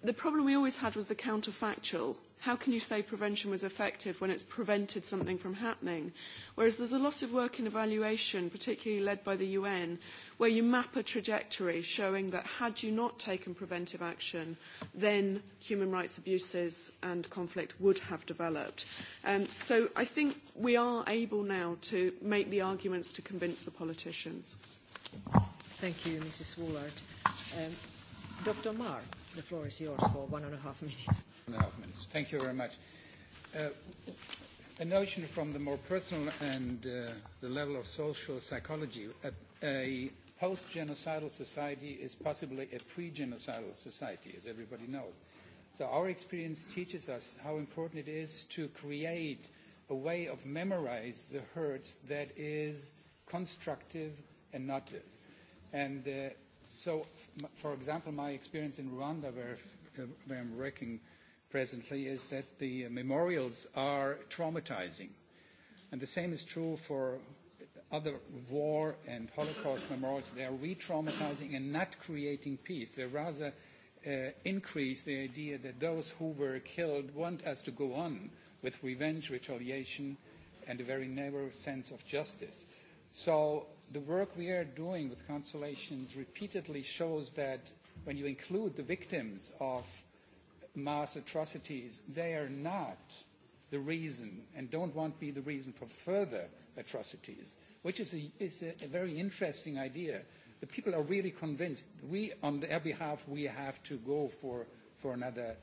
The problem we always had was the counterfactual how can you say prevention was effective when it's prevented something from happening? Whereas there's a lot of work in evaluation, particularly led by the UN, where you map a trajectory showing that had you not taken preventive action, then human rights abuses and conflict would have developed. Um, so I think we are able now to make the arguments to convince the politicians. Thank you, Mrs. Woolard. Um, Dr. Marr, the floor is yours for one and a half minutes. Thank you very much. Uh, a notion from the more personal and uh, the level of social psychology. A, a post-genocidal society is possibly a pre-genocidal society, as everybody knows. So our experience teaches us how important it is to create a way of memorize the hurts that is constructive and not And uh, so, f for example, my experience in Rwanda, where, where I'm working – presently is that the memorials are traumatizing. And the same is true for other war and Holocaust memorials. They are re-traumatizing and not creating peace. They rather uh, increase the idea that those who were killed want us to go on with revenge, retaliation, and a very narrow sense of justice. So the work we are doing with consolations repeatedly shows that when you include the victims of mass atrocities, they are not the reason and don't want to be the reason for further atrocities, which is a, is a, a very interesting idea. The people are really convinced. We, on their behalf, we have to go for, for another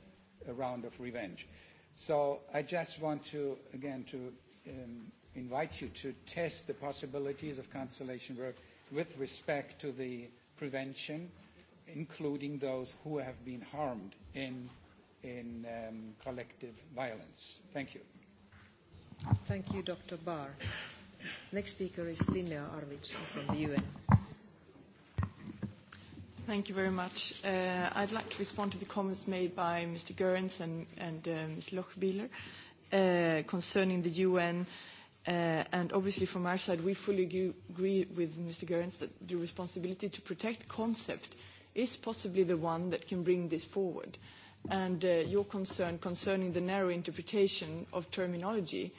round of revenge. So I just want to, again, to um, invite you to test the possibilities of cancellation work with respect to the prevention, including those who have been harmed in in um, collective violence. Thank you. Thank you, Dr. Barr. Next speaker is Linnea Arvic from the UN. Thank you very much. Uh, I'd like to respond to the comments made by Mr. Goerens and, and uh, Ms. Lochbieler uh, concerning the UN. Uh, and obviously from our side, we fully agree with Mr. Goerens that the responsibility to protect concept is possibly the one that can bring this forward. Uh, and your concern concerning the narrow interpretation of terminology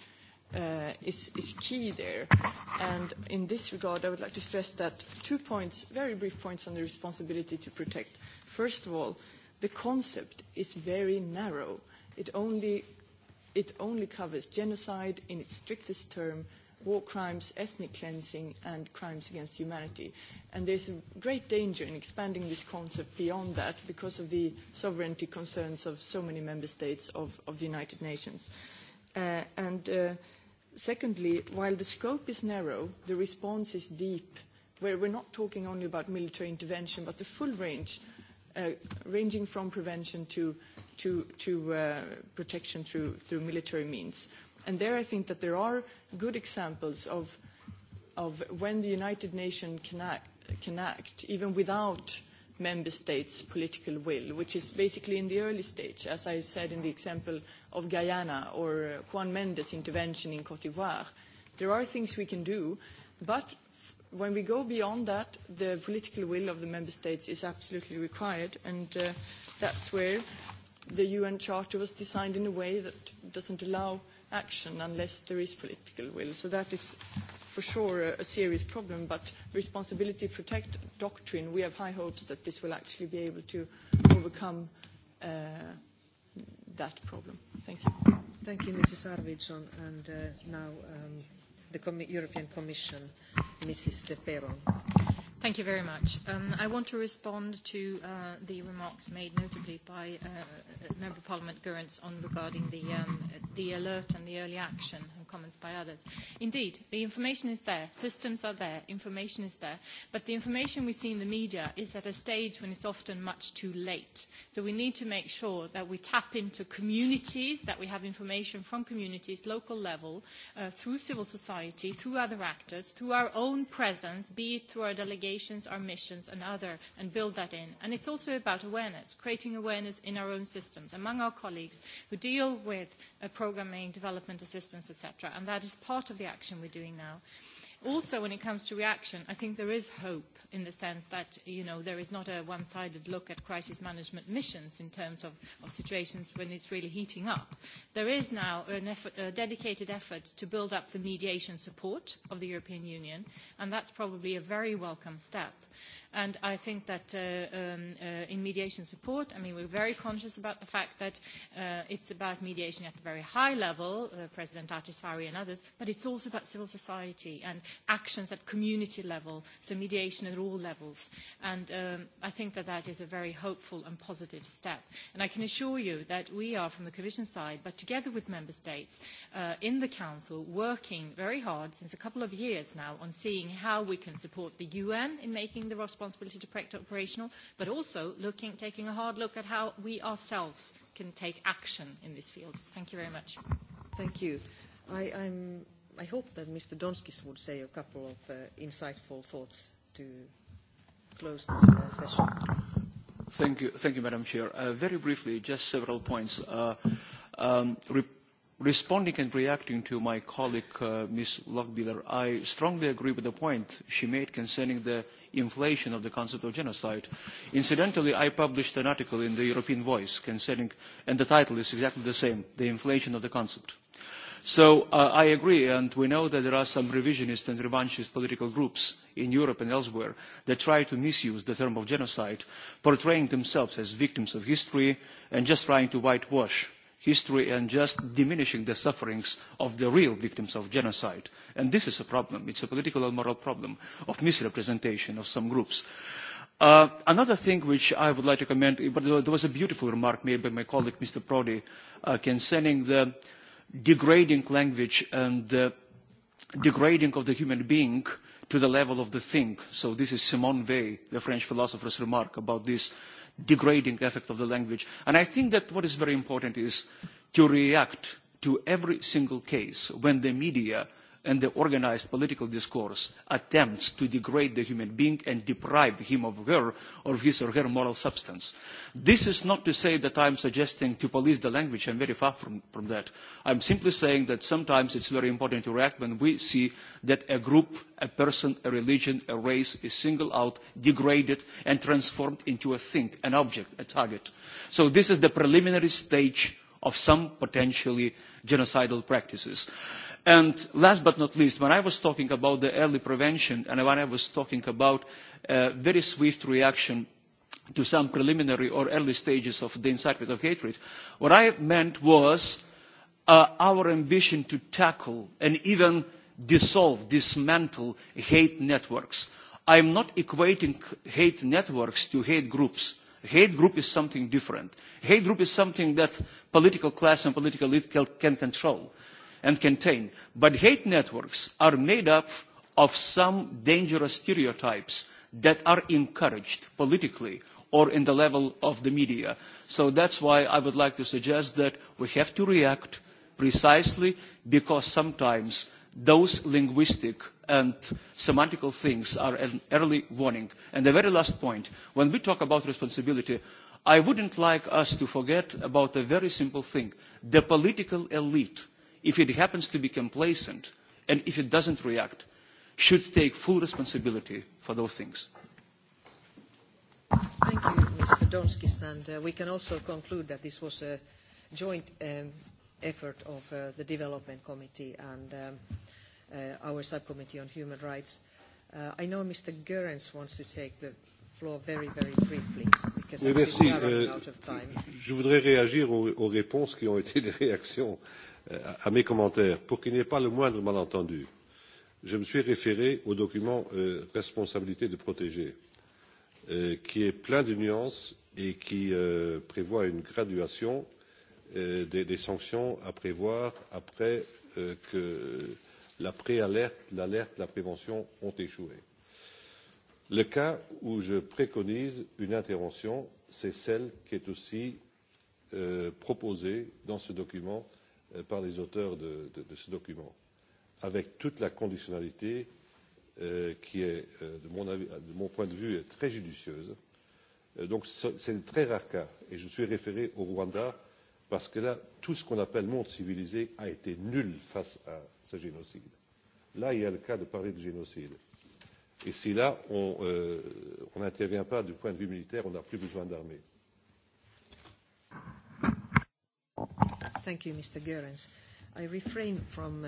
is key there. And in this regard, I would like to stress that two points, very brief points on the responsibility to protect. First of all, the concept is very narrow. It only covers genocide in its strictest term war crimes, ethnic cleansing, and crimes against humanity. And there's a great danger in expanding this concept beyond that because of the sovereignty concerns of so many member states of, of the United Nations. Uh, and uh, secondly, while the scope is narrow, the response is deep, where we're not talking only about military intervention, but the full range, uh, ranging from prevention to, to, to uh, protection through, through military means. And there I think that there are good examples of, of when the United Nations can act, can act even without member states' political will, which is basically in the early stage, as I said in the example of Guyana or Juan Mendes' intervention in Cote d'Ivoire. There are things we can do, but when we go beyond that, the political will of the member states is absolutely required, and that's where the UN Charter was designed in a way that doesn't allow – action unless there is political will. So that is for sure a serious problem, but responsibility protect doctrine, we have high hopes that this will actually be able to overcome that problem. Thank you. Thank you, Mrs. Arvidsson. And now the European Commission, Mrs. De Peron. Thank you very much. Um, I want to respond to uh, the remarks made notably by uh, Member Parliament Gurrents on regarding the, um, the alert and the early action comments by others. Indeed, the information is there, systems are there, information is there, but the information we see in the media is at a stage when it's often much too late. So we need to make sure that we tap into communities, that we have information from communities, local level, uh, through civil society, through other actors, through our own presence, be it through our delegations, our missions, and other, and build that in. And it's also about awareness, creating awareness in our own systems, among our colleagues who deal with uh, programming, development assistance, etc. And that is part of the action we're doing now. Also, when it comes to reaction, I think there is hope in the sense that you know there is not a one-sided look at crisis management missions in terms of, of situations when it's really heating up. There is now an effort, a dedicated effort to build up the mediation support of the European Union, and that's probably a very welcome step And I think that in mediation support, I mean, we're very conscious about the fact that it's about mediation at the very high level, President ahtisaari and others, but it's also about civil society and actions at community level, so mediation at all levels. And I think that that is a very hopeful and positive step. And I can assure you that we are, from the Commission side, but together with Member States in the Council, working very hard since a couple of years now on seeing how we can support the UN in making the responsibility to protect operational, but also looking, taking a hard look at how we ourselves can take action in this field. Thank you very much. Thank you. I, I'm, I hope that Mr. Donskis would say a couple of uh, insightful thoughts to close this uh, session. Thank you, thank you, Madam Chair. Uh, very briefly, just several points. Uh, um, responding and reacting to my colleague, uh, Ms. Lochbiller, I strongly agree with the point she made concerning the inflation of the concept of genocide. Incidentally, I published an article in the European Voice concerning, and the title is exactly the same, The Inflation of the Concept. So uh, I agree, and we know that there are some revisionist and revanchist political groups in Europe and elsewhere that try to misuse the term of genocide, portraying themselves as victims of history and just trying to whitewash history and just diminishing the sufferings of the real victims of genocide. And this is a problem. It's a political and moral problem of misrepresentation of some groups. Uh, another thing which I would like to comment, but there was a beautiful remark made by my colleague, Mr. Prodi, uh, concerning the degrading language and the degrading of the human being to the level of the thing. So this is Simone Weil, the French philosopher's remark about this degrading effect of the language. And I think that what is very important is to react to every single case when the media – and the organized political discourse attempts to degrade the human being and deprive him of her or his or her moral substance. This is not to say that I am suggesting to police the language. I am very far from, from that. I am simply saying that sometimes it's very important to react when we see that a group, a person, a religion, a race is singled out, degraded, and transformed into a thing, an object, a target. So this is the preliminary stage of some potentially genocidal practices. Uh, And last but not least, when I was talking about the early prevention and when I was talking about a very swift reaction to some preliminary or early stages of the incitement of hatred, what I meant was uh, our ambition to tackle and even dissolve, dismantle hate networks. I am not equating hate networks to hate groups. Hate group is something different. Hate group is something that political class and political elite can control and contain. But hate networks are made up of some dangerous stereotypes that are encouraged politically or in the level of the media. So that's why I would like to suggest that we have to react precisely because sometimes those linguistic and semantical things are an early warning. And the very last point, when we talk about responsibility, I wouldn't like us to forget about a very simple thing. The political elite if it happens to be complacent and if it doesn't react, should take full responsibility for those things. Thank you, Mr. Donskis. And we can also conclude that this was a joint effort of the Development Committee and our Subcommittee on Human Rights. I know Mr. Goerens wants to take the floor very, very briefly because we are running out of time. Je voudrais réagir aux réponses qui ont été des réactions à mes commentaires. Pour qu'il n'y ait pas le moindre malentendu, je me suis référé au document Responsabilité de protéger, qui est plein de nuances et qui prévoit une graduation des, sanctions à prévoir après que la préalerte, l'alerte, la prévention ont échoué. Le cas où je préconise une intervention, c'est celle qui est aussi proposée dans ce document par les auteurs de, ce document, avec toute la conditionnalité qui est, de mon, point de vue, très judicieuse. donc c'est de très rares cas, et je suis référé au Rwanda parce que là, tout ce qu'on appelle monde civilisé a été nul face à ce génocide. Là, il y a le cas de parler de génocide. Et si là, on n'intervient pas du point de vue militaire, on n'a plus besoin d'armée Thank you, Mr. Goerens. I refrain from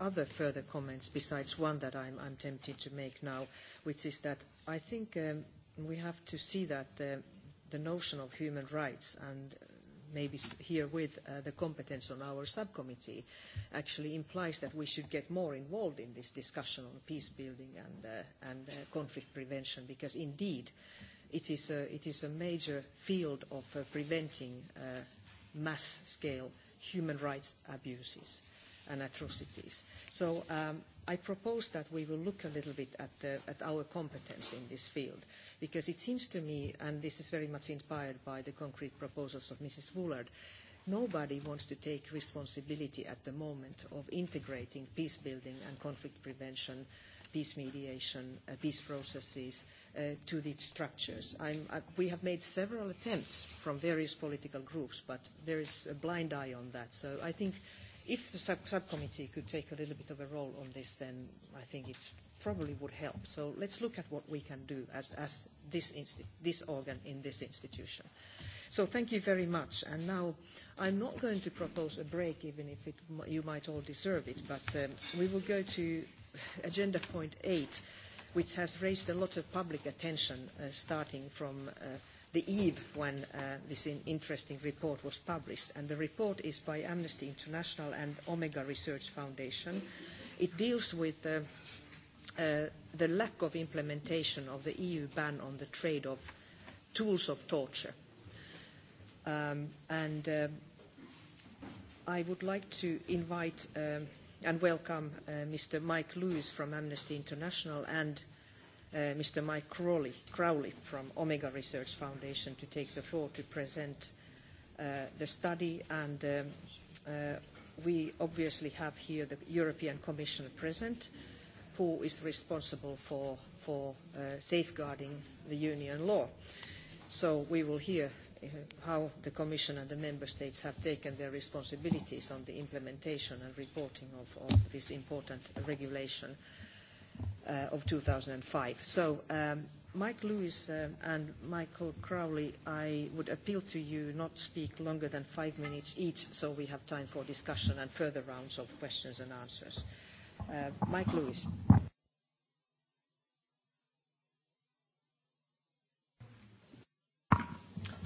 other further comments besides one that I'm I'm tempted to make now, which is that I think we have to see that the notion of human rights and maybe here uh, the competence on our subcommittee actually implies that we should get more involved in this discussion on peace building and uh uh and conflict prevention, because indeed it is a major field of preventing uh mass scale human rights abuses and atrocities. So um, I propose that we will look a little bit at, the, at our competence in this field, because it seems to me, and this is very much inspired by the concrete proposals of Mrs. Woolard, nobody wants to take responsibility at the moment of integrating peace building and conflict prevention, peace mediation, uh, peace processes, uh, to these structures. I'm, I, we have made several attempts from various political groups, but there is a blind eye on that. So I think if the sub subcommittee could take a little bit of a role on this, then I think it probably would help. So let's look at what we can do as, as this, this organ in this institution. So thank you very much. And now I'm not going to propose a break, even if it, you might all deserve it, but um, we will go to agenda point eight which has raised a lot of public attention starting from the eve when this interesting report was published. And the report is by Amnesty International and Omega Research Foundation. It deals with the lack of implementation of the EU ban on the trade of tools of torture. and I would like to invite and welcome Mr. Mike Lewis from Amnesty International and Mr. Mike Crowley, Crowley from Omega Research Foundation to take the floor to present the study. And we obviously have here the European Commission present, who is responsible for, for safeguarding the union law. So we will hear how the Commission and the Member States have taken their responsibilities on the implementation and reporting of, of this important regulation uh, of 2005. So um, Mike Lewis and Michael Crowley, I would appeal to you not to speak longer than five minutes each so we have time for discussion and further rounds of questions and answers. Mike Lewis.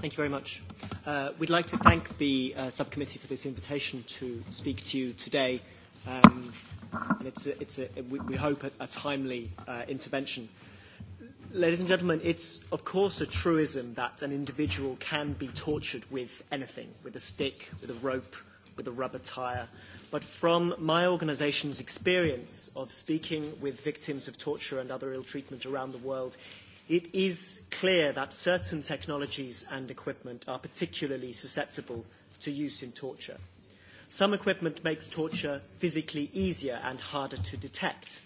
Thank you very much. Uh, we'd like to thank the uh, subcommittee for this invitation to speak to you today. Um, and it's a, it's a, we, we hope a, a timely uh, intervention. Ladies and gentlemen, it's of course a truism that an individual can be tortured with anything, with a stick, with a rope, with a rubber tire. But from my organization's experience of speaking with victims of torture and other ill treatment around the world, it is clear that certain technologies and equipment are particularly susceptible to use in torture. Some equipment makes torture physically easier and harder to detect.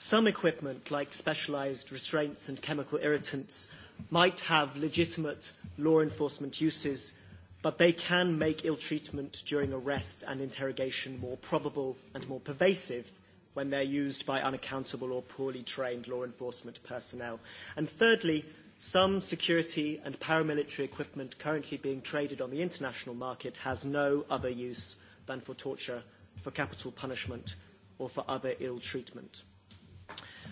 Some equipment, like specialised restraints and chemical irritants, might have legitimate law enforcement uses, but they can make ill treatment during arrest and interrogation more probable and more pervasive when they're used by unaccountable or poorly trained law enforcement personnel. And thirdly, some security and paramilitary equipment currently being traded on the international market has no other use than for torture, for capital punishment, or for other ill treatment.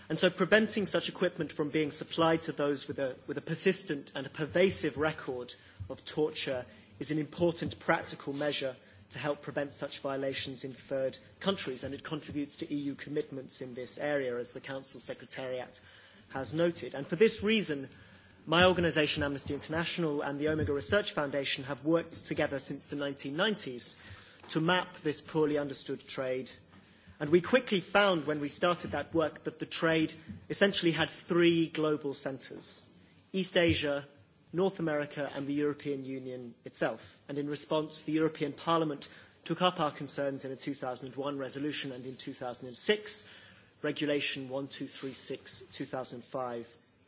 And so preventing such equipment from being supplied to those with a, with a persistent and a pervasive record of torture is an important practical measure to help prevent such violations in third countries, and it contributes to EU commitments in this area, as the Council Secretariat has noted. And for this reason, my organisation, Amnesty International, and the Omega Research Foundation have worked together since the 1990s to map this poorly understood trade. And we quickly found when we started that work that the trade essentially had three global centres East Asia, North America and the European Union itself. And in response, the European Parliament took up our concerns in a two thousand one resolution and in two thousand six Regulation one two three six two thousand five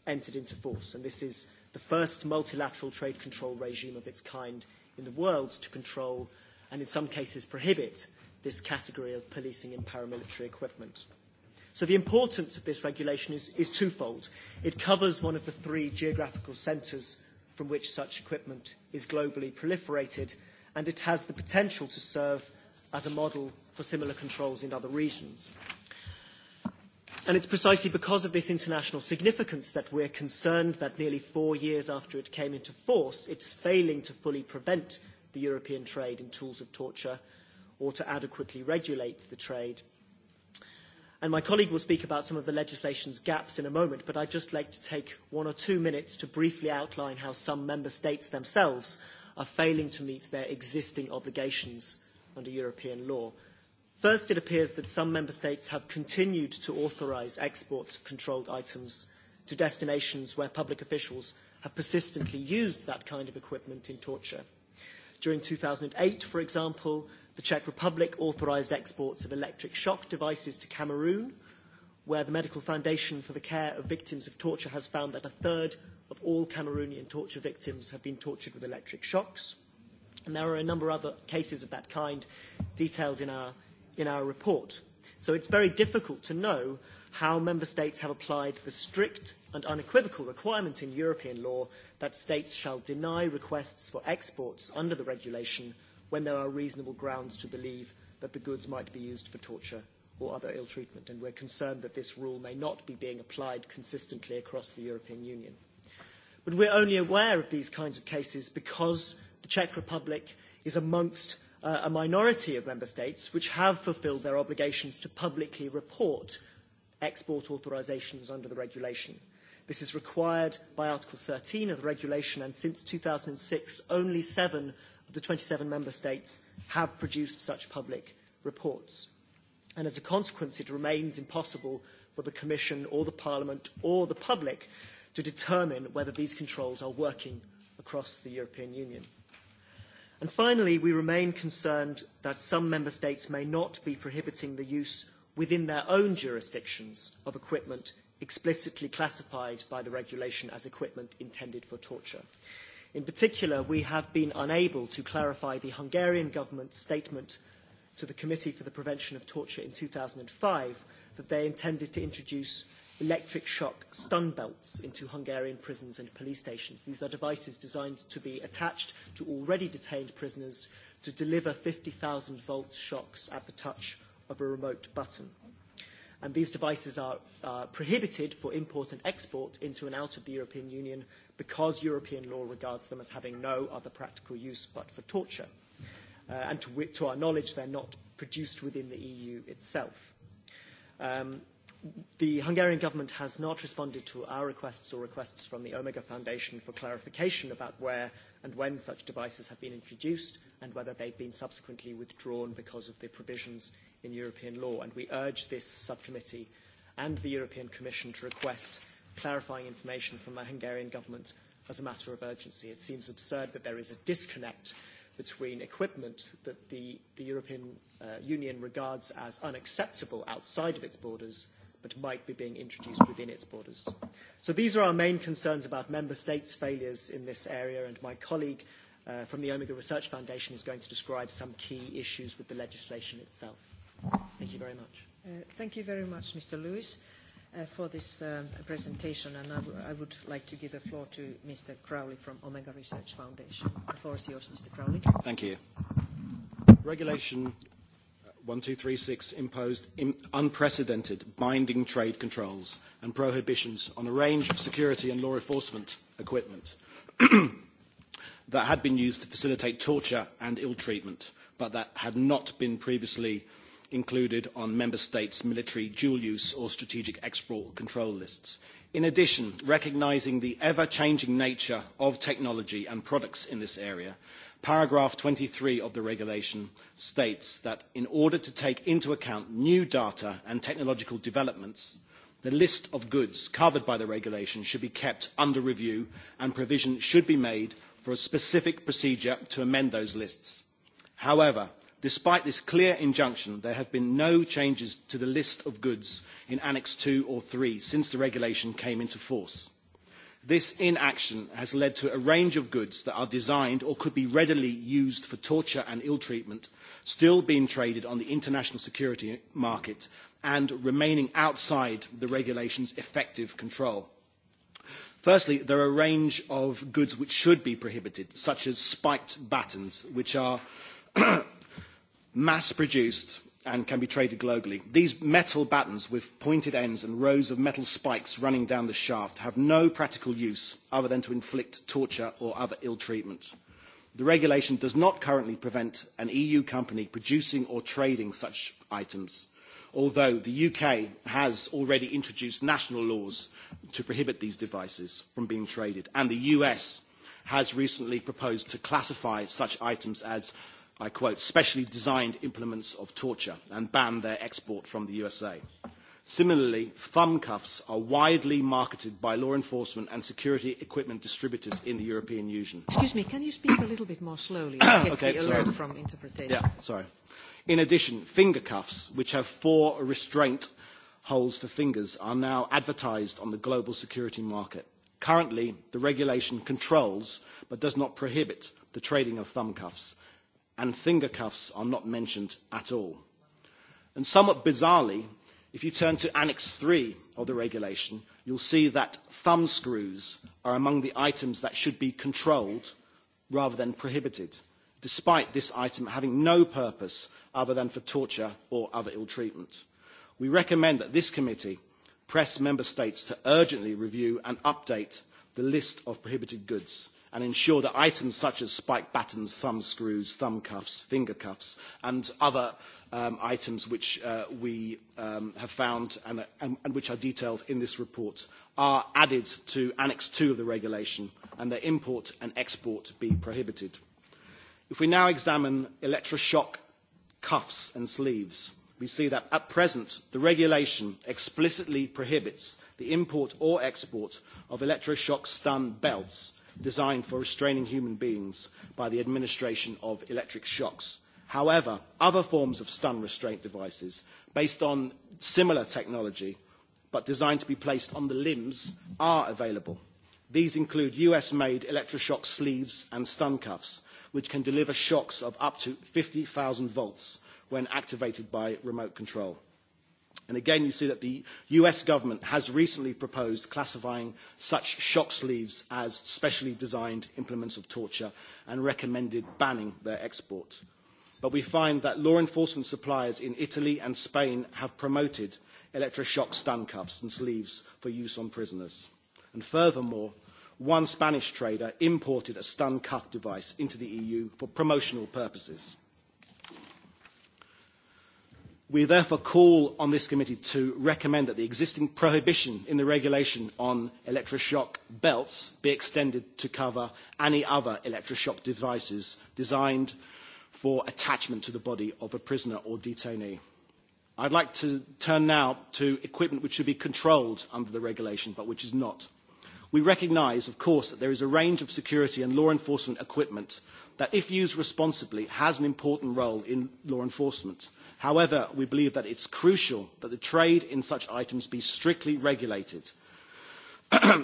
entered into force. And this is the first multilateral trade control regime of its kind in the world to control and in some cases prohibit this category of policing and paramilitary equipment. So the importance of this regulation is, is twofold. It covers one of the three geographical centres from which such equipment is globally proliferated, and it has the potential to serve as a model for similar controls in other regions. And it's precisely because of this international significance that we're concerned that nearly four years after it came into force, it's failing to fully prevent the European trade in tools of torture or to adequately regulate the trade And my colleague will speak about some of the legislation's gaps in a moment, but I'd just like to take one or two minutes to briefly outline how some member states themselves are failing to meet their existing obligations under European law. First, it appears that some member states have continued to authorise export controlled items to destinations where public officials have persistently used that kind of equipment in torture. During two thousand eight, for example, The Czech Republic authorised exports of electric shock devices to Cameroon, where the Medical Foundation for the Care of Victims of Torture has found that a third of all Cameroonian torture victims have been tortured with electric shocks. And there are a number of other cases of that kind detailed in our, in our report. So it's very difficult to know how member states have applied the strict and unequivocal requirement in European law that states shall deny requests for exports under the regulation when there are reasonable grounds to believe that the goods might be used for torture or other ill treatment, and we're concerned that this rule may not be being applied consistently across the European Union. But we're only aware of these kinds of cases because the Czech Republic is amongst uh, a minority of member states which have fulfilled their obligations to publicly report export authorisations under the regulation. This is required by Article 13 of the regulation, and since 2006, only seven the 27 member states have produced such public reports. And as a consequence, it remains impossible for the Commission or the Parliament or the public to determine whether these controls are working across the European Union. And finally, we remain concerned that some member states may not be prohibiting the use within their own jurisdictions of equipment explicitly classified by the regulation as equipment intended for torture. In particular, we have been unable to clarify the Hungarian government's statement to the Committee for the Prevention of Torture in two thousand five that they intended to introduce electric shock stun belts into Hungarian prisons and police stations. These are devices designed to be attached to already detained prisoners to deliver 50,000 volt shocks at the touch of a remote button and these devices are uh, prohibited for import and export into and out of the European Union because European law regards them as having no other practical use but for torture. Uh, and to, to our knowledge, they're not produced within the EU itself. Um, the Hungarian government has not responded to our requests or requests from the Omega Foundation for clarification about where and when such devices have been introduced and whether they've been subsequently withdrawn because of the provisions in European law, and we urge this subcommittee and the European Commission to request clarifying information from the Hungarian government as a matter of urgency. It seems absurd that there is a disconnect between equipment that the, the European Union regards as unacceptable outside of its borders but might be being introduced within its borders. So these are our main concerns about member states' failures in this area, and my colleague from the Omega Research Foundation is going to describe some key issues with the legislation itself. Thank you very much. Uh, thank you very much, Mr. Lewis, uh, for this presentation. And I, I would like to give the floor to Mr. Crowley from Omega Research Foundation. The floor is yours, Mr. Crowley. Thank you. Regulation 1236 imposed unprecedented binding trade controls and prohibitions on a range of security and law enforcement equipment that had been used to facilitate torture and ill treatment, but that had not been previously included on member states' military dual-use or strategic export control lists. In addition, recognising the ever-changing nature of technology and products in this area, paragraph twenty three of the regulation states that in order to take into account new data and technological developments, the list of goods covered by the regulation should be kept under review and provision should be made for a specific procedure to amend those lists. However, Despite this clear injunction, there have been no changes to the list of goods in Annex 2 or 3 since the regulation came into force. This inaction has led to a range of goods that are designed or could be readily used for torture and ill treatment still being traded on the international security market and remaining outside the regulation's effective control. Firstly, there are a range of goods which should be prohibited, such as spiked batons, which are mass produced and can be traded globally. These metal battens with pointed ends and rows of metal spikes running down the shaft have no practical use other than to inflict torture or other ill treatment. The regulation does not currently prevent an EU company producing or trading such items, although the UK has already introduced national laws to prohibit these devices from being traded, and the US has recently proposed to classify such items as I quote, specially designed implements of torture and ban their export from the USA. Similarly, thumb cuffs are widely marketed by law enforcement and security equipment distributors in the European Union. Excuse me, can you speak a little bit more slowly? okay, the alert from interpretation. Yeah, sorry. In addition, finger cuffs, which have four restraint holes for fingers, are now advertised on the global security market. Currently, the regulation controls but does not prohibit the trading of thumb cuffs and finger cuffs are not mentioned at all. And somewhat bizarrely, if you turn to Annex 3 of the regulation, you'll see that thumb screws are among the items that should be controlled rather than prohibited, despite this item having no purpose other than for torture or other ill treatment. We recommend that this committee press member states to urgently review and update the list of prohibited goods and ensure that items such as spike battens, thumb screws, thumb cuffs, finger cuffs, and other items which we have found and which are detailed in this report are added to Annex 2 of the regulation, and their import and export be prohibited. If we now examine electroshock cuffs and sleeves, we see that at present the regulation explicitly prohibits the import or export of electroshock stun belts designed for restraining human beings by the administration of electric shocks. However, other forms of stun restraint devices based on similar technology but designed to be placed on the limbs are available. These include US-made electroshock sleeves and stun cuffs, which can deliver shocks of up to 50,000 volts when activated by remote control. And again, you see that the US government has recently proposed classifying such shock sleeves as specially designed implements of torture and recommended banning their export. But we find that law enforcement suppliers in Italy and Spain have promoted electroshock stun cuffs and sleeves for use on prisoners. And furthermore, one Spanish trader imported a stun cuff device into the EU for promotional purposes. We therefore call on this committee to recommend that the existing prohibition in the regulation on electroshock belts be extended to cover any other electroshock devices designed for attachment to the body of a prisoner or detainee. I'd like to turn now to equipment which should be controlled under the regulation but which is not. We recognise, of course, that there is a range of security and law enforcement equipment that, if used responsibly, has an important role in law enforcement. However, we believe that it is crucial that the trade in such items be strictly regulated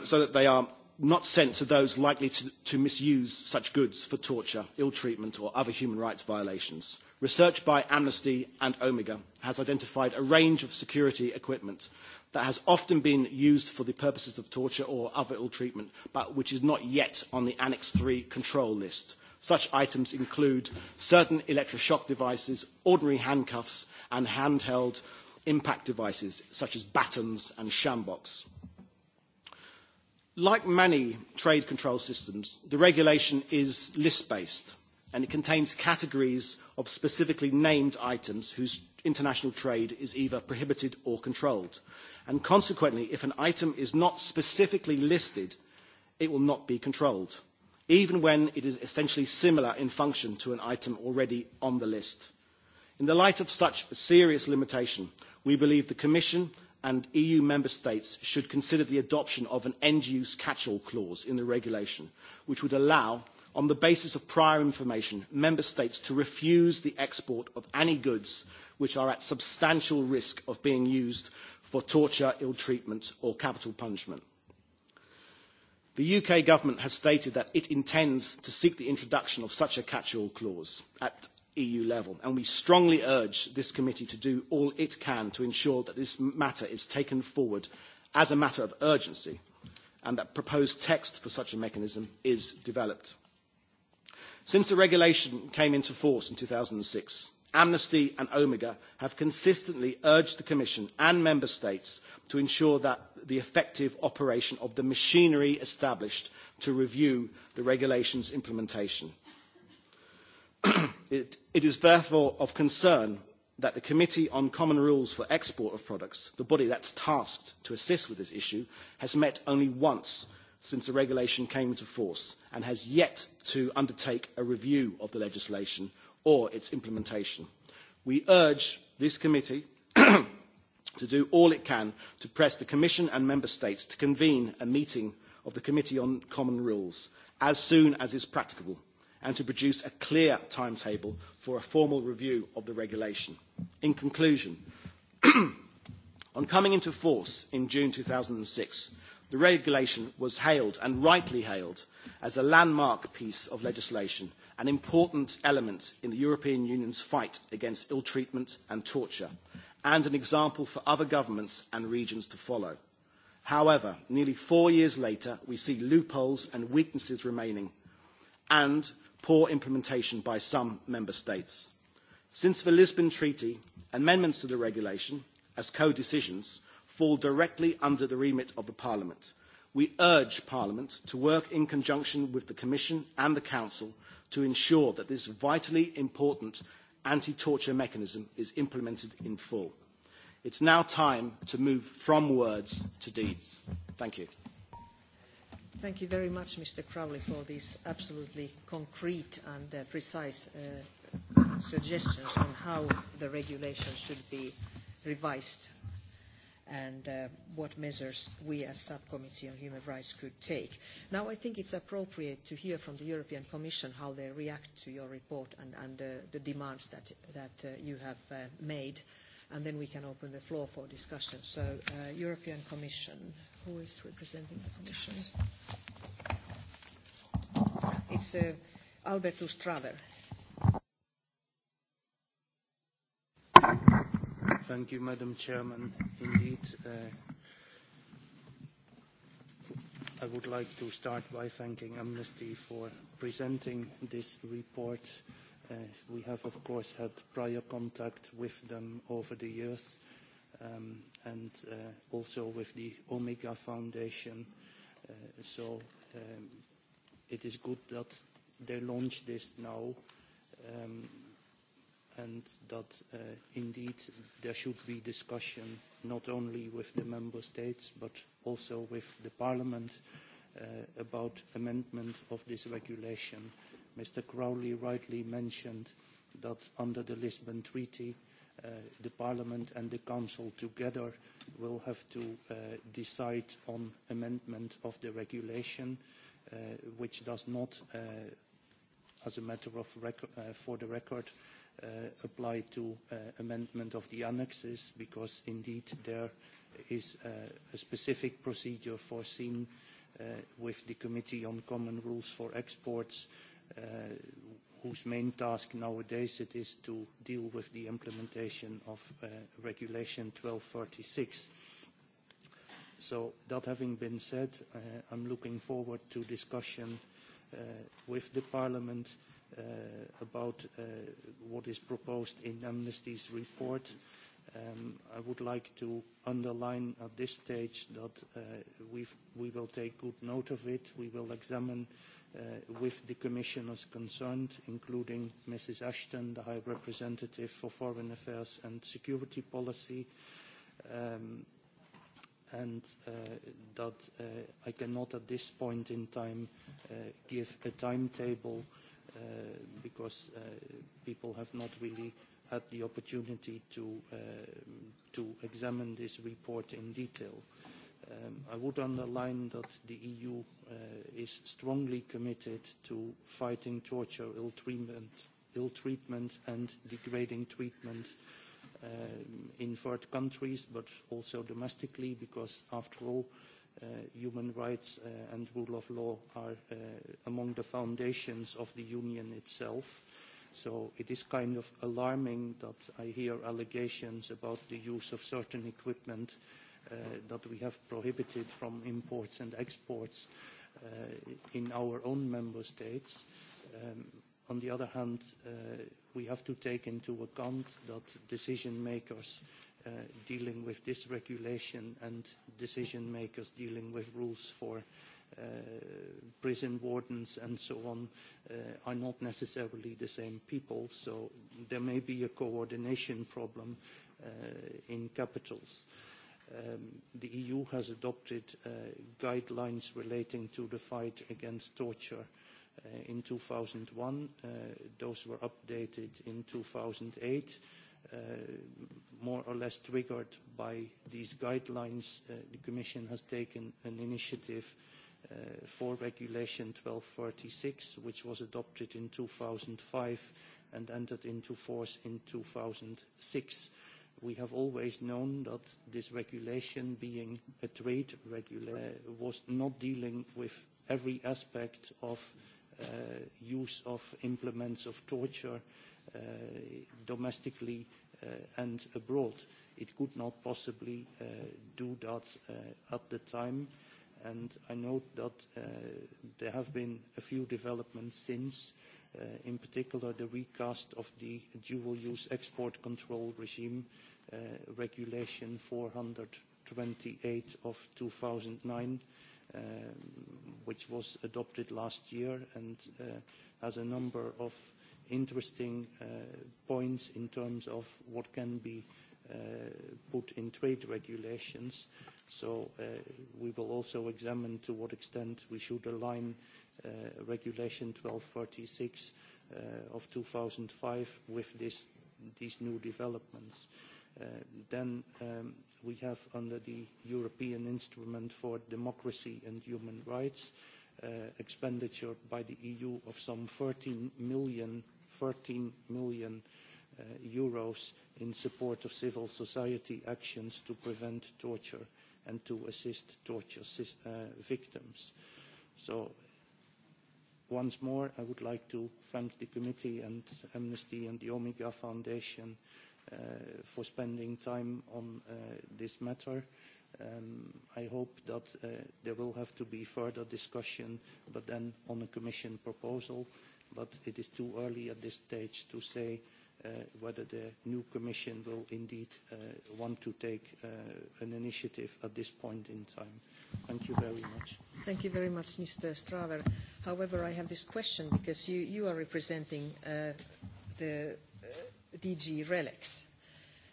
so that they are not sent to those likely to, misuse such goods for torture, ill treatment, or other human rights violations. Research by Amnesty and Omega has identified a range of security equipment that has often been used for the purposes of torture or other ill treatment, but which is not yet on the Annex III control list. Such items include certain electroshock devices, ordinary handcuffs, and handheld impact devices such as batons and shambox. Like many trade control systems, the regulation is list-based, and it contains categories of specifically named items whose international trade is either prohibited or controlled. And consequently, if an item is not specifically listed, it will not be controlled, even when it is essentially similar in function to an item already on the list. In the light of such a serious limitation, we believe the Commission and EU member states should consider the adoption of an end-use catch-all clause in the regulation, which would allow on the basis of prior information, member states to refuse the export of any goods which are at substantial risk of being used for torture, ill treatment, or capital punishment. The UK government has stated that it intends to seek the introduction of such a catch-all clause at EU level, and we strongly urge this committee to do all it can to ensure that this matter is taken forward as a matter of urgency and that proposed text for such a mechanism is developed. Since the regulation came into force in two thousand six, Amnesty and Omega have consistently urged the Commission and Member States to ensure that the effective operation of the machinery established to review the regulation's implementation. it, is therefore of concern that the Committee on Common Rules for Export of Products, the body that is tasked to assist with this issue, has met only once since the regulation came into force and has yet to undertake a review of the legislation or its implementation. We urge this committee to do all it can to press the Commission and Member States to convene a meeting of the Committee on Common Rules as soon as is practicable and to produce a clear timetable for a formal review of the regulation. In conclusion, on coming into force in June two thousand six, the regulation was hailed, and rightly hailed, as a landmark piece of legislation an important element in the European Union's fight against ill treatment and torture, and an example for other governments and regions to follow. However, nearly four years later, we see loopholes and weaknesses remaining, and poor implementation by some member states. Since the Lisbon Treaty, amendments to the regulation, as co-decisions, fall directly under the remit of the Parliament. We urge Parliament to work in conjunction with the Commission and the Council to ensure that this vitally important anti-torture mechanism is implemented in full. It's now time to move from words to deeds. Thank you. Thank you very much, Mr. Crowley, for these absolutely concrete and precise suggestions on how the regulation should be revised and what measures we as Subcommittee on Human Rights could take. Now I think it's appropriate to hear from the European Commission how they react to your report and, the demands that, you have made, and then we can open the floor for discussion. So European Commission, who is representing the Commission? It's Albertus Traver. Thank you, Madam Chairman. Indeed, I would like to start by thanking Amnesty for presenting this report. We have, of course, had prior contact with them over the years, and also with the Omega Foundation. So, it is good that they launch this now and that indeed there should be discussion not only with the member states but also with the parliament about amendment of this regulation. Mr. Crowley rightly mentioned that under the Lisbon Treaty, the Parliament and the Council together will have to decide on amendment of the regulation, which does not, as a matter of for the record, apply to amendment of the annexes because indeed there is a specific procedure foreseen with the Committee on Common Rules for Exports whose main task nowadays it is to deal with the implementation of Regulation thirty six. So that having been said, I'm looking forward to discussion with the Parliament about what is proposed in Amnesty's report. I would like to underline at this stage that we will take good note of it. We will examine with the commissioners concerned, including Mrs. Ashton, the High Representative for Foreign Affairs and Security Policy, and that I cannot at this point in time give a timetable because uh people have not really had the opportunity to uh to examine this report in detail. Um I would underline that the EU uh is strongly committed to fighting torture, ill treatment ill treatment and degrading treatment uh in third countries, but also domestically, because after all, uh human rights and rule of law are uh among the foundations of the Union itself. So it is kind of alarming that I hear allegations about the use of certain equipment that we have prohibited from imports and exports in our own member states. On the other hand, we have to take into account that decision makers dealing with this regulation and decision makers dealing with rules for prison wardens and so on are not necessarily the same people, so there may be a coordination problem in capitals. The EU has adopted guidelines relating to the fight against torture in two thousand one. Those were updated in two thousand eight more or less triggered by these guidelines, the Commission has taken an initiative for Regulation forty six, which was adopted in two thousand five and entered into force in two thousand six. We have always known that this regulation, being a trade regulation, was not dealing with every aspect of use of implements of torture domestically and abroad. It could not possibly do that at the time. and I note that there have been a few developments since, in particular the recast of the dual-use export control regime, Regulation four hundred twenty eight of two thousand nine, which was adopted last year and has a number of interesting points in terms of what can be put in trade regulations. So we will also examine to what extent we should align Regulation thirty six of two thousand five with these new developments. Then we have under the European Instrument for Democracy and Human Rights expenditure by the EU of some thirteen million 13 million euros in support of civil society actions to prevent torture and to assist torture victims. So once more, I would like to thank the committee and Amnesty and the Omega Foundation for spending time on this matter. I hope that there will have to be further discussion, but then on a Commission proposal but it is too early at this stage to say whether the new commission will indeed want to take an initiative at this point in time. Thank you very much. Thank you very much, Mr. Straver. However, I have this question because you, you are representing the DG RELEX,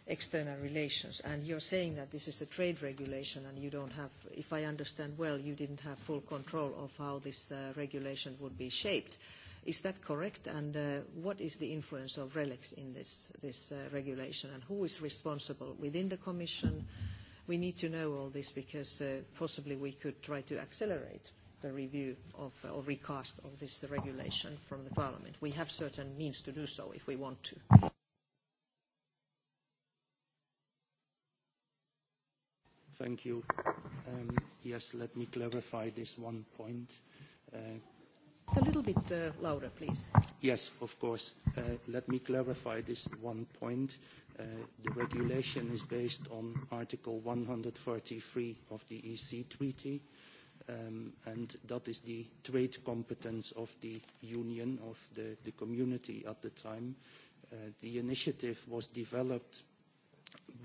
external relations, and you're saying that this is a trade regulation and you don't have, if I understand well, you didn't have full control of how this regulation would be shaped. Uh, Is that correct? And what is the influence of RELEX in this regulation, and who is responsible within the Commission? We need to know all this because possibly we could try to accelerate the review of or recast of this regulation from the Parliament. We have certain means to do so if we want to. Thank you. Yes, let me clarify this one point A little bit louder, please. Yes, of course. Let me clarify this one point. The regulation is based on Article 133 of the EC Treaty, and that is the trade competence of the Union, of the community at the time. The initiative was developed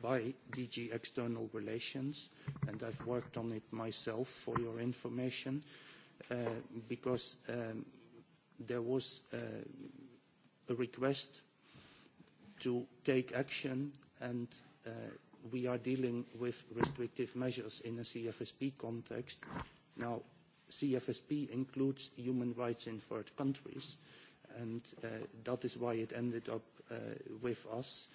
by DG External Relations, and I've worked on it myself, for your information because um there was uh a request to take action and uh we are dealing with restrictive measures in a CFSP context. Now, CFSP includes human rights in third countries, and that is why it ended up with us.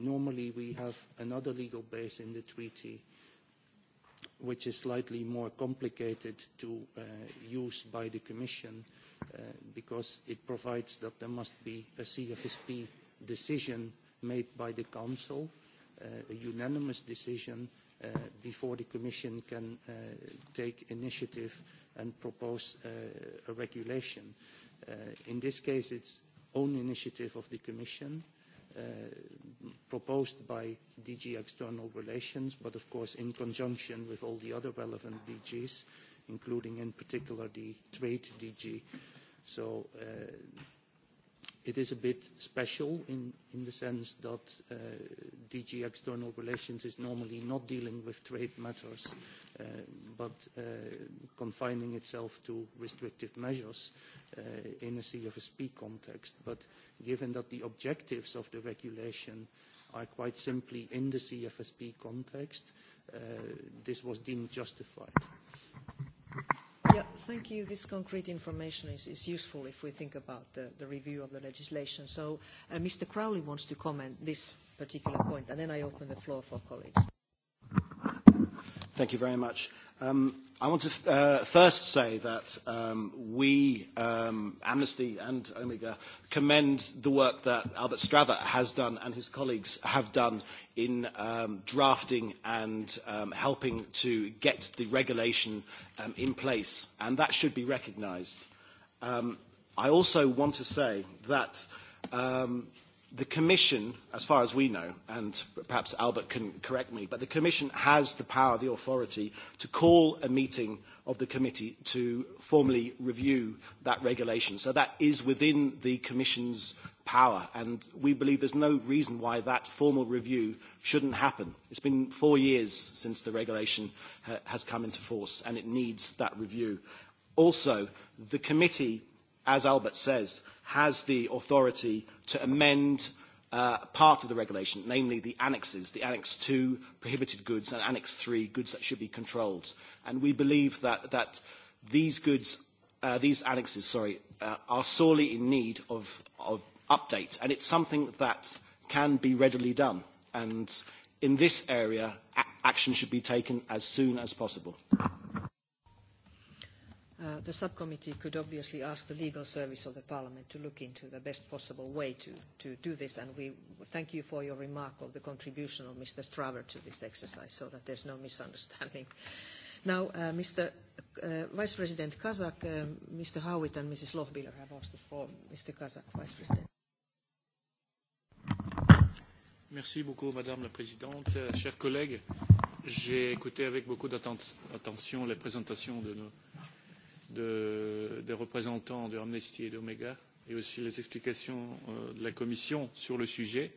Normally, we have another legal base in the treaty which is slightly more complicated to use by the Commission because it provides that there must be a CFSP decision made by the Council, a unanimous decision, before the Commission can take initiative and propose a regulation. in this case, it's own initiative of the Commission, proposed by DG External Relations, but of course in conjunction with all the other relevant DGs, including in particular the Trade DG. So It is a bit special in the sense that DG External Relations is normally not dealing with trade matters, but confining itself to restrictive measures in a CFSP context. But given that the objectives of the regulation are quite simply in the CFSP context, this was deemed justified. Yeah, thank you. This concrete information is, is useful if we think about the, the review of the legislation. So uh, Mr. Crowley wants to comment this particular point, and then I open the floor for colleagues. Thank you very much. I want to uh, first say that um, we, um, Amnesty and Omega, commend the work that Albert Strava has done and his colleagues have done in um, drafting and um, helping to get the regulation um, in place, and that should be recognised. Um, I also want to say that um, the Commission, as far as we know, and perhaps Albert can correct me, but the Commission has the power, the authority, to call a meeting of the committee to formally review that regulation. So that is within the Commission's power, and we believe there's no reason why that formal review shouldn't happen. It's been four years since the regulation ha- has come into force, and it needs that review. Also, the committee, as Albert says, has the authority to amend part of the regulation, namely the annexes, the Annex 2 prohibited goods and Annex 3 goods that should be controlled. And we believe that, that these goods, uh, these annexes, sorry, uh, are sorely in need of, of update. And it's something that can be readily done. And in this area, action should be taken as soon as possible the subcommittee could obviously ask the legal service of the parliament to look into the best possible way to, to do this, and we thank you for your remark of the contribution of Mr. Straver to this exercise, so that there's no misunderstanding. Now, uh, Mr. Uh, Vice President Kazak, um, Mr. Howitt and Mrs. Lochbiller have asked the floor. Mr. Kazak, Vice President. Merci beaucoup, Madame la Présidente. Chers collègues, j'ai écouté avec beaucoup d'attention les présentations de nos de, des représentants de Amnesty et d'Omega et aussi les explications de la Commission sur le sujet.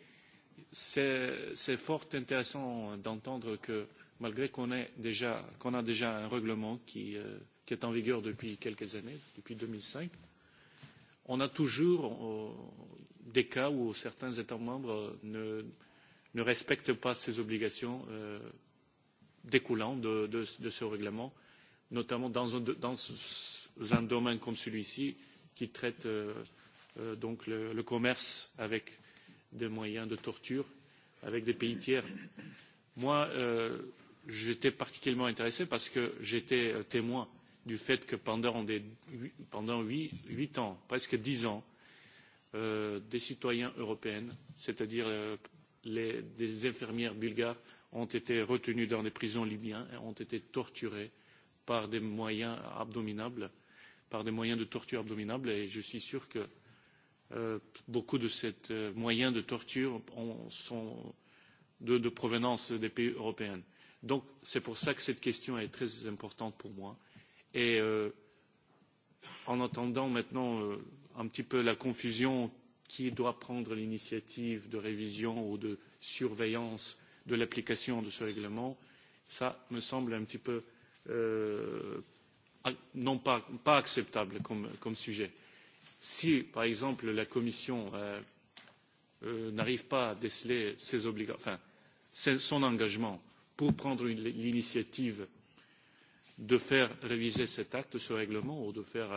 C'est fort intéressant d'entendre que malgré qu'on ait déjà qu'on a déjà un règlement qui, qui est en vigueur depuis quelques années, depuis deux mille cinq, on a toujours des cas où certains États membres ne, ne respectent pas ces obligations découlant de, de, de ce règlement notamment dans un, domaine comme celui-ci, qui traite donc le, commerce avec des moyens de torture, avec des pays tiers. Moi, j'étais particulièrement intéressé parce que j'étais témoin du fait que pendant huit ans, presque dix ans, des citoyens européens, c'est-à-dire des infirmières bulgares, ont été retenus dans des prisons libyennes et ont été torturés par des moyens abominables, par des moyens de torture abominables, et je suis sûr que euh, beaucoup de ces euh, moyens de torture ont, sont de, de provenance des pays européens. Donc c'est pour ça que cette question est très importante pour moi. Et euh, en entendant maintenant euh, un petit peu la confusion qui doit prendre l'initiative de révision ou de surveillance de l'application de ce règlement, ça me semble un petit peu non pas, acceptable comme, sujet. Si, par exemple, la Commission n'arrive pas à déceler ses son engagement pour prendre l'initiative de faire réviser cet acte, ce règlement, ou de faire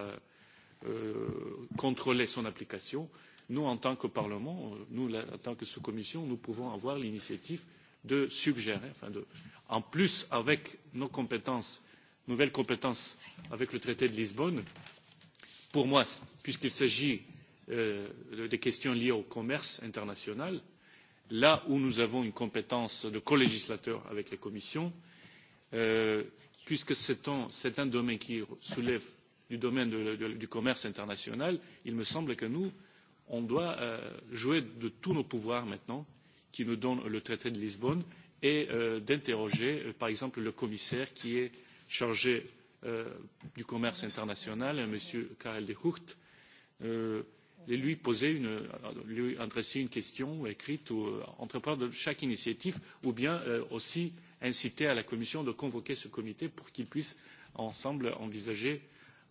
contrôler son application, nous, en tant que Parlement, nous, en tant que sous-commission, nous pouvons avoir l'initiative de suggérer, en plus avec nos compétences, nouvelles compétences avec le traité de Lisbonne, pour moi, puisqu'il s'agit des questions liées au commerce international, là où nous avons une compétence de colégislateur avec la Commission, puisque c'est un domaine qui soulève du domaine du commerce international, il me semble que nous, on doit jouer de tous nos pouvoirs maintenant qui nous donne le traité de Lisbonne et d'interroger, par exemple, le commissaire qui est chargé du commerce international, M. Karel de Gucht, et lui adresser une question écrite ou entreprendre de chaque initiative, ou bien aussi inciter à la Commission de convoquer ce comité pour qu'ils puissent ensemble envisager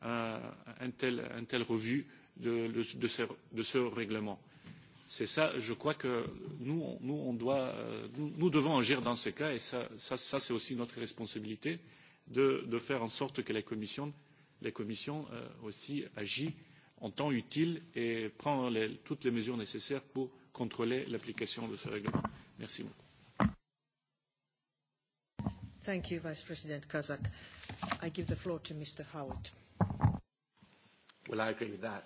une telle revue de, ce, règlement C'est ça, je crois que nous, nous, on doit, nous devons agir dans ce cas et ça, ça, ça c'est aussi notre responsabilité de, de faire en sorte que la Commission, la commission euh, aussi agit en temps utile et prend les, toutes les mesures nécessaires pour contrôler l'application de ce règlement. Merci beaucoup. Thank you, Vice President Kazak. I give the floor to Mr. Howard. Well, I agree with that.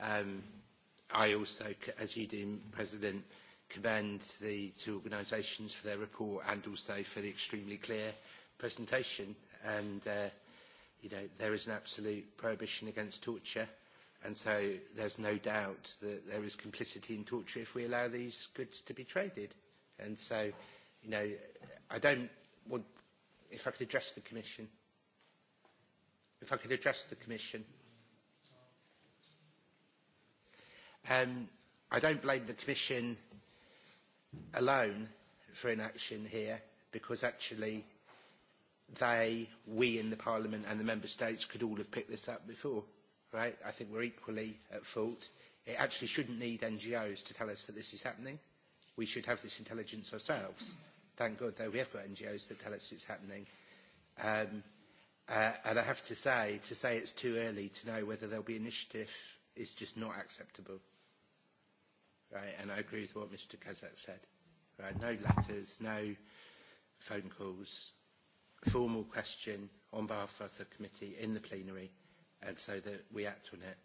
Um, I also, as you do, President, commend the two organisations for their report and also for the extremely clear presentation. And, uh, you know, there is an absolute prohibition against torture. And so there's no doubt that there is complicity in torture if we allow these goods to be traded. And so, you know, I don't want, if I could address the Commission, if I could address the Commission, Um, I don't blame the Commission alone for inaction here because actually they, we in the Parliament and the Member States could all have picked this up before, right? I think we're equally at fault. It actually shouldn't need NGOs to tell us that this is happening. We should have this intelligence ourselves. Thank God, though, we have got NGOs that tell us it's happening. Um, uh, and I have to say, to say it's too early to know whether there'll be initiative is just not acceptable. Right, and I agree with what Mr. Kazak said. Right, no letters, no phone calls, formal question on behalf of the committee in the plenary, and so that we act on it.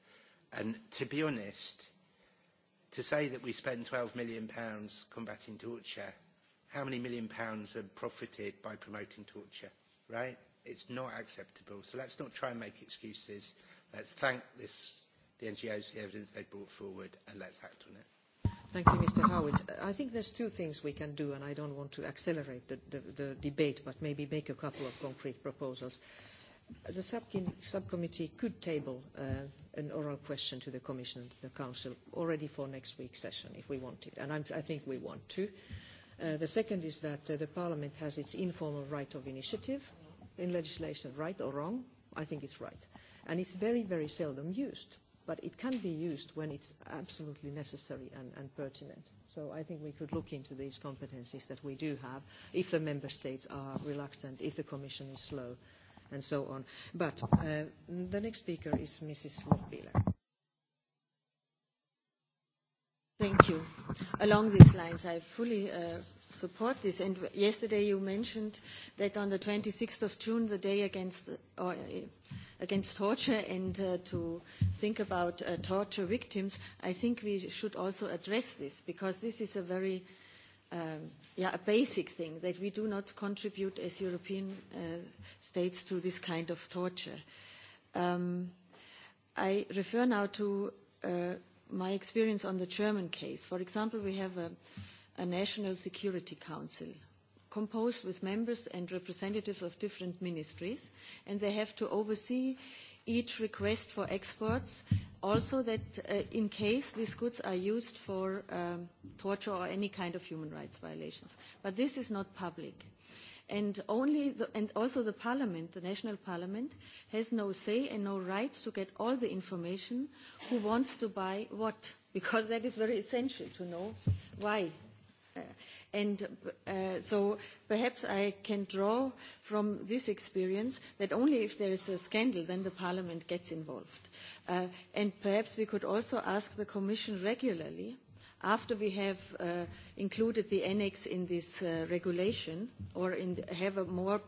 And to be honest, to say that we spend £12 million pounds combating torture, how many million pounds are profited by promoting torture? Right, it's not acceptable. So let's not try and make excuses. Let's thank this the NGOs, the evidence they brought forward, and let's act on it. Thank you, Mr. Howitt. I think there's two things we can do, and I don't want to accelerate the, the, the debate, but maybe make a couple of concrete proposals. The subcommittee could table uh, an oral question to the Commission and the Council already for next week's session if we want it, and I'm, I think we want to. the second is that the Parliament has its informal right of initiative in legislation, right or wrong, I think it's right. And it's very, very seldom used but it can be used when it's absolutely necessary and, and pertinent. So I think we could look into these competencies that we do have if the member states are reluctant, if the commission is slow, and so on. But uh, the next speaker is Mrs. Lochbihler. Thank you. Along these lines, I fully uh, support this. And yesterday you mentioned that on the 26th of June, the day against, or, against torture and uh, to think about uh, torture victims, I think we should also address this because this is a very um, yeah, a basic thing that we do not contribute as European uh, states to this kind of torture. Um, I refer now to uh, my experience on the German case. For example, we have a, a National Security Council composed with members and representatives of different ministries, and they have to oversee each request for exports, also that uh, in case these goods are used for um, torture or any kind of human rights violations. But this is not public. And, only the, and also the parliament, the national parliament, has no say and no right to get all the information who wants to buy what, because that is very essential to know why And so perhaps I can draw from this experience that only if there is a scandal, then the Parliament gets involved. and perhaps we could also ask the Commission regularly, after we have included the annex in this regulation, or in have a more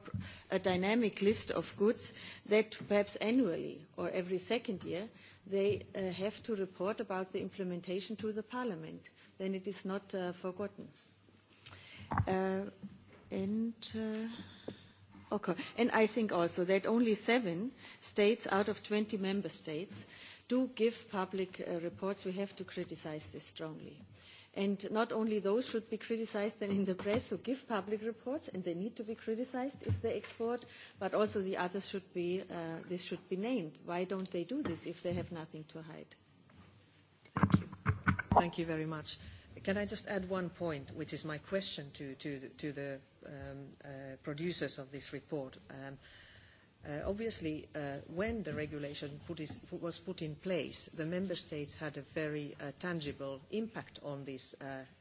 a dynamic list of goods, that perhaps annually or every second year, they have to report about the implementation to the Parliament then it is not uh, forgotten. Uh, and uh, okay, and I think also that only seven states out of 20 member states do give public uh, reports. We have to criticize this strongly. And not only those should be criticized then in the press who give public reports, and they need to be criticized if they export, but also the others should be, uh, this should be named. Why don't they do this if they have nothing to hide? Thank you. Thank you very much. Can I just add one point, which is my question to the producers of this report? Obviously, when the regulation was put in place, the member states had a very tangible impact on these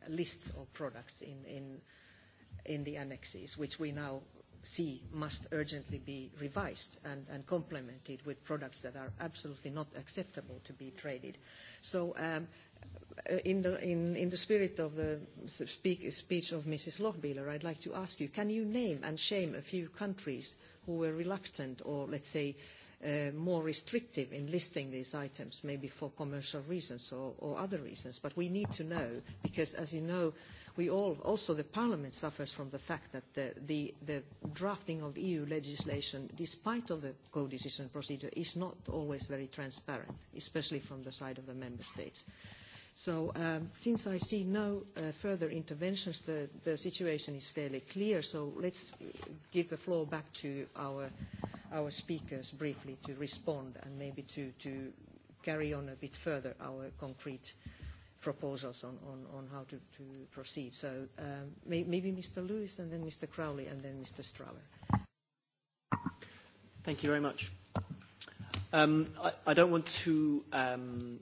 lists of products in the annexes, which we now see must urgently be revised and complemented with products that are absolutely not acceptable to be traded. So in the, in, in the spirit of the speak, speech of Mrs. Lochbieler, I'd like to ask you, can you name and shame a few countries who were reluctant or, let's say, uh, more restrictive in listing these items, maybe for commercial reasons or, or other reasons. But we need to know, because as you know, we all, also the Parliament suffers from the fact that the, the, the drafting of EU legislation, despite of the co-decision procedure, is not always very transparent, especially from the side of the Member States. So since I see no further interventions, the, the situation is fairly clear. So let's give the floor back to our, our speakers briefly to respond and maybe to, to carry on a bit further our concrete proposals on, on, on how to, to proceed. So um, may, maybe Mr. Lewis and then Mr. Crowley and then Mr. Strauer. Thank you very much. Um, I, I don't want to um,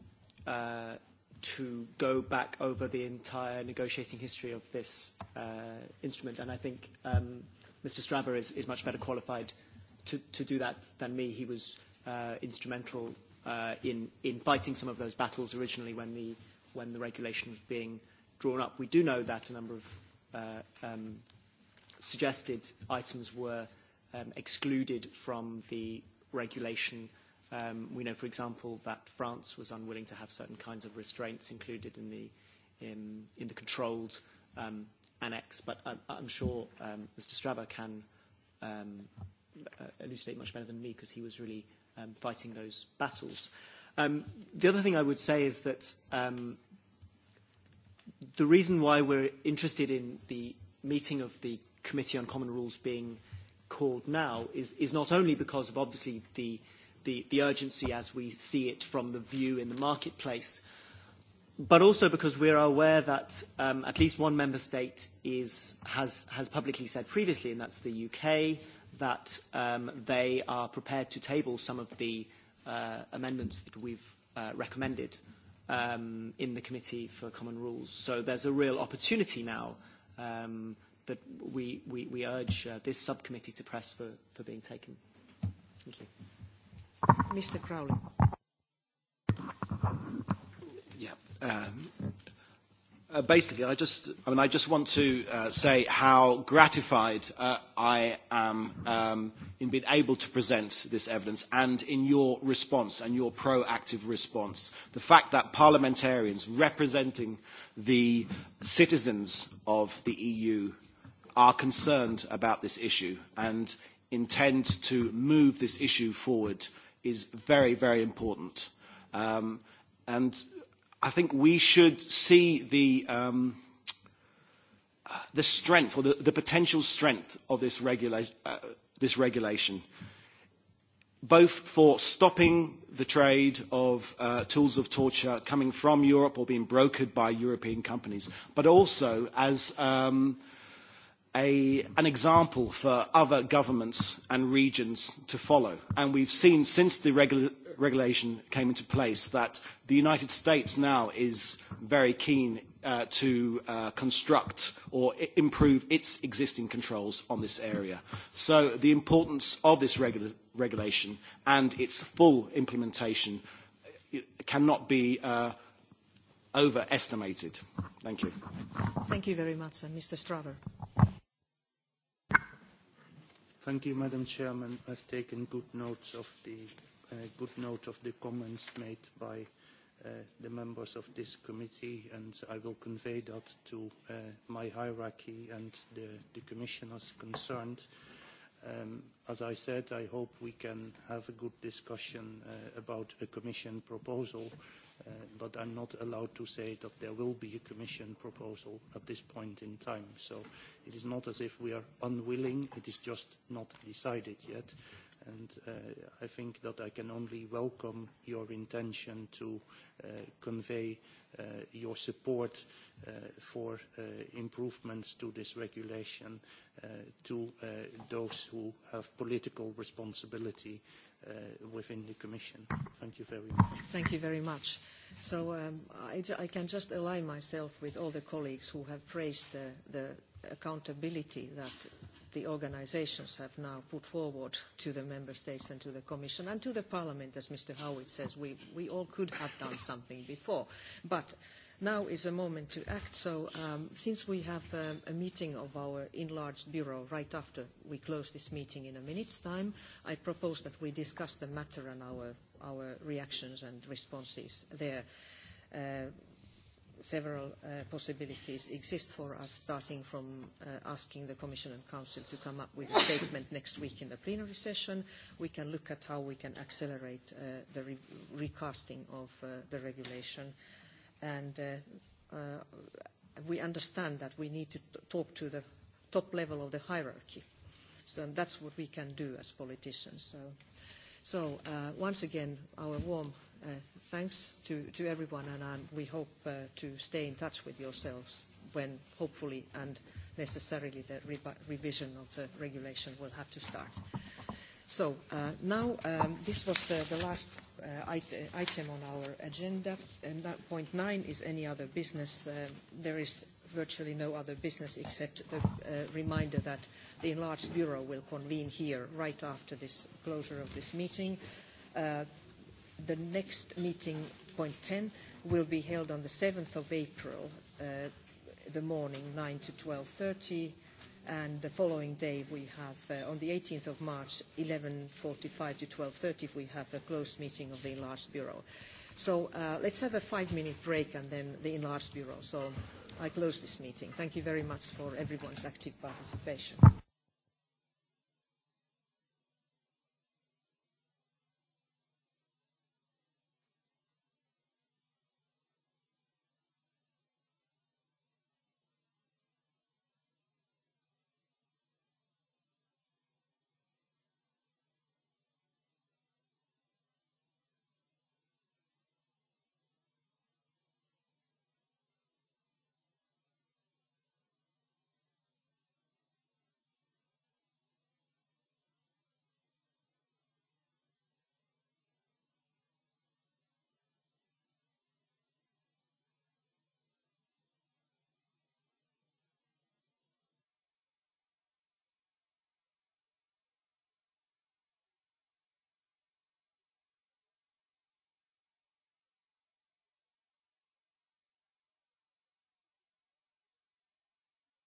uh, to go back over the entire negotiating history of this uh, instrument. And I think um, Mr. Straber is, is much better qualified to, to do that than me. He was uh, instrumental uh, in, in fighting some of those battles originally when the, when the regulation was being drawn up. We do know that a number of uh, um, suggested items were um, excluded from the regulation uh, Um, we know, for example, that France was unwilling to have certain kinds of restraints included in the, in, in the controlled um, annex, but I, I'm sure um, Mr. Straba can um, elucidate much better than me because he was really um, fighting those battles. Um, the other thing I would say is that um, the reason why we're interested in the meeting of the Committee on Common Rules being called now is, is not only because of obviously the the, the urgency as we see it from the view in the marketplace, but also because we are aware that at least one member state is, has, has publicly said previously, and that's the UK, that they are prepared to table some of the amendments that we've recommended in the Committee for Common Rules. So there's a real opportunity now that we, we, we urge this subcommittee to press for, for being taken. Thank you. Mr. Crowley. Yeah. Um, uh, basically, I just, I mean, I just want to uh, say how gratified uh, I am um, in being able to present this evidence and in your response and your proactive response. The fact that parliamentarians representing the citizens of the EU are concerned about this issue and intend to move this issue forward is very, very important. Um, and I think we should see the, um, the strength or the, the potential strength of this, regula- uh, this regulation, both for stopping the trade of uh, tools of torture coming from Europe or being brokered by European companies, but also as um, – an example for other governments and regions to follow. And we've seen since the regulation came into place that the United States now is very keen to construct or improve its existing controls on this area. So the importance of this regulation and its full implementation cannot be overestimated. Thank you. Thank you very much. Mr. Thank you, Madam Chairman. I've taken good notes of the uh, good note of the comments made by uh, the members of this committee, and I will convey that to uh, my hierarchy and the, the commissioners concerned. As I said, I hope we can have a good discussion about a commission proposal, but I'm not allowed to say that there will be a commission proposal at this point in time. So It is not as if we are unwilling, it is just not decided yet and uh, I think that I can only welcome your intention to uh, convey uh, your support uh, for uh, improvements to this regulation uh, to uh, those who have political responsibility uh, within the Commission. Thank you very much. Thank you very much. So um, I I can just align myself with all the colleagues who have praised uh, the accountability that the organisations have now put forward to the member states and to the commission and to the parliament, as Mr. Howitt says, we, we all could have done something before. But now is a moment to act. So um, since we have um, a meeting of our enlarged bureau right after we close this meeting in a minute's time, I propose that we discuss the matter and our, our reactions and responses there several possibilities exist for us, starting from asking the Commission and Council to come up with a statement next week in the plenary session. We can look at how we can accelerate the recasting of the regulation. And we understand that we need to talk to the top level of the hierarchy. So that's what we can do as politicians. So once again, our warm thanks to, to everyone, and um, we hope uh, to stay in touch with yourselves when hopefully and necessarily the revision of the regulation will have to start. So uh, now um, this was uh, the last uh, item on our agenda, and that point nine is any other business. Uh, there is virtually no other business except the reminder that the enlarged bureau will convene here right after this closure of this meeting the next meeting, point 10, will be held on the 7th of April, the morning, 9 to 12.30, and the following day we have, on the 18th of March, 11.45 to 12.30, we have a closed meeting of the Enlarged Bureau. So uh, let's have a five-minute break and then the Enlarged Bureau. So I close this meeting. Thank you very much for everyone's active participation.